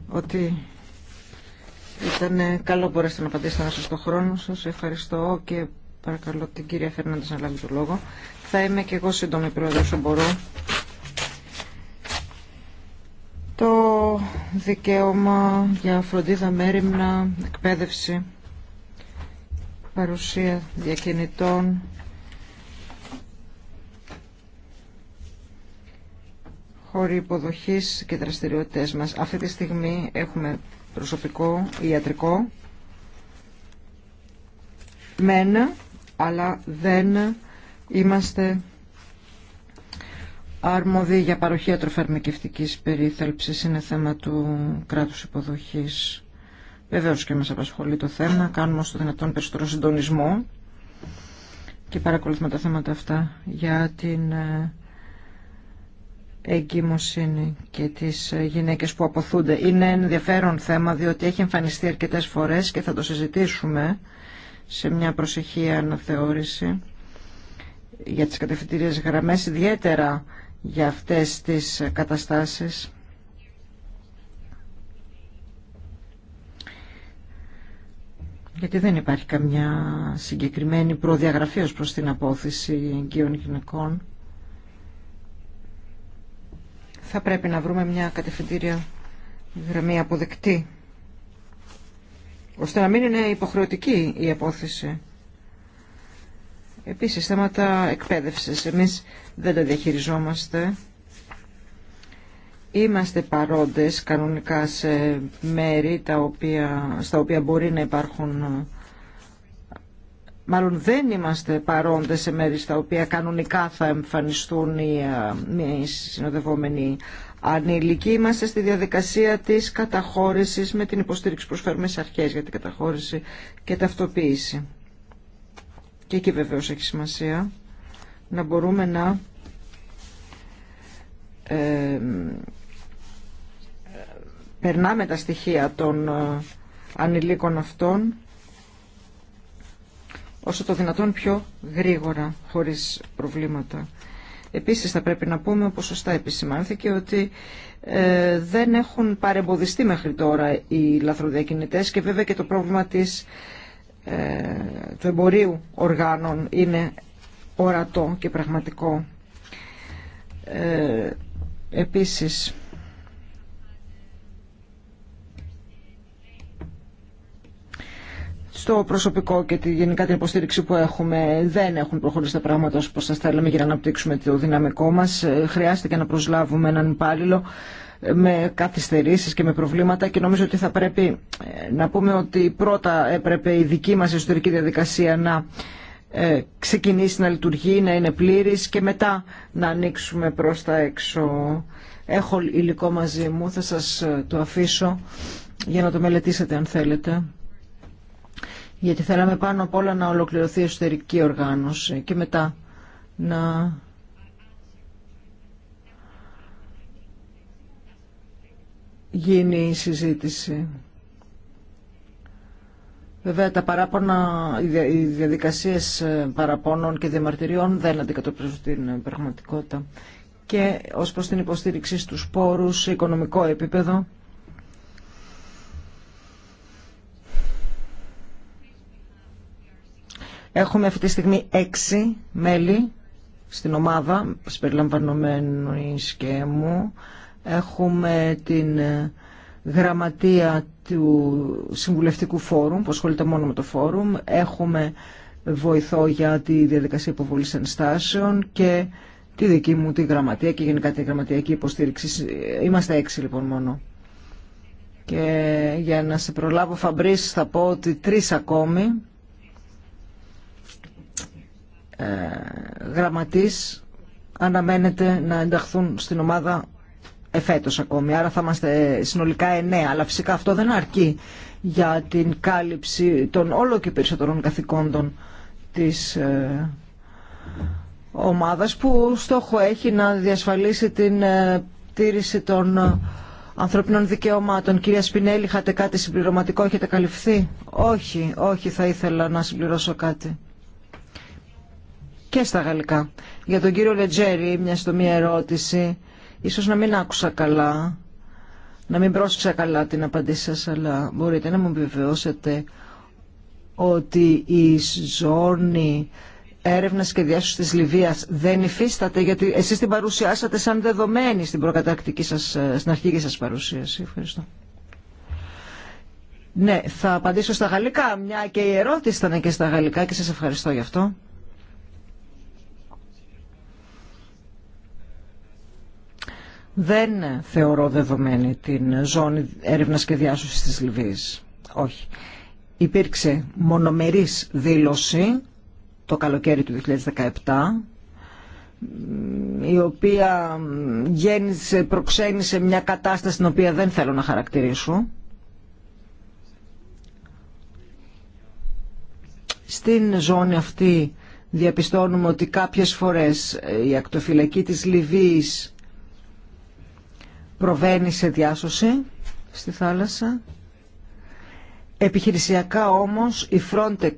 D: ότι ήταν καλό που μπορέσατε να απαντήσετε μέσα στον χρόνο Σα Ευχαριστώ και παρακαλώ την κυρία Φερνάντε να λάβει το λόγο. Θα είμαι και εγώ σύντομη πρόεδρο όσο μπορώ. Το δικαίωμα για φροντίδα μέρημνα, εκπαίδευση, παρουσία διακινητών, χώροι υποδοχής και δραστηριότητες μας. Αυτή τη στιγμή έχουμε προσωπικό ιατρικό Μένα, αλλά δεν είμαστε αρμόδιοι για παροχή ατροφαρμακευτικής περίθαλψης είναι θέμα του κράτους υποδοχής Βεβαίω και μας απασχολεί το θέμα κάνουμε στο δυνατόν περισσότερο συντονισμό και παρακολουθούμε τα θέματα αυτά για την ε, εγκυμοσύνη και τις γυναίκες που αποθούνται. Είναι ενδιαφέρον θέμα διότι έχει εμφανιστεί αρκετές φορές και θα το συζητήσουμε σε μια προσεχή αναθεώρηση για τις κατευθυντήριες γραμμές, ιδιαίτερα για αυτές τις καταστάσεις. Γιατί δεν υπάρχει καμιά συγκεκριμένη προδιαγραφή ως προς την απόθεση εγκύων γυναικών θα πρέπει να βρούμε μια κατευθυντήρια γραμμή αποδεκτή ώστε να μην είναι υποχρεωτική η απόθεση. Επίσης θέματα εκπαίδευσης. Εμείς δεν τα διαχειριζόμαστε. Είμαστε παρόντες κανονικά σε μέρη τα οποία, στα οποία μπορεί να υπάρχουν μάλλον δεν είμαστε παρόντες σε μέρη στα οποία κανονικά θα εμφανιστούν οι, ε, οι συνοδευόμενοι ανήλικοι. Είμαστε στη διαδικασία της καταχώρησης με την υποστήριξη που προσφέρουμε σε αρχές για την καταχώρηση και ταυτοποίηση. Και εκεί βεβαίως έχει σημασία να μπορούμε να ε, περνάμε τα στοιχεία των ε, ανηλίκων αυτών όσο το δυνατόν πιο γρήγορα, χωρίς προβλήματα. Επίσης θα πρέπει να πούμε, όπως σωστά επισημάνθηκε, ότι ε, δεν έχουν παρεμποδιστεί μέχρι τώρα οι λαθροδιακινητές και βέβαια και το πρόβλημα της, ε, του εμπορίου οργάνων είναι ορατό και πραγματικό. Ε, επίσης, στο προσωπικό και τη, γενικά την υποστήριξη που έχουμε. Δεν έχουν προχωρήσει τα πράγματα όσο σας θέλαμε για να αναπτύξουμε το δυναμικό μας. Ε, χρειάστηκε να προσλάβουμε έναν υπάλληλο ε, με καθυστερήσεις και με προβλήματα και νομίζω ότι θα πρέπει ε, να πούμε ότι πρώτα έπρεπε η δική μας ιστορική διαδικασία να ξεκινήσει να λειτουργεί, να είναι πλήρης και μετά να ανοίξουμε προς τα έξω. Έχω υλικό μαζί μου, θα σας το αφήσω για να το μελετήσετε αν θέλετε γιατί θέλαμε πάνω απ' όλα να ολοκληρωθεί η εσωτερική οργάνωση και μετά να γίνει η συζήτηση. Βέβαια τα παράπονα, οι διαδικασίες ε, παραπώνων και διαμαρτυριών δεν αντικατοπτρίζουν την πραγματικότητα. Και ως προς την υποστήριξη στους πόρους σε οικονομικό επίπεδο, Έχουμε αυτή τη στιγμή έξι μέλη στην ομάδα, συμπεριλαμβανομένης και μου. Έχουμε την ε, γραμματεία του Συμβουλευτικού Φόρουμ, που ασχολείται μόνο με το Φόρουμ. Έχουμε βοηθό για τη διαδικασία υποβολής ενστάσεων και τη δική μου τη γραμματεία και γενικά τη γραμματιακή υποστήριξη. Είμαστε έξι λοιπόν μόνο. Και για να σε προλάβω Φαμπρίς θα πω ότι τρεις ακόμη ε, γραμματείς αναμένεται να ενταχθούν στην ομάδα εφέτος ακόμη. Άρα θα είμαστε συνολικά εννέα. Αλλά φυσικά αυτό δεν αρκεί για την κάλυψη των όλο και περισσότερων καθηκόντων της ε, ομάδας που στόχο έχει να διασφαλίσει την ε, τήρηση των ανθρωπινών δικαιωμάτων. Κυρία Σπινέλη, είχατε κάτι συμπληρωματικό, έχετε καλυφθεί. Όχι, όχι, θα ήθελα να συμπληρώσω κάτι και στα γαλλικά. Για τον κύριο Λετζέρι μια στομία ερώτηση. Ίσως να μην άκουσα καλά, να μην πρόσεξα καλά την απαντήση σας, αλλά μπορείτε να μου επιβεβαιώσετε ότι η ζώνη έρευνα και διάσωσης της Λιβύας δεν υφίσταται, γιατί εσείς την παρουσιάσατε σαν δεδομένη στην προκατακτική σας, στην αρχική σας παρουσίαση. Ευχαριστώ. Ναι, θα απαντήσω στα γαλλικά, μια και η ερώτηση ήταν και στα γαλλικά και σας ευχαριστώ γι' αυτό. Δεν θεωρώ δεδομένη την ζώνη έρευνας και διάσωσης της Λιβύης. Όχι. Υπήρξε μονομερής δήλωση το καλοκαίρι του 2017 η οποία γέννησε, προξένησε μια κατάσταση την οποία δεν θέλω να χαρακτηρίσω. Στην ζώνη αυτή διαπιστώνουμε ότι κάποιες φορές η ακτοφυλακή της Λιβύης προβαίνει σε διάσωση στη θάλασσα. Επιχειρησιακά όμως η Frontex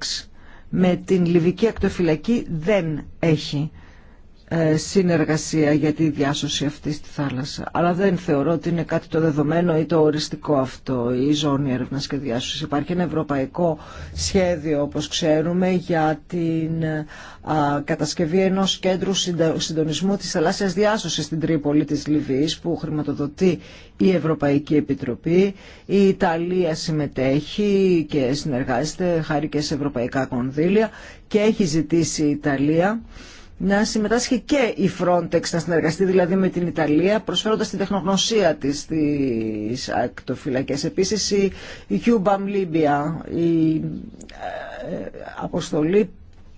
D: με την Λιβική Ακτοφυλακή δεν έχει ε, συνεργασία για τη διάσωση αυτή τη θάλασσα. Αλλά δεν θεωρώ ότι είναι κάτι το δεδομένο ή το οριστικό αυτό, η ζώνη έρευνα και διάσωση. Υπάρχει ένα ευρωπαϊκό σχέδιο, όπως ξέρουμε, για την κατασκευή ενός κέντρου συντονισμού τη θαλάσσια διάσωση στην Τρίπολη της Λιβύης που χρηματοδοτεί η Ευρωπαϊκή Επιτροπή. Η Ιταλία συμμετέχει και συνεργάζεται χάρη και σε ευρωπαϊκά κονδύλια και έχει ζητήσει η Ιταλία να συμμετάσχει και η Frontex να συνεργαστεί δηλαδή με την Ιταλία προσφέροντας την τεχνογνωσία της στις ακτοφυλακές. Επίσης η, η Cuba Libya, η ε, αποστολή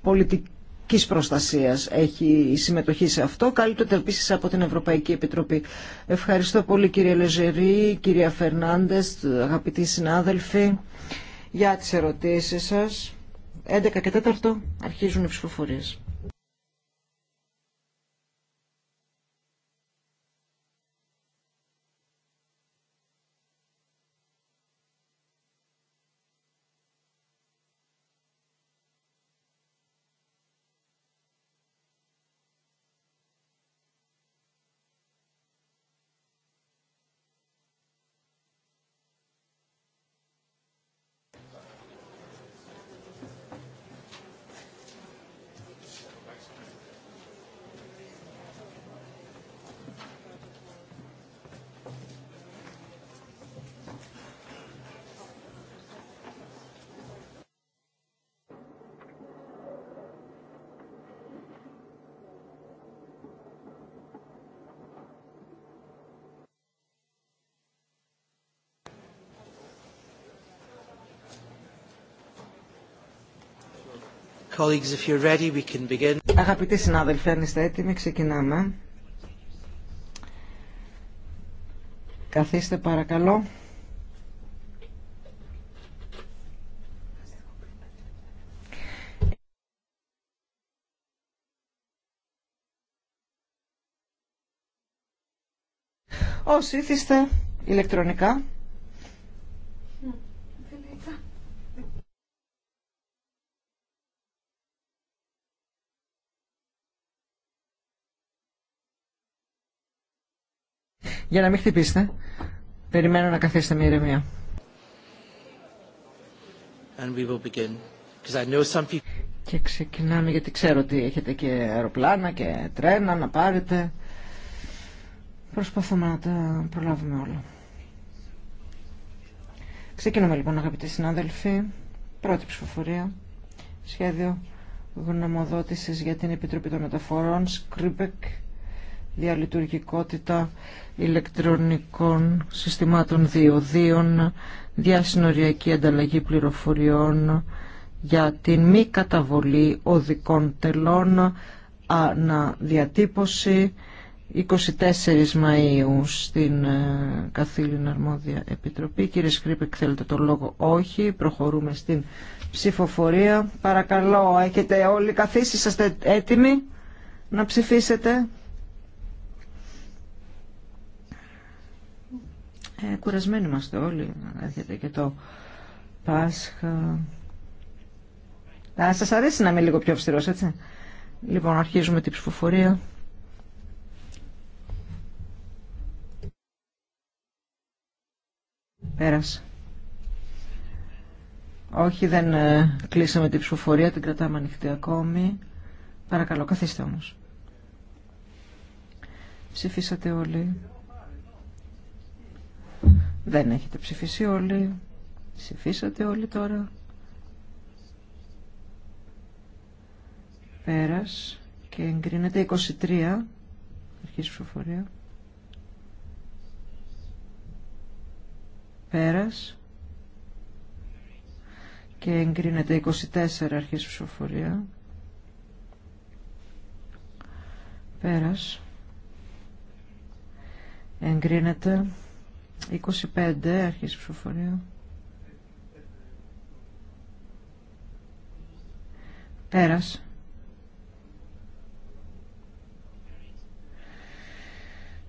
D: πολιτικής προστασίας έχει συμμετοχή σε αυτό, κάλυπτεται επίση από την Ευρωπαϊκή Επιτροπή. Ευχαριστώ πολύ κύριε Λεζερή, κυρία Φερνάντες, αγαπητοί συνάδελφοι για τις ερωτήσεις σας. 11 και 4 αρχίζουν οι ψηφοφορίες. Colleagues, Αγαπητοί συνάδελφοι, αν είστε έτοιμοι, ξεκινάμε. Καθίστε παρακαλώ.
C: Όσοι ήθιστε
D: ηλεκτρονικά. Για να μην χτυπήσετε, περιμένω να καθίσετε με ηρεμία.
A: And we will begin. I know some people...
D: Και ξεκινάμε γιατί ξέρω ότι έχετε και αεροπλάνα και τρένα να πάρετε. Προσπαθούμε να τα προλάβουμε όλα. Ξεκινούμε λοιπόν αγαπητοί συνάδελφοι. Πρώτη ψηφοφορία. Σχέδιο γνωμοδότησης για την Επιτροπή των Μεταφορών. Σκρίπεκ διαλειτουργικότητα ηλεκτρονικών συστημάτων διοδίων, διασυνοριακή ανταλλαγή πληροφοριών για την μη καταβολή οδικών τελών, αναδιατύπωση 24 Μαΐου στην ε, Καθήλυνα Αρμόδια Επιτροπή. Κύριε Σκρίπεκ, θέλετε το λόγο όχι. Προχωρούμε στην ψηφοφορία. Παρακαλώ, έχετε όλοι καθίσει, είστε έτοιμοι να ψηφίσετε. Ε, κουρασμένοι είμαστε όλοι, έρχεται και το Πάσχα. Α, σας αρέσει να είμαι λίγο πιο αυστηρός, έτσι. Λοιπόν, αρχίζουμε την ψηφοφορία. Πέρασε. Όχι, δεν ε, κλείσαμε την ψηφοφορία, την κρατάμε ανοιχτή ακόμη. Παρακαλώ, καθίστε όμως. Ψηφίσατε όλοι. Δεν έχετε ψηφίσει όλοι. Ψηφίσατε όλοι τώρα. Πέρας και εγκρίνεται 23. Αρχής ψηφοφορία. Πέρας και εγκρίνεται 24 αρχής ψηφοφορία. Πέρας εγκρίνεται 25 αρχής ψηφοφορία. Πέρας.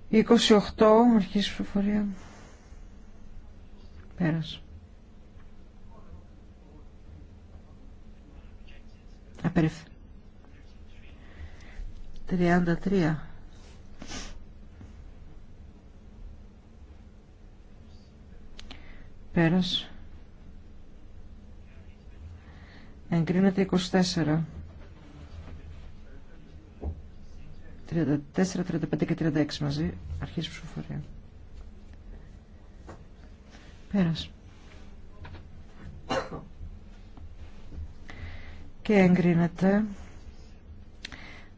D: Η 28 αρχής ψηφοφορία. Πέρας. Απερίφθη. 33 Πέρας. Εγκρίνεται 24. 34, 35 και 36 μαζί. αρχής ψηφοφορία. Πέρας. Και εγκρίνεται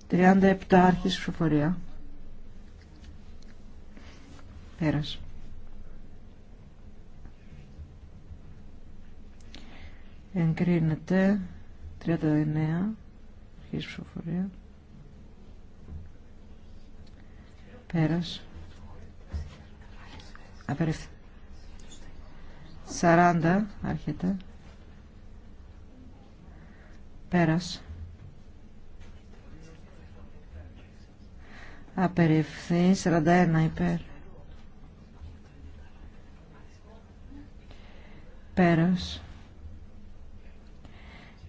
D: 37 αρχής ψηφοφορία. Πέρας. Εγκρίνεται 39 αρχής ψηφοφορία. Πέρας. Απερίφθη. 40 άρχεται. Πέρας. απερίφθη 41 υπέρ. Πέρας.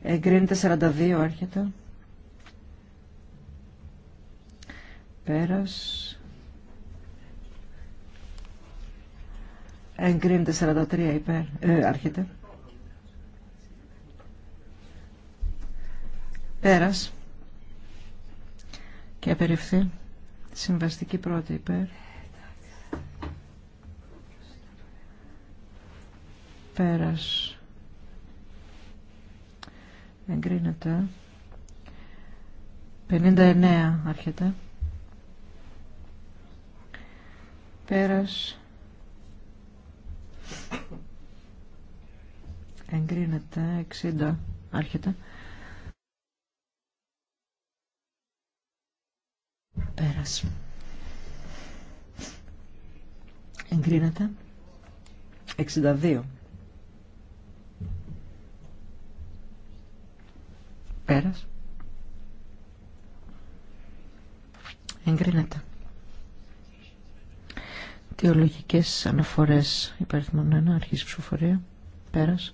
D: Εγκρίνεται 42, έρχεται. Πέρας. Εγκρίνεται 43, υπέρ. Ε, άρχεται. Πέρας. Και απεριφθεί. Συμβαστική πρώτη υπέρ. Πέρας. Εγκρίνεται. 59 άρχεται. Πέρας. Εγκρίνεται. 60 άρχεται. Πέρας. Εγκρίνεται. 62 Πέρας. Εγκρίνεται. Τιολογικές αναφορές υπαριθμών 1, αρχής ψηφοφορία. Πέρας.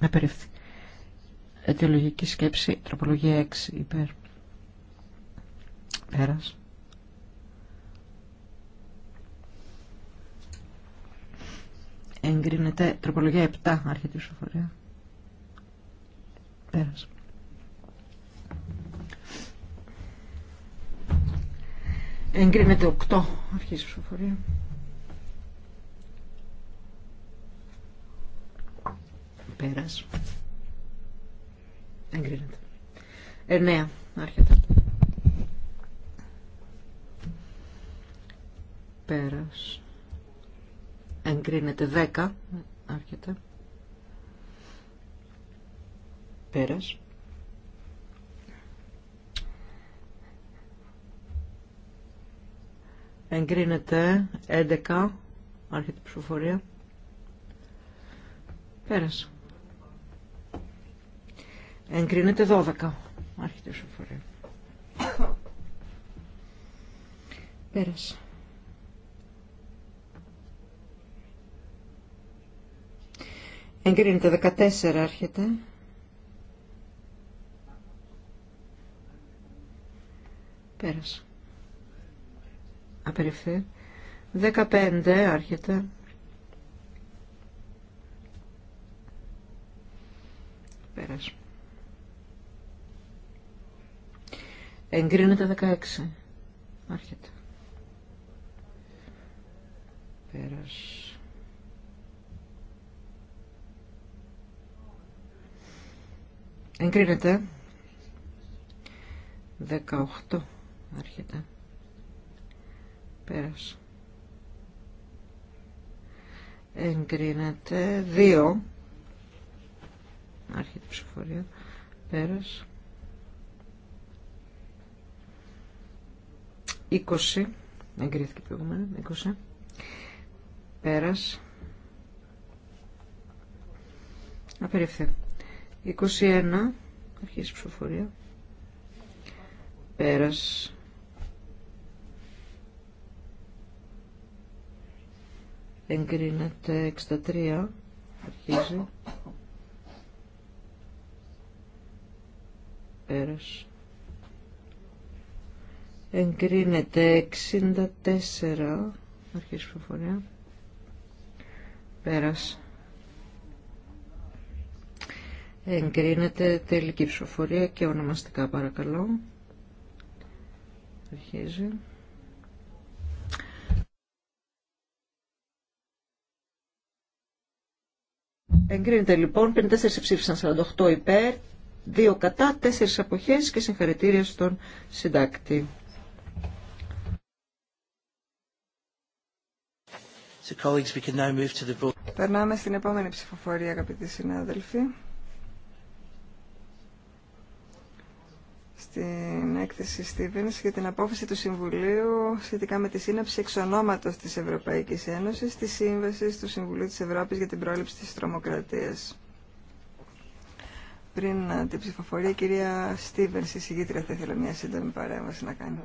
D: Απεριφθεί. Αιτιολογική σκέψη, τροπολογία 6, υπέρ. Πέρας. εγκρίνεται τροπολογία 7 αρχή η ψηφοφορία πέρας εγκρίνεται 8 αρχή η ψηφοφορία πέρας εγκρίνεται 9 άρχεται πέρας εγκρίνεται 10 άρχεται πέρας εγκρίνεται 11 άρχεται η ψηφοφορία πέρας εγκρίνεται 12 άρχεται η ψηφοφορία πέρας Εγκρίνεται 14 άρχεται. Πέρασε. Απεριφθεί. 15 άρχεται. Πέρασε. Εγκρίνεται 16. Άρχεται. Πέρασε. Εγκρίνεται. 18 άρχεται. Πέρασε. Εγκρίνεται. 2. Άρχεται η ψηφορία. Πέρασε. 20. Εγκρίθηκε προηγούμενα. 20. Πέρασε. Απεριφθεί. 21 η ψηφοφορία πέρας εγκρίνεται 63 αρχίζει πέρας εγκρίνεται 64 η ψηφοφορία πέρας Εγκρίνεται τελική ψηφοφορία και ονομαστικά παρακαλώ. Αρχίζει. Εγκρίνεται λοιπόν 54 ψήφισαν 48 υπέρ, 2 κατά, 4 αποχές και συγχαρητήρια στον
B: συντάκτη. So, Περνάμε στην επόμενη ψηφοφορία αγαπητοί συνάδελφοι. στην έκθεση Στίβενς για την απόφαση του Συμβουλίου σχετικά με τη σύναψη εξ ονόματος της Ευρωπαϊκής Ένωσης της Σύμβασης του Συμβουλίου της Ευρώπης για την πρόληψη της τρομοκρατίας. Πριν ε, την ψηφοφορία, η κυρία Στίβενς, η συγγήτρια, θα ήθελα μια σύντομη
C: παρέμβαση να κάνει.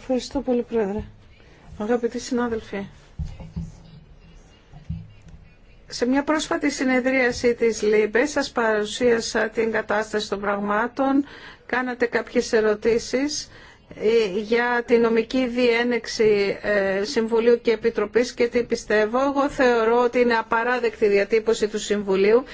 C: Ευχαριστώ πολύ, Πρόεδρε. Αγαπητοί συνάδελφοι, σε μια πρόσφατη συνεδρίαση της ΛΥΜΠΕ σας παρουσίασα την κατάσταση των πραγμάτων Κάνατε κάποιες ερωτήσεις ε, για τη νομική διένεξη ε, Συμβουλίου και Επιτροπής και τι πιστεύω. Εγώ θεωρώ ότι είναι απαράδεκτη διατύπωση του Συμβουλίου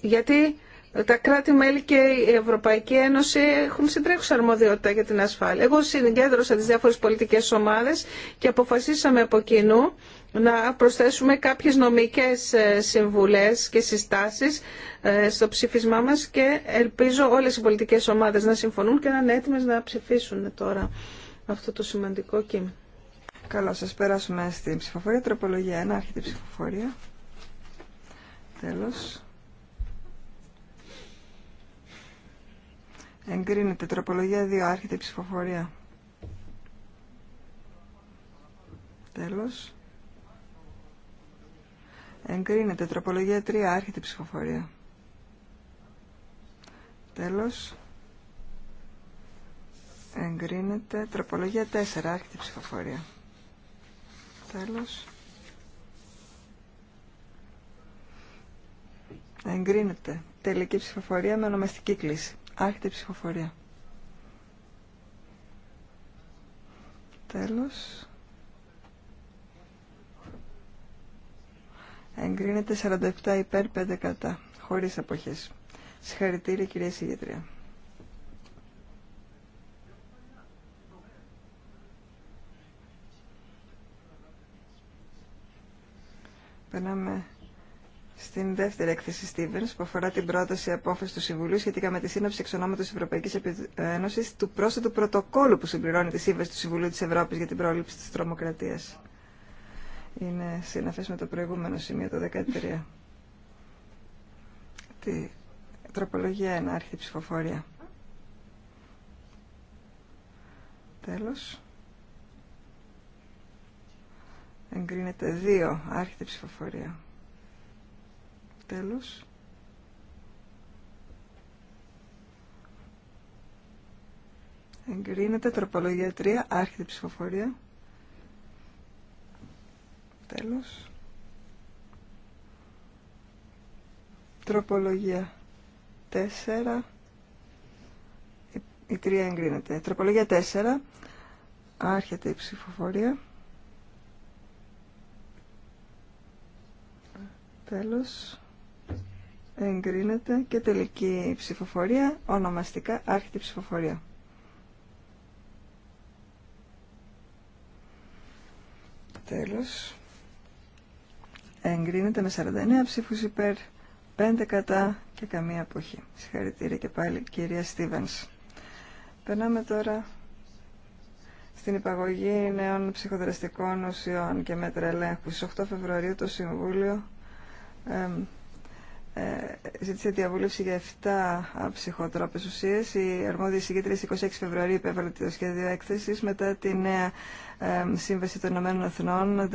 C: γιατί τα κράτη-μέλη και η Ευρωπαϊκή Ένωση έχουν συντρέχουσα αρμοδιότητα για την ασφάλεια. Εγώ συγκέντρωσα τις διάφορες πολιτικές ομάδες και αποφασίσαμε από κοινού να προσθέσουμε κάποιες νομικές ε, συμβουλές και συστάσεις ε, στο ψήφισμά μας και ελπίζω όλες οι πολιτικές ομάδες να συμφωνούν και να είναι έτοιμες να ψηφίσουν τώρα αυτό το σημαντικό κείμενο. Καλώς, σας περάσουμε στην ψηφοφορία. Τροπολογία 1, άρχεται η ψηφοφορία.
B: Τέλος. Εγκρίνεται τροπολογία 2, άρχεται η ψηφοφορία. Τέλος. Εγκρίνεται. Τροπολογία 3. Άρχεται η ψηφοφορία. Τέλος. Εγκρίνεται. Τροπολογία 4. Άρχεται η ψηφοφορία. Τέλος. Εγκρίνεται. Τελική ψηφοφορία με ονομαστική κλίση. Άρχεται ψηφοφορία. Τέλος. Εγκρίνεται 47 υπέρ 5 κατά, χωρίς αποχές. Συγχαρητήρια κυρία Συγγετρία. Περνάμε στην δεύτερη έκθεση Stevens που αφορά την πρόταση απόφαση του Συμβουλίου σχετικά με τη σύναψη εξ ονόματο Ευρωπαϊκή Ένωση του πρόσθετου πρωτοκόλου που συμπληρώνει τη Σύμβαση του Συμβουλίου τη Ευρώπη για την πρόληψη τη τρομοκρατία είναι συναφές με το προηγούμενο σημείο, το 13. Τη τροπολογία 1, άρχιτη ψηφοφορία. Τέλος. Εγκρίνεται 2, άρχιτη ψηφοφορία. Τέλος. Εγκρίνεται τροπολογία 3, άρχιτη ψηφοφορία. Τέλος. Τροπολογία 4. Η τρία εγκρίνεται. Τροπολογία 4. Άρχεται η ψηφοφορία. Τέλος. Εγκρίνεται και τελική ψηφοφορία. Ονομαστικά άρχεται η ψηφοφορία. Τέλος. Εγκρίνεται με 49 ψήφου υπέρ, 5 κατά και καμία αποχή. Συγχαρητήρια και πάλι κυρία Στίβεν. Περνάμε τώρα στην υπαγωγή νέων ψυχοδραστικών ουσιών και μέτρα ελέγχου. Στι 8 Φεβρουαρίου το Συμβούλιο ε, ζήτησε διαβούλευση για 7 ψυχοτρόπε ουσίε. Η αρμόδια συγκέντρια 26 Φεβρουαρίου υπέβαλε το σχέδιο έκθεση μετά τη νέα Σύμβαση των Ηνωμένων Εθνών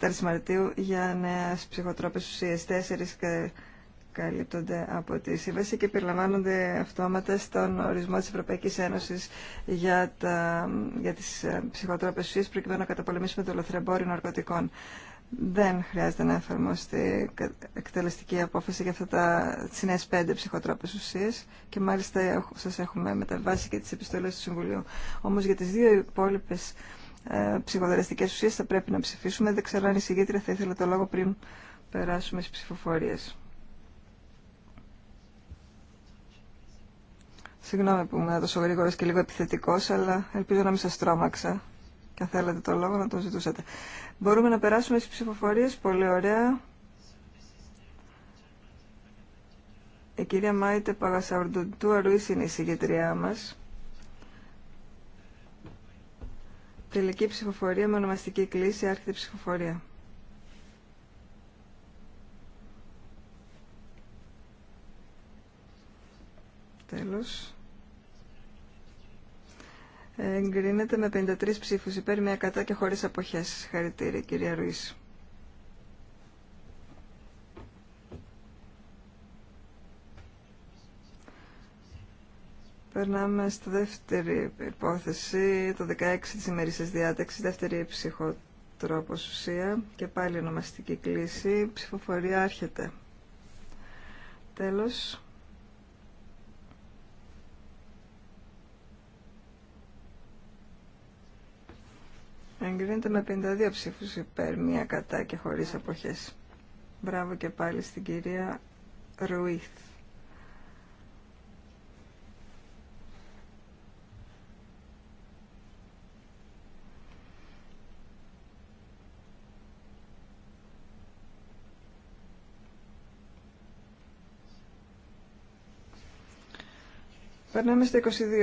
B: 14 Μαρτίου για νέε ψυχοτρόπε ουσίε. Τέσσερι καλύπτονται από τη Σύμβαση και περιλαμβάνονται αυτόματα στον ορισμό τη Ευρωπαϊκή Ένωση για, τα, για τι ψυχοτρόπε ουσίε προκειμένου να καταπολεμήσουμε το λαθρεμπόριο ναρκωτικών δεν χρειάζεται να εφαρμόσετε εκτελεστική απόφαση για αυτά τα νέε πέντε ψυχοτρόπες ουσίες και μάλιστα σας έχουμε μεταβάσει και τις επιστολές του Συμβουλίου. Όμως για τις δύο υπόλοιπε ε, ουσίες θα πρέπει να ψηφίσουμε. Δεν ξέρω αν η συγκήτρια θα ήθελε το λόγο πριν περάσουμε στις ψηφοφορίες. Συγγνώμη που ήμουν τόσο γρήγορο και λίγο επιθετικό, αλλά ελπίζω να μην σα τρόμαξα. Αν θέλατε το λόγο να τον ζητούσατε. Μπορούμε να περάσουμε στις ψηφοφορίες. Πολύ ωραία. Η κυρία Μάιτε Παγασαρντοντού Αρουής είναι η συγγετριά μας. Τελική ψηφοφορία με ονομαστική κλίση, άρχεται ψηφοφορία. Τέλος. Εγκρίνεται με 53 ψήφους υπέρ, μια κατά και χωρίς αποχές. Χαρητήρια, κυρία Ρουής. Περνάμε στη δεύτερη υπόθεση, το 16 της ημερήσης διάταξης, δεύτερη ψυχοτρόπος ουσία και πάλι ονομαστική κλίση, ψηφοφορία άρχεται. Τέλος. εγκρίνεται με 52 ψήφους υπέρ, μία κατά και χωρίς αποχές. Μπράβο και πάλι στην κυρία Ρουίθ. Περνάμε στο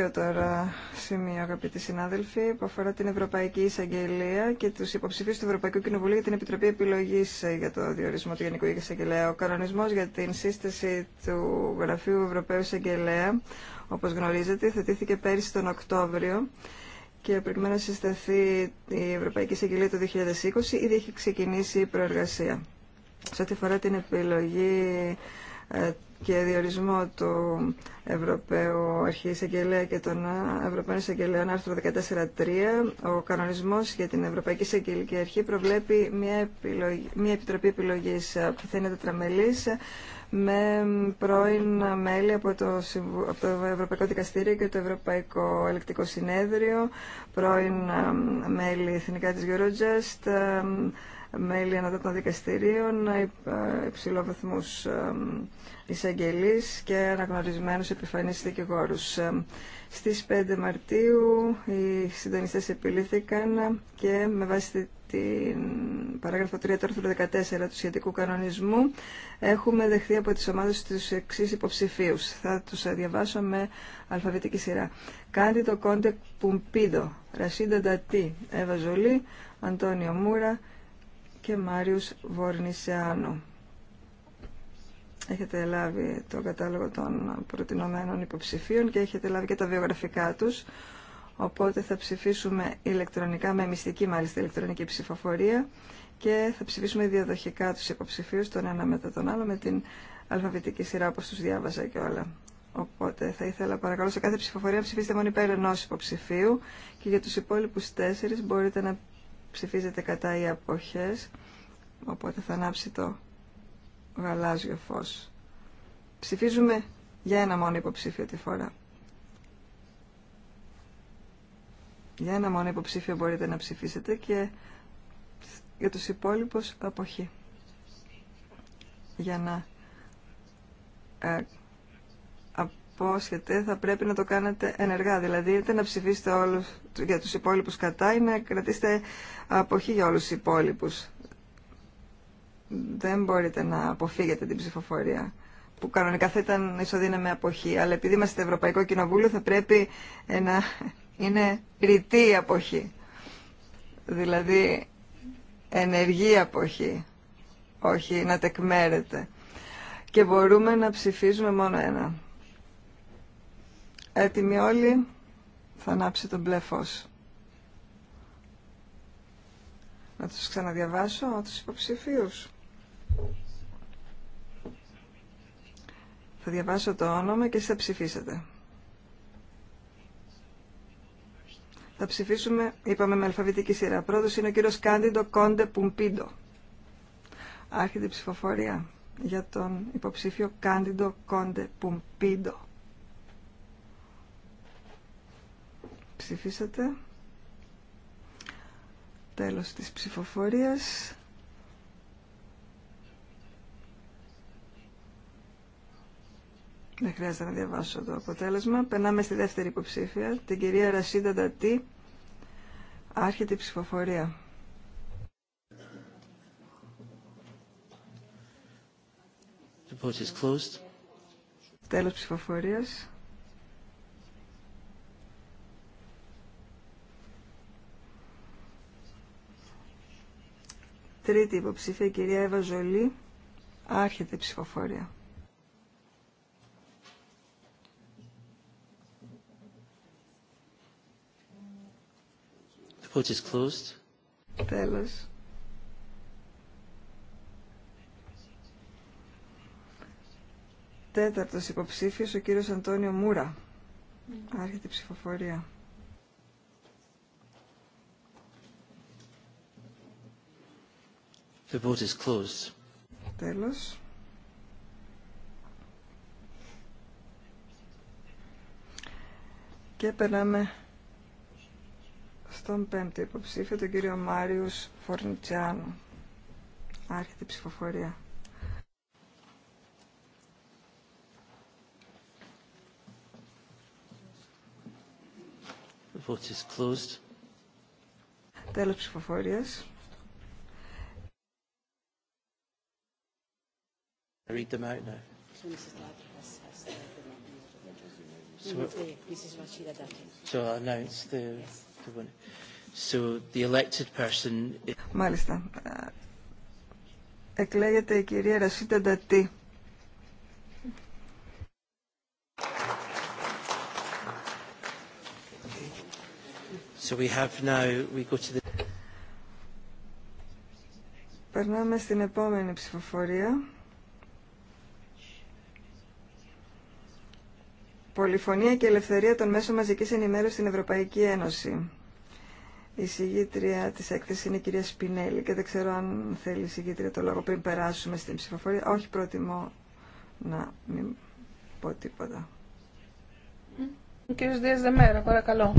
B: 22 τώρα σημείο, αγαπητοί συνάδελφοι, που αφορά την Ευρωπαϊκή Εισαγγελία και του υποψηφίου του Ευρωπαϊκού Κοινοβουλίου για την Επιτροπή Επιλογή για το διορισμό του Γενικού Εισαγγελέα. Ο κανονισμό για την σύσταση του Γραφείου Ευρωπαίου Εισαγγελέα, όπω γνωρίζετε, θετήθηκε πέρυσι τον Οκτώβριο και προκειμένου να συσταθεί η Ευρωπαϊκή Εισαγγελία το 2020, ήδη έχει ξεκινήσει η προεργασία. Σε ό,τι αφορά την επιλογή ε, και διορισμό του Ευρωπαίου Αρχή Εισαγγελέα και των Ευρωπαίων Εισαγγελέων, άρθρο 14.3, ο κανονισμός για την Ευρωπαϊκή Εισαγγελική Αρχή προβλέπει μια, μια επιτροπή επιλογής που θα είναι τετραμελή με πρώην μέλη από το, από το Ευρωπαϊκό Δικαστήριο και το Ευρωπαϊκό Ελεκτικό Συνέδριο, πρώην μέλη εθνικά της Eurojust, μέλη ανώτατων δικαστηρίων, ε, υψηλόβαθμού ε, εισαγγελείς και αναγνωρισμένους επιφανείς δικηγόρους. Ε, στις 5 Μαρτίου οι συντονιστές επιλήθηκαν και με βάση την παράγραφο 3 του άρθρου 14 του σχετικού κανονισμού έχουμε δεχθεί από τις ομάδες τους εξή υποψηφίους. Θα τους διαβάσω με αλφαβητική σειρά. Κάντιτο Κόντε Πουμπίδο, Ρασίντα Ντατή, Εύα Ζολή, Αντώνιο Μούρα, και Μάριους Βορνησιάνου. Έχετε λάβει το κατάλογο των προτινομένων υποψηφίων και έχετε λάβει και τα βιογραφικά τους. Οπότε θα ψηφίσουμε ηλεκτρονικά, με μυστική μάλιστα ηλεκτρονική ψηφοφορία και θα ψηφίσουμε διαδοχικά τους υποψηφίους, τον ένα μετά τον άλλο, με την αλφαβητική σειρά όπως τους διάβαζα και όλα. Οπότε θα ήθελα παρακαλώ σε κάθε ψηφοφορία ψηφίσετε μόνο υπέρ ενό υποψηφίου και για τους υπόλοιπους τέσσερις μπορείτε να ψηφίζεται κατά οι αποχές, οπότε θα ανάψει το γαλάζιο φως. Ψηφίζουμε για ένα μόνο υποψήφιο τη φορά. Για ένα μόνο υποψήφιο μπορείτε να ψηφίσετε και για τους υπόλοιπους αποχή. Για να ε, θα πρέπει να το κάνετε ενεργά. Δηλαδή είτε να ψηφίσετε όλου για του υπόλοιπου που κανονικά θα ήταν ισοδύναμη αποχή. Αλλά επειδή είμαστε Ευρωπαϊκό Κοινοβούλιο θα πρέπει ε, να είναι ρητή η αποχή. Δηλαδή ενεργή αποχή, όχι να τεκμέρεται. όλου του υπόλοιπου. μπορούμε να ψηφίζουμε μόνο ένα. Έτοιμοι όλοι, θα ανάψει τον μπλε φως. Να τους ξαναδιαβάσω, τους υποψηφίους. Θα διαβάσω το όνομα και εσείς θα ψηφίσετε. Θα ψηφίσουμε, είπαμε με αλφαβητική σειρά. Πρώτος είναι ο κύριος Κάντιντο Κόντε Πουμπίντο. Άρχεται η ψηφοφορία για τον υποψήφιο Κάντιντο Κόντε Πουμπίντο. Ψηφίσατε. Τέλος της ψηφοφορίας. Δεν χρειάζεται να διαβάσω το αποτέλεσμα. Περνάμε στη δεύτερη υποψήφια, την κυρία Ρασίδα Ντατή. Άρχεται η ψηφοφορία.
A: The vote closed. Τέλος ψηφοφορίας.
B: τρίτη υποψήφια, η κυρία Εύα Ζολή. Άρχεται η ψηφοφορία.
A: The vote is closed. Τέλος.
B: Τέταρτος υποψήφιος, ο κύριος Αντώνιο Μούρα. Άρχεται η ψηφοφορία.
A: The vote is closed.
B: Τέλος. Και περνάμε στον πέμπτο υποψήφιο, τον κύριο Μάριους Φορνιτσιάνο. Άρχεται η ψηφοφορία.
A: The vote is closed. Τέλος ψηφοφορίας. read them out now. So, so I'll announce the, yes. the one. So the elected person... Μάλιστα.
B: Εκλέγεται η κυρία Ρασίτα
A: Ντατή. So we have now, we go to the...
B: Περνάμε στην επόμενη ψηφοφορία. Πολυφωνία και ελευθερία των μέσων μαζική ενημέρωση στην Ευρωπαϊκή Ένωση. Η συγγήτρια τη έκθεση είναι η κυρία Σπινέλη και δεν ξέρω αν θέλει η συγγήτρια το λόγο πριν περάσουμε στην ψηφοφορία.
C: Όχι, προτιμώ να μην πω τίποτα. Ο κύριο Δία Δεμέρα, παρακαλώ.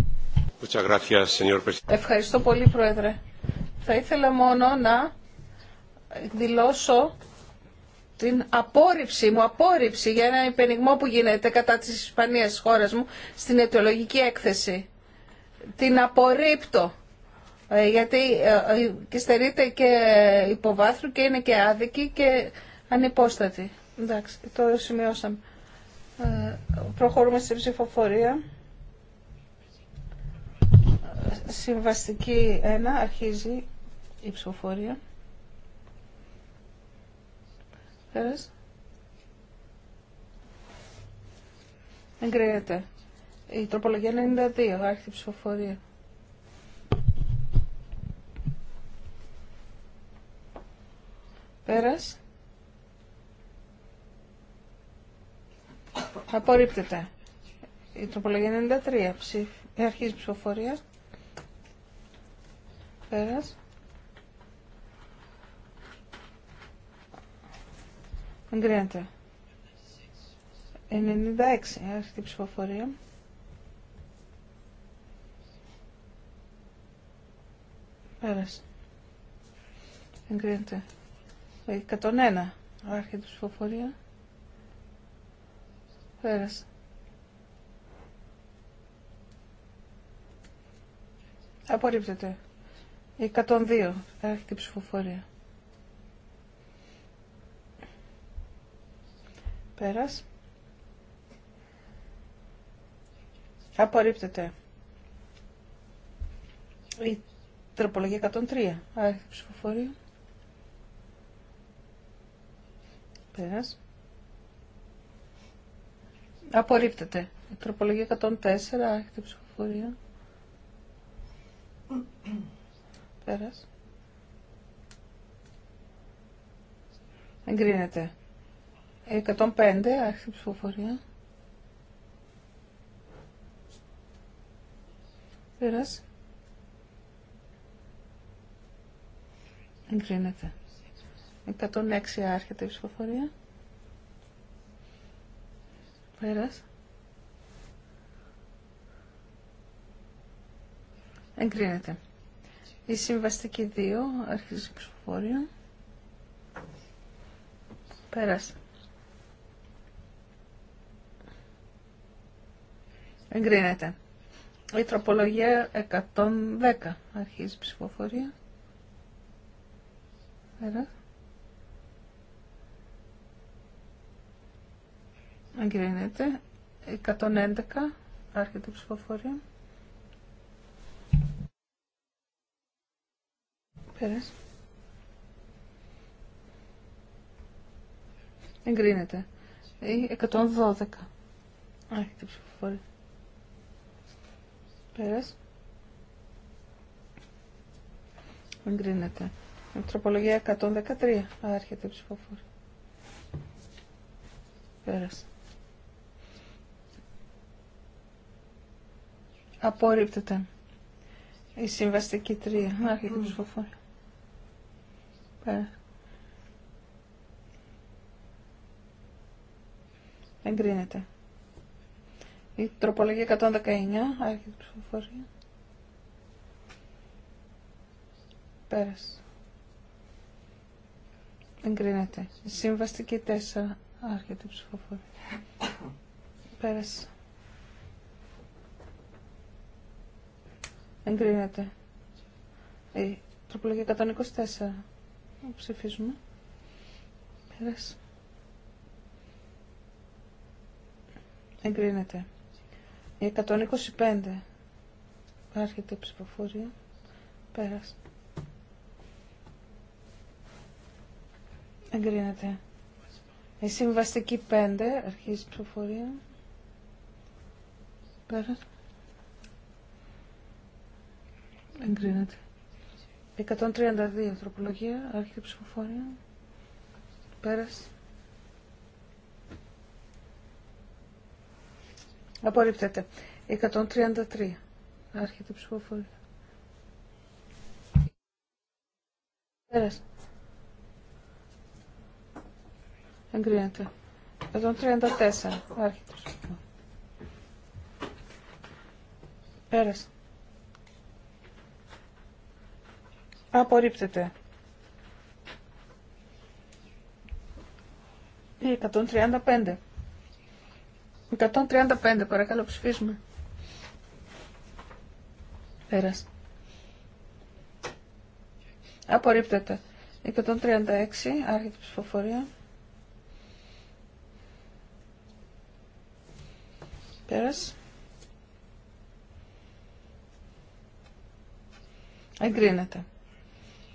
C: Ευχαριστώ πολύ, Πρόεδρε. Θα ήθελα μόνο να δηλώσω την απόρριψή μου, απόρριψη για ένα υπενιγμό που γίνεται κατά της Ισπανίας της χώρας μου στην αιτιολογική έκθεση. Την απορρίπτω ε, γιατί ε, ε, και στερείται και υποβάθρου και είναι και άδικη και ανυπόστατη. Εντάξει, το σημειώσαμε. προχωρούμε στην ψηφοφορία. Συμβαστική 1 αρχίζει η ψηφοφορία. Πέρας. Εγκρίνεται. Η τροπολογία 92, άρχιτη ψηφοφορία. Πέρας. Απορρίπτεται. Η τροπολογία 93, ψηφ... ψηφοφορία. Πέρας. Εγκρίνεται. 96. έρχεται η ψηφοφορία. Πέρασε. Εγκρίνεται. 101. έρχεται η ψηφοφορία. Πέρασε. Απορρίπτεται. 102. έρχεται η ψηφοφορία. Πέρας. Απορρίπτεται. Η τροπολογία 103. Άρχισε ψηφοφορία. Πέρας. Απορρίπτεται. Η τροπολογία 104. Άρχισε ψηφοφορία. Πέρας. Εγκρίνεται. 105, άρχισε ψηφοφορία. Πέρασε. Εγκρίνεται. 106 άρχεται η ψηφοφορία. Πέρασε. Εγκρίνεται. Η συμβαστική 2 άρχισε η ψηφοφορία. Πέρασε. Εγκρίνεται. Η τροπολογία 110 αρχίζει η ψηφοφορία. Πέρα. Εγκρίνεται. 111 άρχεται η ψηφοφορία. Πέρα. Εγκρίνεται. Η 112 άρχεται η ψηφοφορία. Πέρας. Εγκρίνεται. Ανθρωπολογία 113. Άρχεται η ψηφοφορία. Πέρας. Απορρίπτεται. Η συμβαστική 3. Άρχεται η ψηφοφορία. Πέρας. Εγκρίνεται. Η τροπολογία 119, άρχιε ψηφοφορία. Πέρασε. Εγκρίνεται. Συμβαστική 4, άρχιε ψηφοφορία. Πέρασε. Εγκρίνεται. Η τροπολογία 124. Ψηφίζουμε. Πέρασε. Εγκρίνεται. 125. Άρχεται η ψηφοφορία. Πέρασε. Εγκρίνεται. Η συμβαστική 5 αρχίζει η ψηφοφορία. Πέρασε. Εγκρίνεται. 132 τροπολογία, άρχιτε ψηφοφορία. Πέρασε. Απορρίπτεται. 133. Άρχεται η ψηφοφορία. Πέρασε. Εγκρίνεται. 134. Άρχεται η ψηφοφορία. Πέρασε. Απορρίπτεται. 135. 135 παρακαλώ ψηφίσουμε. Πέρασε. Απορρίπτεται. 136 άρχεται η ψηφοφορία. Πέρασε. Εγκρίνεται.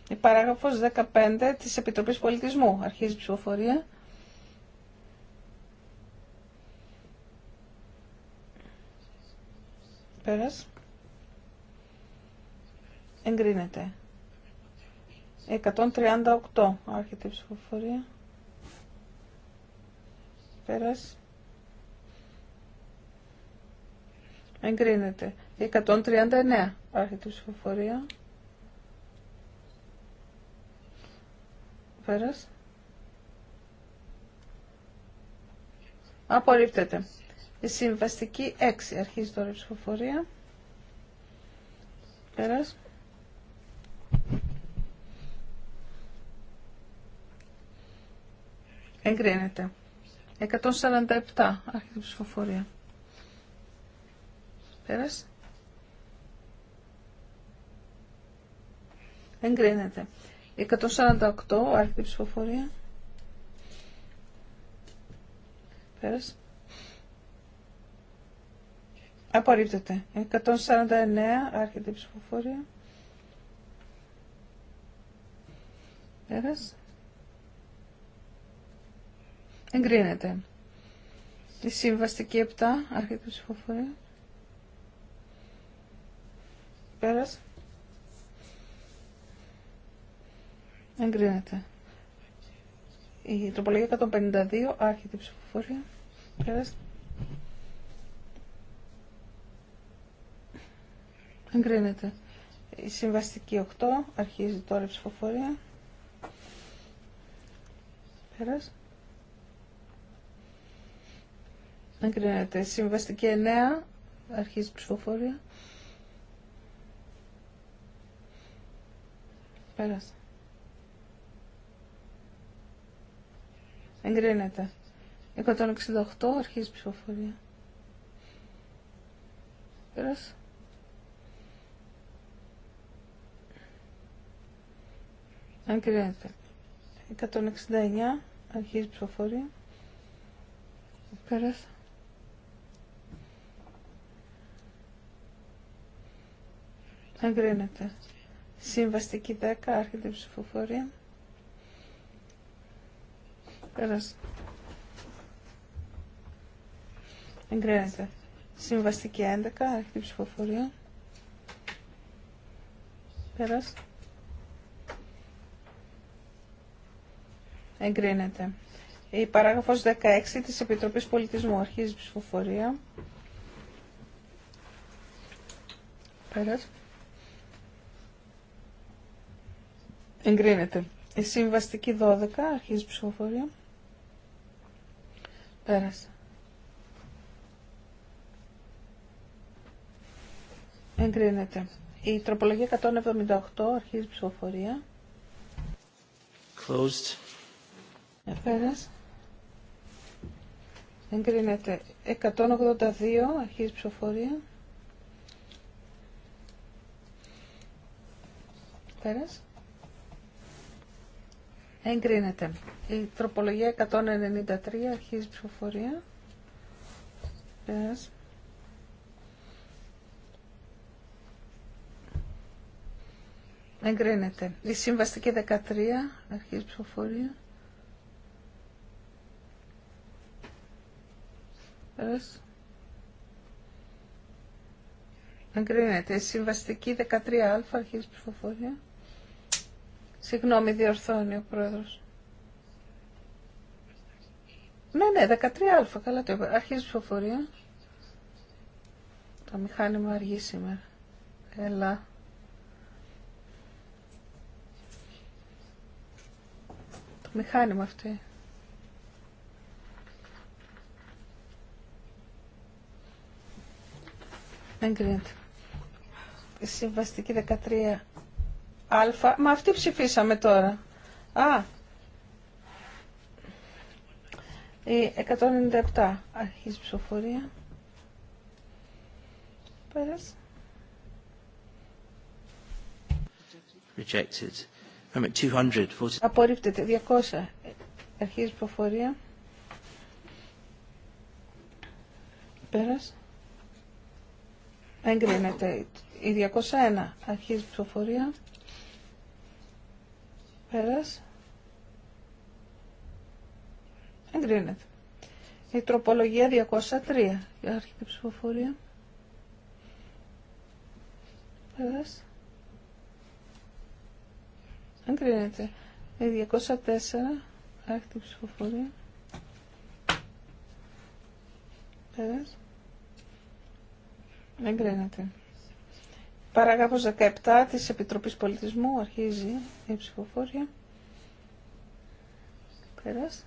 C: Η παράγραφος 15 της Επιτροπής Πολιτισμού αρχίζει η ψηφοφορία. Πέρας. Εγκρίνεται. 138. Άρχεται η ψηφοφορία. Πέρας. Εγκρίνεται. 139. Άρχεται η ψηφοφορία. Πέρας. Απορρίπτεται. Η Συμβαστική 6. Αρχίζει τώρα η ψηφοφορία. Πέρας. Εγκρίνεται. 147. αρχίζει η ψηφοφορία. Πέρας. Εγκρίνεται. 148. αρχίζει η ψηφοφορία. Πέρας. Απορρίπτεται. 149 άρχεται η ψηφοφορία. Πέρας. Εγκρίνεται. Η συμβαστική 7 άρχεται η ψηφοφορία. Πέρας. Εγκρίνεται. Η τροπολογία 152 άρχεται η ψηφοφορία. Πέρας. Εγκρίνεται. Η συμβαστική 8 αρχίζει τώρα η ψηφοφορία. Πέρας. Εγκρίνεται. Η συμβαστική 9 αρχίζει η ψηφοφορία. Πέρας. Εγκρίνεται. 168 αρχίζει η ψηφοφορία. Πέρασε. Εγκρίνεται. 169. Αρχίζει ψηφοφορία. Πέρασε. Εγκρίνεται. Συμβαστική 10. Άρχεται η ψηφοφορία. Πέρασε. Εγκρίνεται. Συμβαστική 11. Άρχεται η ψηφοφορία. Πέρασε. Εγκρίνεται. Η παράγραφος 16 της Επιτροπής Πολιτισμού αρχίζει ψηφοφορία. Πέρασε. Εγκρίνεται. Η συμβαστική 12 αρχίζει ψηφοφορία. Πέρασε. Εγκρίνεται. Η τροπολογία 178 αρχίζει ψηφοφορία. Closed. Εγκρίνεται. 182 αρχίζει ψηφοφορία. Πέρας. Εγκρίνεται. Η τροπολογία 193 αρχίζει ψηφοφορία. Εγκρίνεται. Η συμβαστική 13 αρχίζει ψηφοφορία. εγκρινεται Εγκρίνεται. Συμβαστική 13α αρχής ψηφοφορία. Συγγνώμη, διορθώνει ο πρόεδρος. Ναι, ναι, 13α, καλά το είπα. Αρχής ψηφοφορία. Το μηχάνημα αργεί σήμερα. Έλα. Το μηχάνημα αυτό. Εγκρίνεται. Συμβαστική 13. Α. Μα αυτή ψηφίσαμε τώρα. Α. Η 197. Αρχίζει ψηφοφορία. Πέρασε.
A: Rejected. 200.
C: Απορρίπτεται. 200. Αρχίζει ψηφοφορία. Πέρασε. Εγκρίνεται. Η 201 αρχίζει ψηφοφορία. Πέρας. Εγκρίνεται. Η τροπολογία 203 η ψηφοφορία. Πέρας. Εγκρίνεται. Η 204 η ψηφοφορία. Πέρας. Δεν κρίνεται. Παράγραφος 17 της Επιτροπής Πολιτισμού αρχίζει η ψηφοφόρια. Πέρας.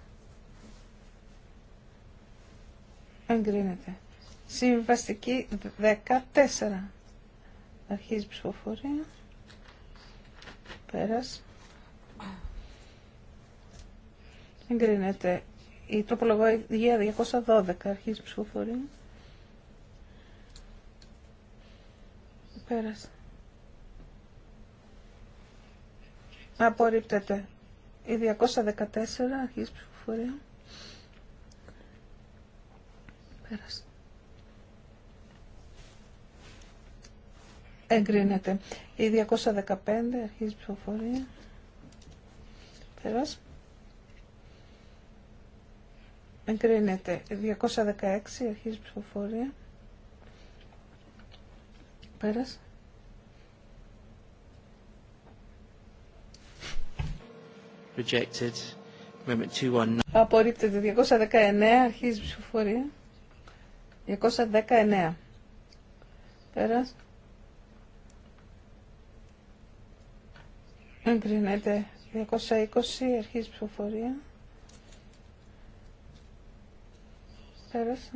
C: Εγκρίνεται. Συμβαστική 14. Αρχίζει η ψηφοφορία. Πέρας. Εγκρίνεται. Η τροπολογία 212 αρχίζει η ψηφοφορία. Πέρασε. Απορρίπτεται. Η 214 αρχής ψηφοφορία. Πέρασε. Εγκρίνεται. Η 215 αρχής ψηφοφορία. Πέρασε. Εγκρίνεται. Η 216 αρχής ψηφοφορία. Πέρας. Rejected. Απορρίπτεται. 219. Αρχίζει η ψηφοφορία. 219. Πέρας. Εγκρινέται. 220. Αρχίζει η ψηφοφορία. Πέρασε.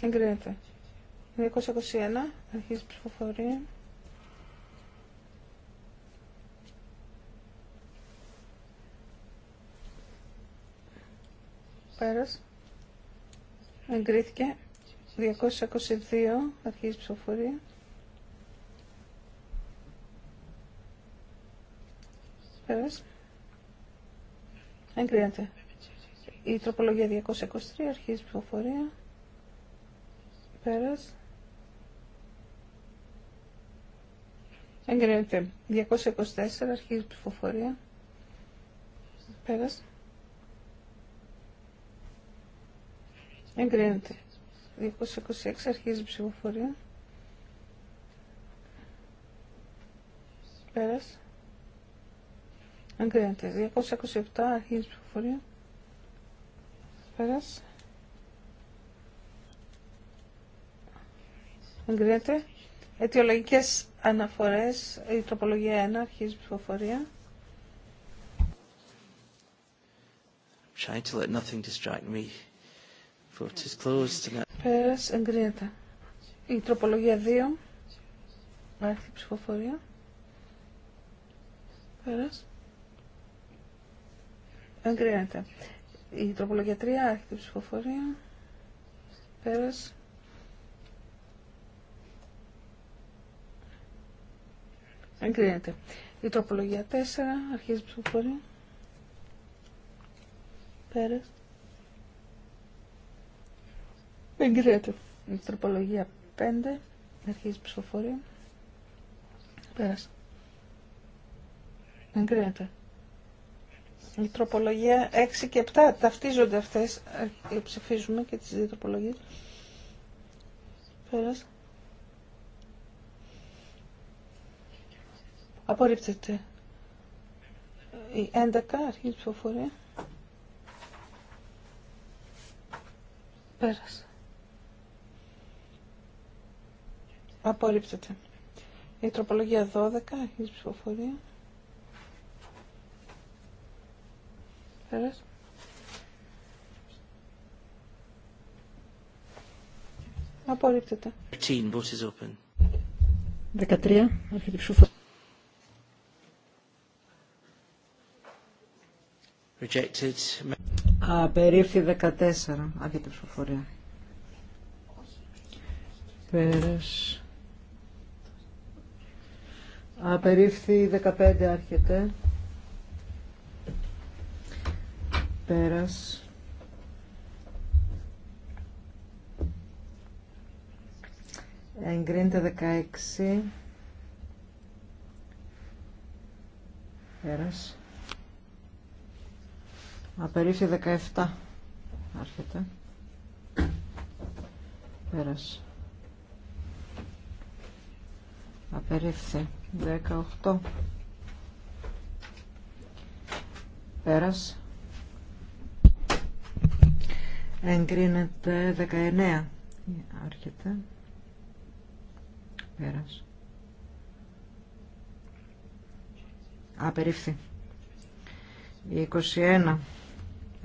C: Εγκρίνεται. 221, η ψηφοφορία. Πέρας. Εγκρίθηκε. 222, η ψηφοφορία. Πέρας. Εγκρίνεται. Η τροπολογία 223, η ψηφοφορία. Πέρας. Εγκρίνεται. 224 αρχίζει η ψηφοφορία. Πέρας. Εγκρίνεται. 226 αρχίζει η ψηφοφορία. Πέρας. Εγκρίνεται. 227 αρχίζει η ψηφοφορία. Πέρας. Εγκρίνεται. Αιτιολογικές αναφορές, η τροπολογία 1, αρχίζει ψηφοφορία.
A: Trying to let nothing distract me. is closed.
C: Πέρας, εγκρίνεται. Η τροπολογία 2, άρχισε ψηφοφορία. Πέρας. Εγκρίνεται. Η τροπολογία 3, άρχισε ψηφοφορία. Πέρας. Εγκρίνεται. Η τροπολογία 4 αρχίζει ψηφοφορία. Πέρας. Εγκρίνεται. Η τροπολογία 5 αρχίζει ψηφοφορία. Πέρας. Εγκρίνεται. Η τροπολογία 6 και 7 ταυτίζονται αυτές. Ε, ψηφίζουμε και τις δύο τροπολογίες. Πέρας. Απορρίπτεται. Η 11 αρχή ψηφοφορία. Πέρασε. Απορρίπτεται. Η τροπολογία 12 αρχή ψηφοφορία. Πέρασε. Απορρίπτεται. 13 Αρχίζει η ψηφοφορία.
A: Rejected.
D: Απερίφθη 14. Άρχεται ψηφοφορία. Πέρας. Απερίφθη 15 άρχεται. Πέρας. Εγκρίνεται 16. Πέρας. Απερίφθη 17. Άρχεται. Πέρασε. Απερίφθη 18. Πέρασε. Εγκρίνεται 19. Άρχεται. Πέρασε. Απερίφθη. 21.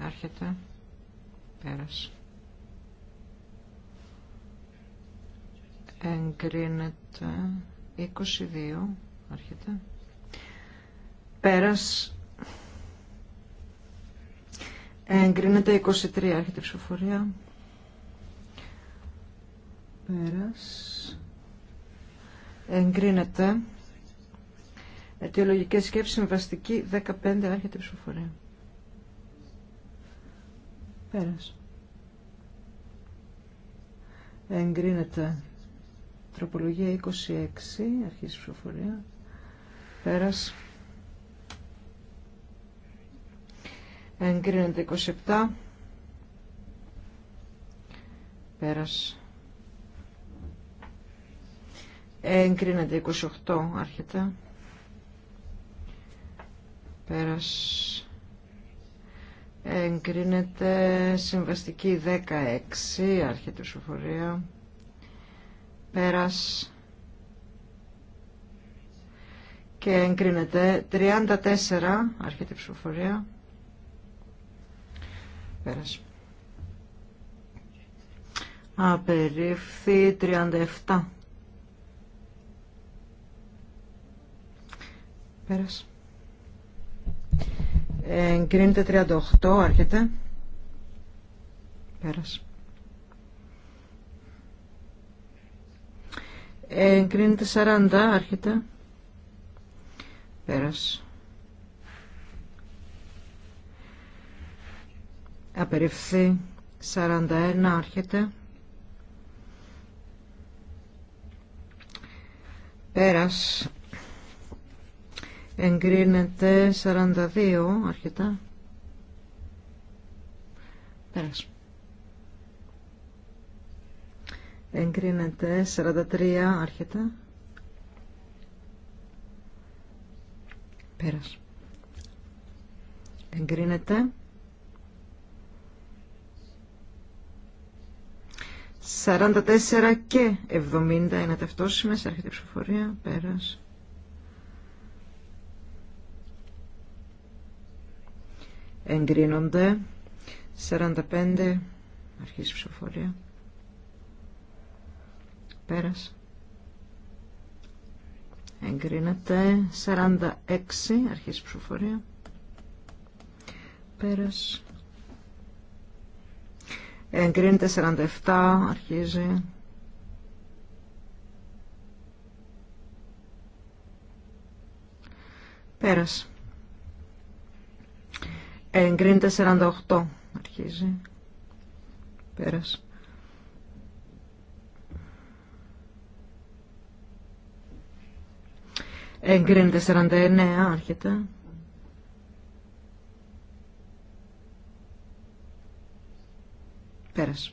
D: Άρχεται. Πέρασε. Εγκρίνεται. 22. Άρχεται. Πέρας. Εγκρίνεται 23. Άρχεται η ψηφοφορία. Πέρας. Εγκρίνεται. Αιτιολογικές σκέψεις συμβαστική 15. Άρχεται η ψηφοφορία. Πέρας. Εγκρίνεται. Τροπολογία 26, αρχής ψηφοφορία. Πέρας. Εγκρίνεται 27. Πέρας. Εγκρίνεται 28, άρχεται. Πέρας. Εγκρίνεται συμβαστική 16, αρχή του Πέρας. Και εγκρίνεται 34, αρχή του Πέρας. Απερίφθη 37. Πέρας. Εγκρίνεται 38, άρχεται. Πέρασε. Εγκρίνεται 40, άρχεται. Πέρασε. Απεριφθεί 41, άρχεται. Πέρας Εγκρίνεται 42 αρκετά. Πέρας. Εγκρίνεται 43 αρχιτά Πέρας. Εγκρίνεται 44 και 70 είναι ταυτόσιμες. έρχεται η ψηφοφορία. πέρας. εγκρίνονται 45 αρχής ψηφοφορία πέρας εγκρίνεται 46 αρχής ψηφοφορία πέρας εγκρίνεται 47 αρχίζει πέρας Εγκρίνεται 48. Αρχίζει. Πέρας. Εγκρίνεται 49. Άρχεται. Πέρασε.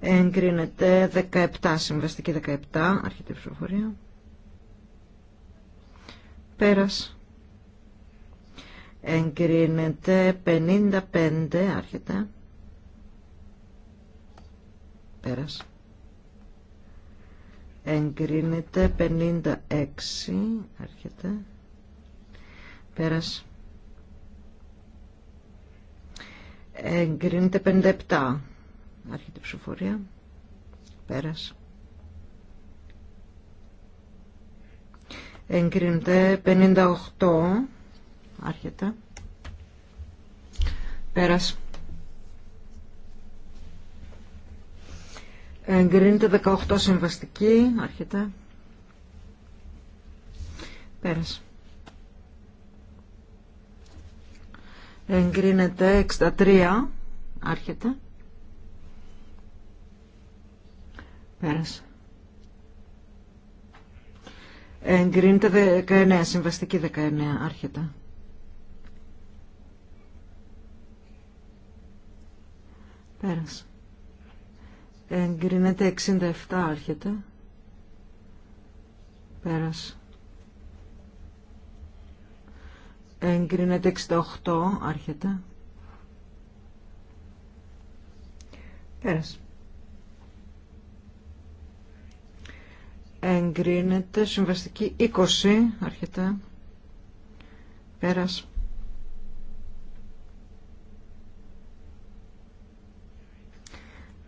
D: Εγκρίνεται 17. Συμβαστική 17. Αρχιτεί ψηφοφορία. Πέρας εγκρίνεται 55 άρχεται πέρας εγκρίνεται 56 άρχεται πέρας εγκρίνεται 57 άρχεται η πέρας εγκρίνεται 58 Άρχεται. Πέρας. Εγκρίνεται 18 συμβαστική. Άρχεται. Πέρας. Εγκρίνεται 63. Άρχεται. Πέρασε. Εγκρίνεται 19, συμβαστική 19, άρχεται. Πέρας. Εγκρίνεται 67 άρχεται. Πέρας. Εγκρίνεται 68 άρχεται. Πέρας. Εγκρίνεται συμβαστική 20 άρχεται. Πέρας.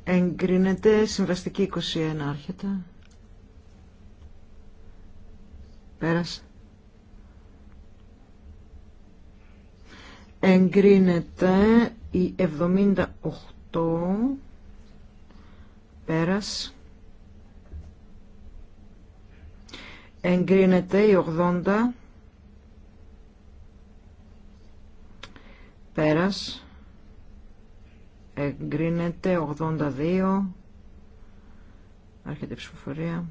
D: Εγκρίνεται συμβαστική 21 άρχεται. Πέρασε. Εγκρίνεται η 78 Πέρασε. Εγκρίνεται η 80 Πέρασε εγκρίνεται 82 άρχεται η ψηφοφορία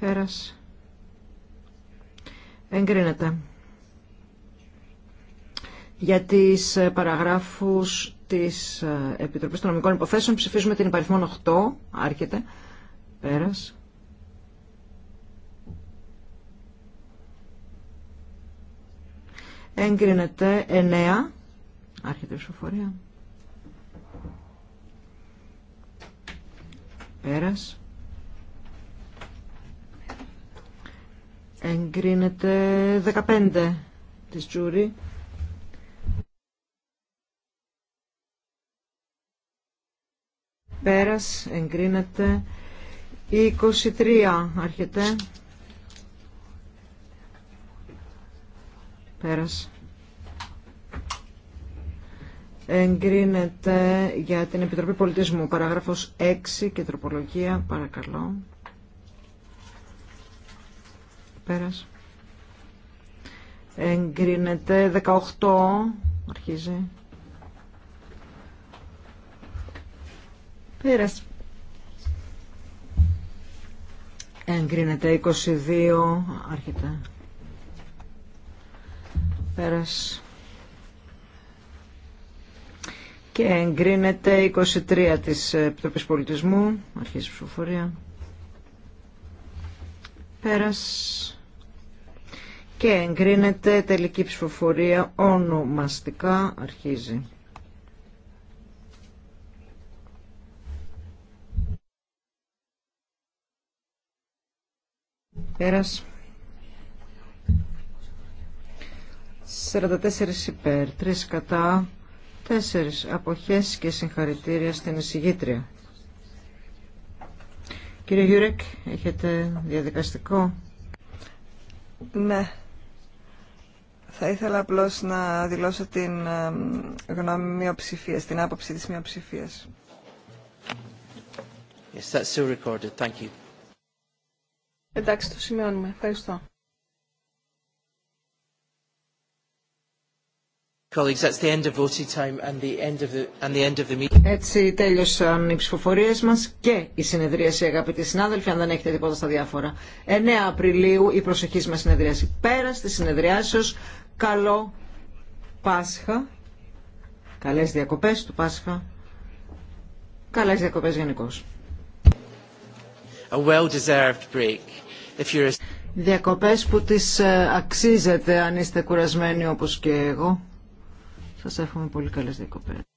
D: πέρας εγκρίνεται για τις ε, παραγράφους της ε, Επιτροπής των Νομικών Υποθέσεων ψηφίζουμε την υπαριθμόν 8 άρχεται πέρας εγκρίνεται 9 Άρχεται η ψηφοφορία. Πέρας. Εγκρίνεται 15 της Τζούρι. Πέρας εγκρίνεται 23 άρχεται. Πέρας εγκρίνεται για την Επιτροπή Πολιτισμού. Παράγραφος 6 και τροπολογία. Παρακαλώ. Πέρας. Εγκρίνεται 18. Αρχίζει. Πέρας. Εγκρίνεται 22. Άρχεται. Πέρας. Και εγκρίνεται 23 της Επιτροπής Πολιτισμού. Αρχίζει η ψηφοφορία. Πέρας. Και εγκρίνεται τελική ψηφοφορία ονομαστικά. Αρχίζει. Πέρας. 44 υπέρ, 3 κατά, Τέσσερις αποχές και συγχαρητήρια στην εισηγήτρια. Κύριε Γιούρεκ, έχετε
B: διαδικαστικό. Ναι. Θα ήθελα απλώς να δηλώσω την ε, γνώμη μειοψηφίας, την άποψη της μειοψηφίας.
A: Yes, that's still recorded. Thank you.
C: Εντάξει, το σημειώνουμε. Ευχαριστώ.
D: Έτσι τέλειωσαν οι ψηφοφορίε μα και η συνεδρίαση, αγαπητοί συνάδελφοι. Αν δεν έχετε τίποτα στα διάφορα, 9 Απριλίου η προσοχή μα συνεδρίαση. Πέρα τη συνεδριάσεω, καλό Πάσχα. Καλέ διακοπέ του Πάσχα. Καλέ διακοπέ γενικώ. Well Διακοπές που τις ε, αξίζετε αν είστε κουρασμένοι όπως και εγώ. Σας εύχομαι πολύ καλές διακοπές.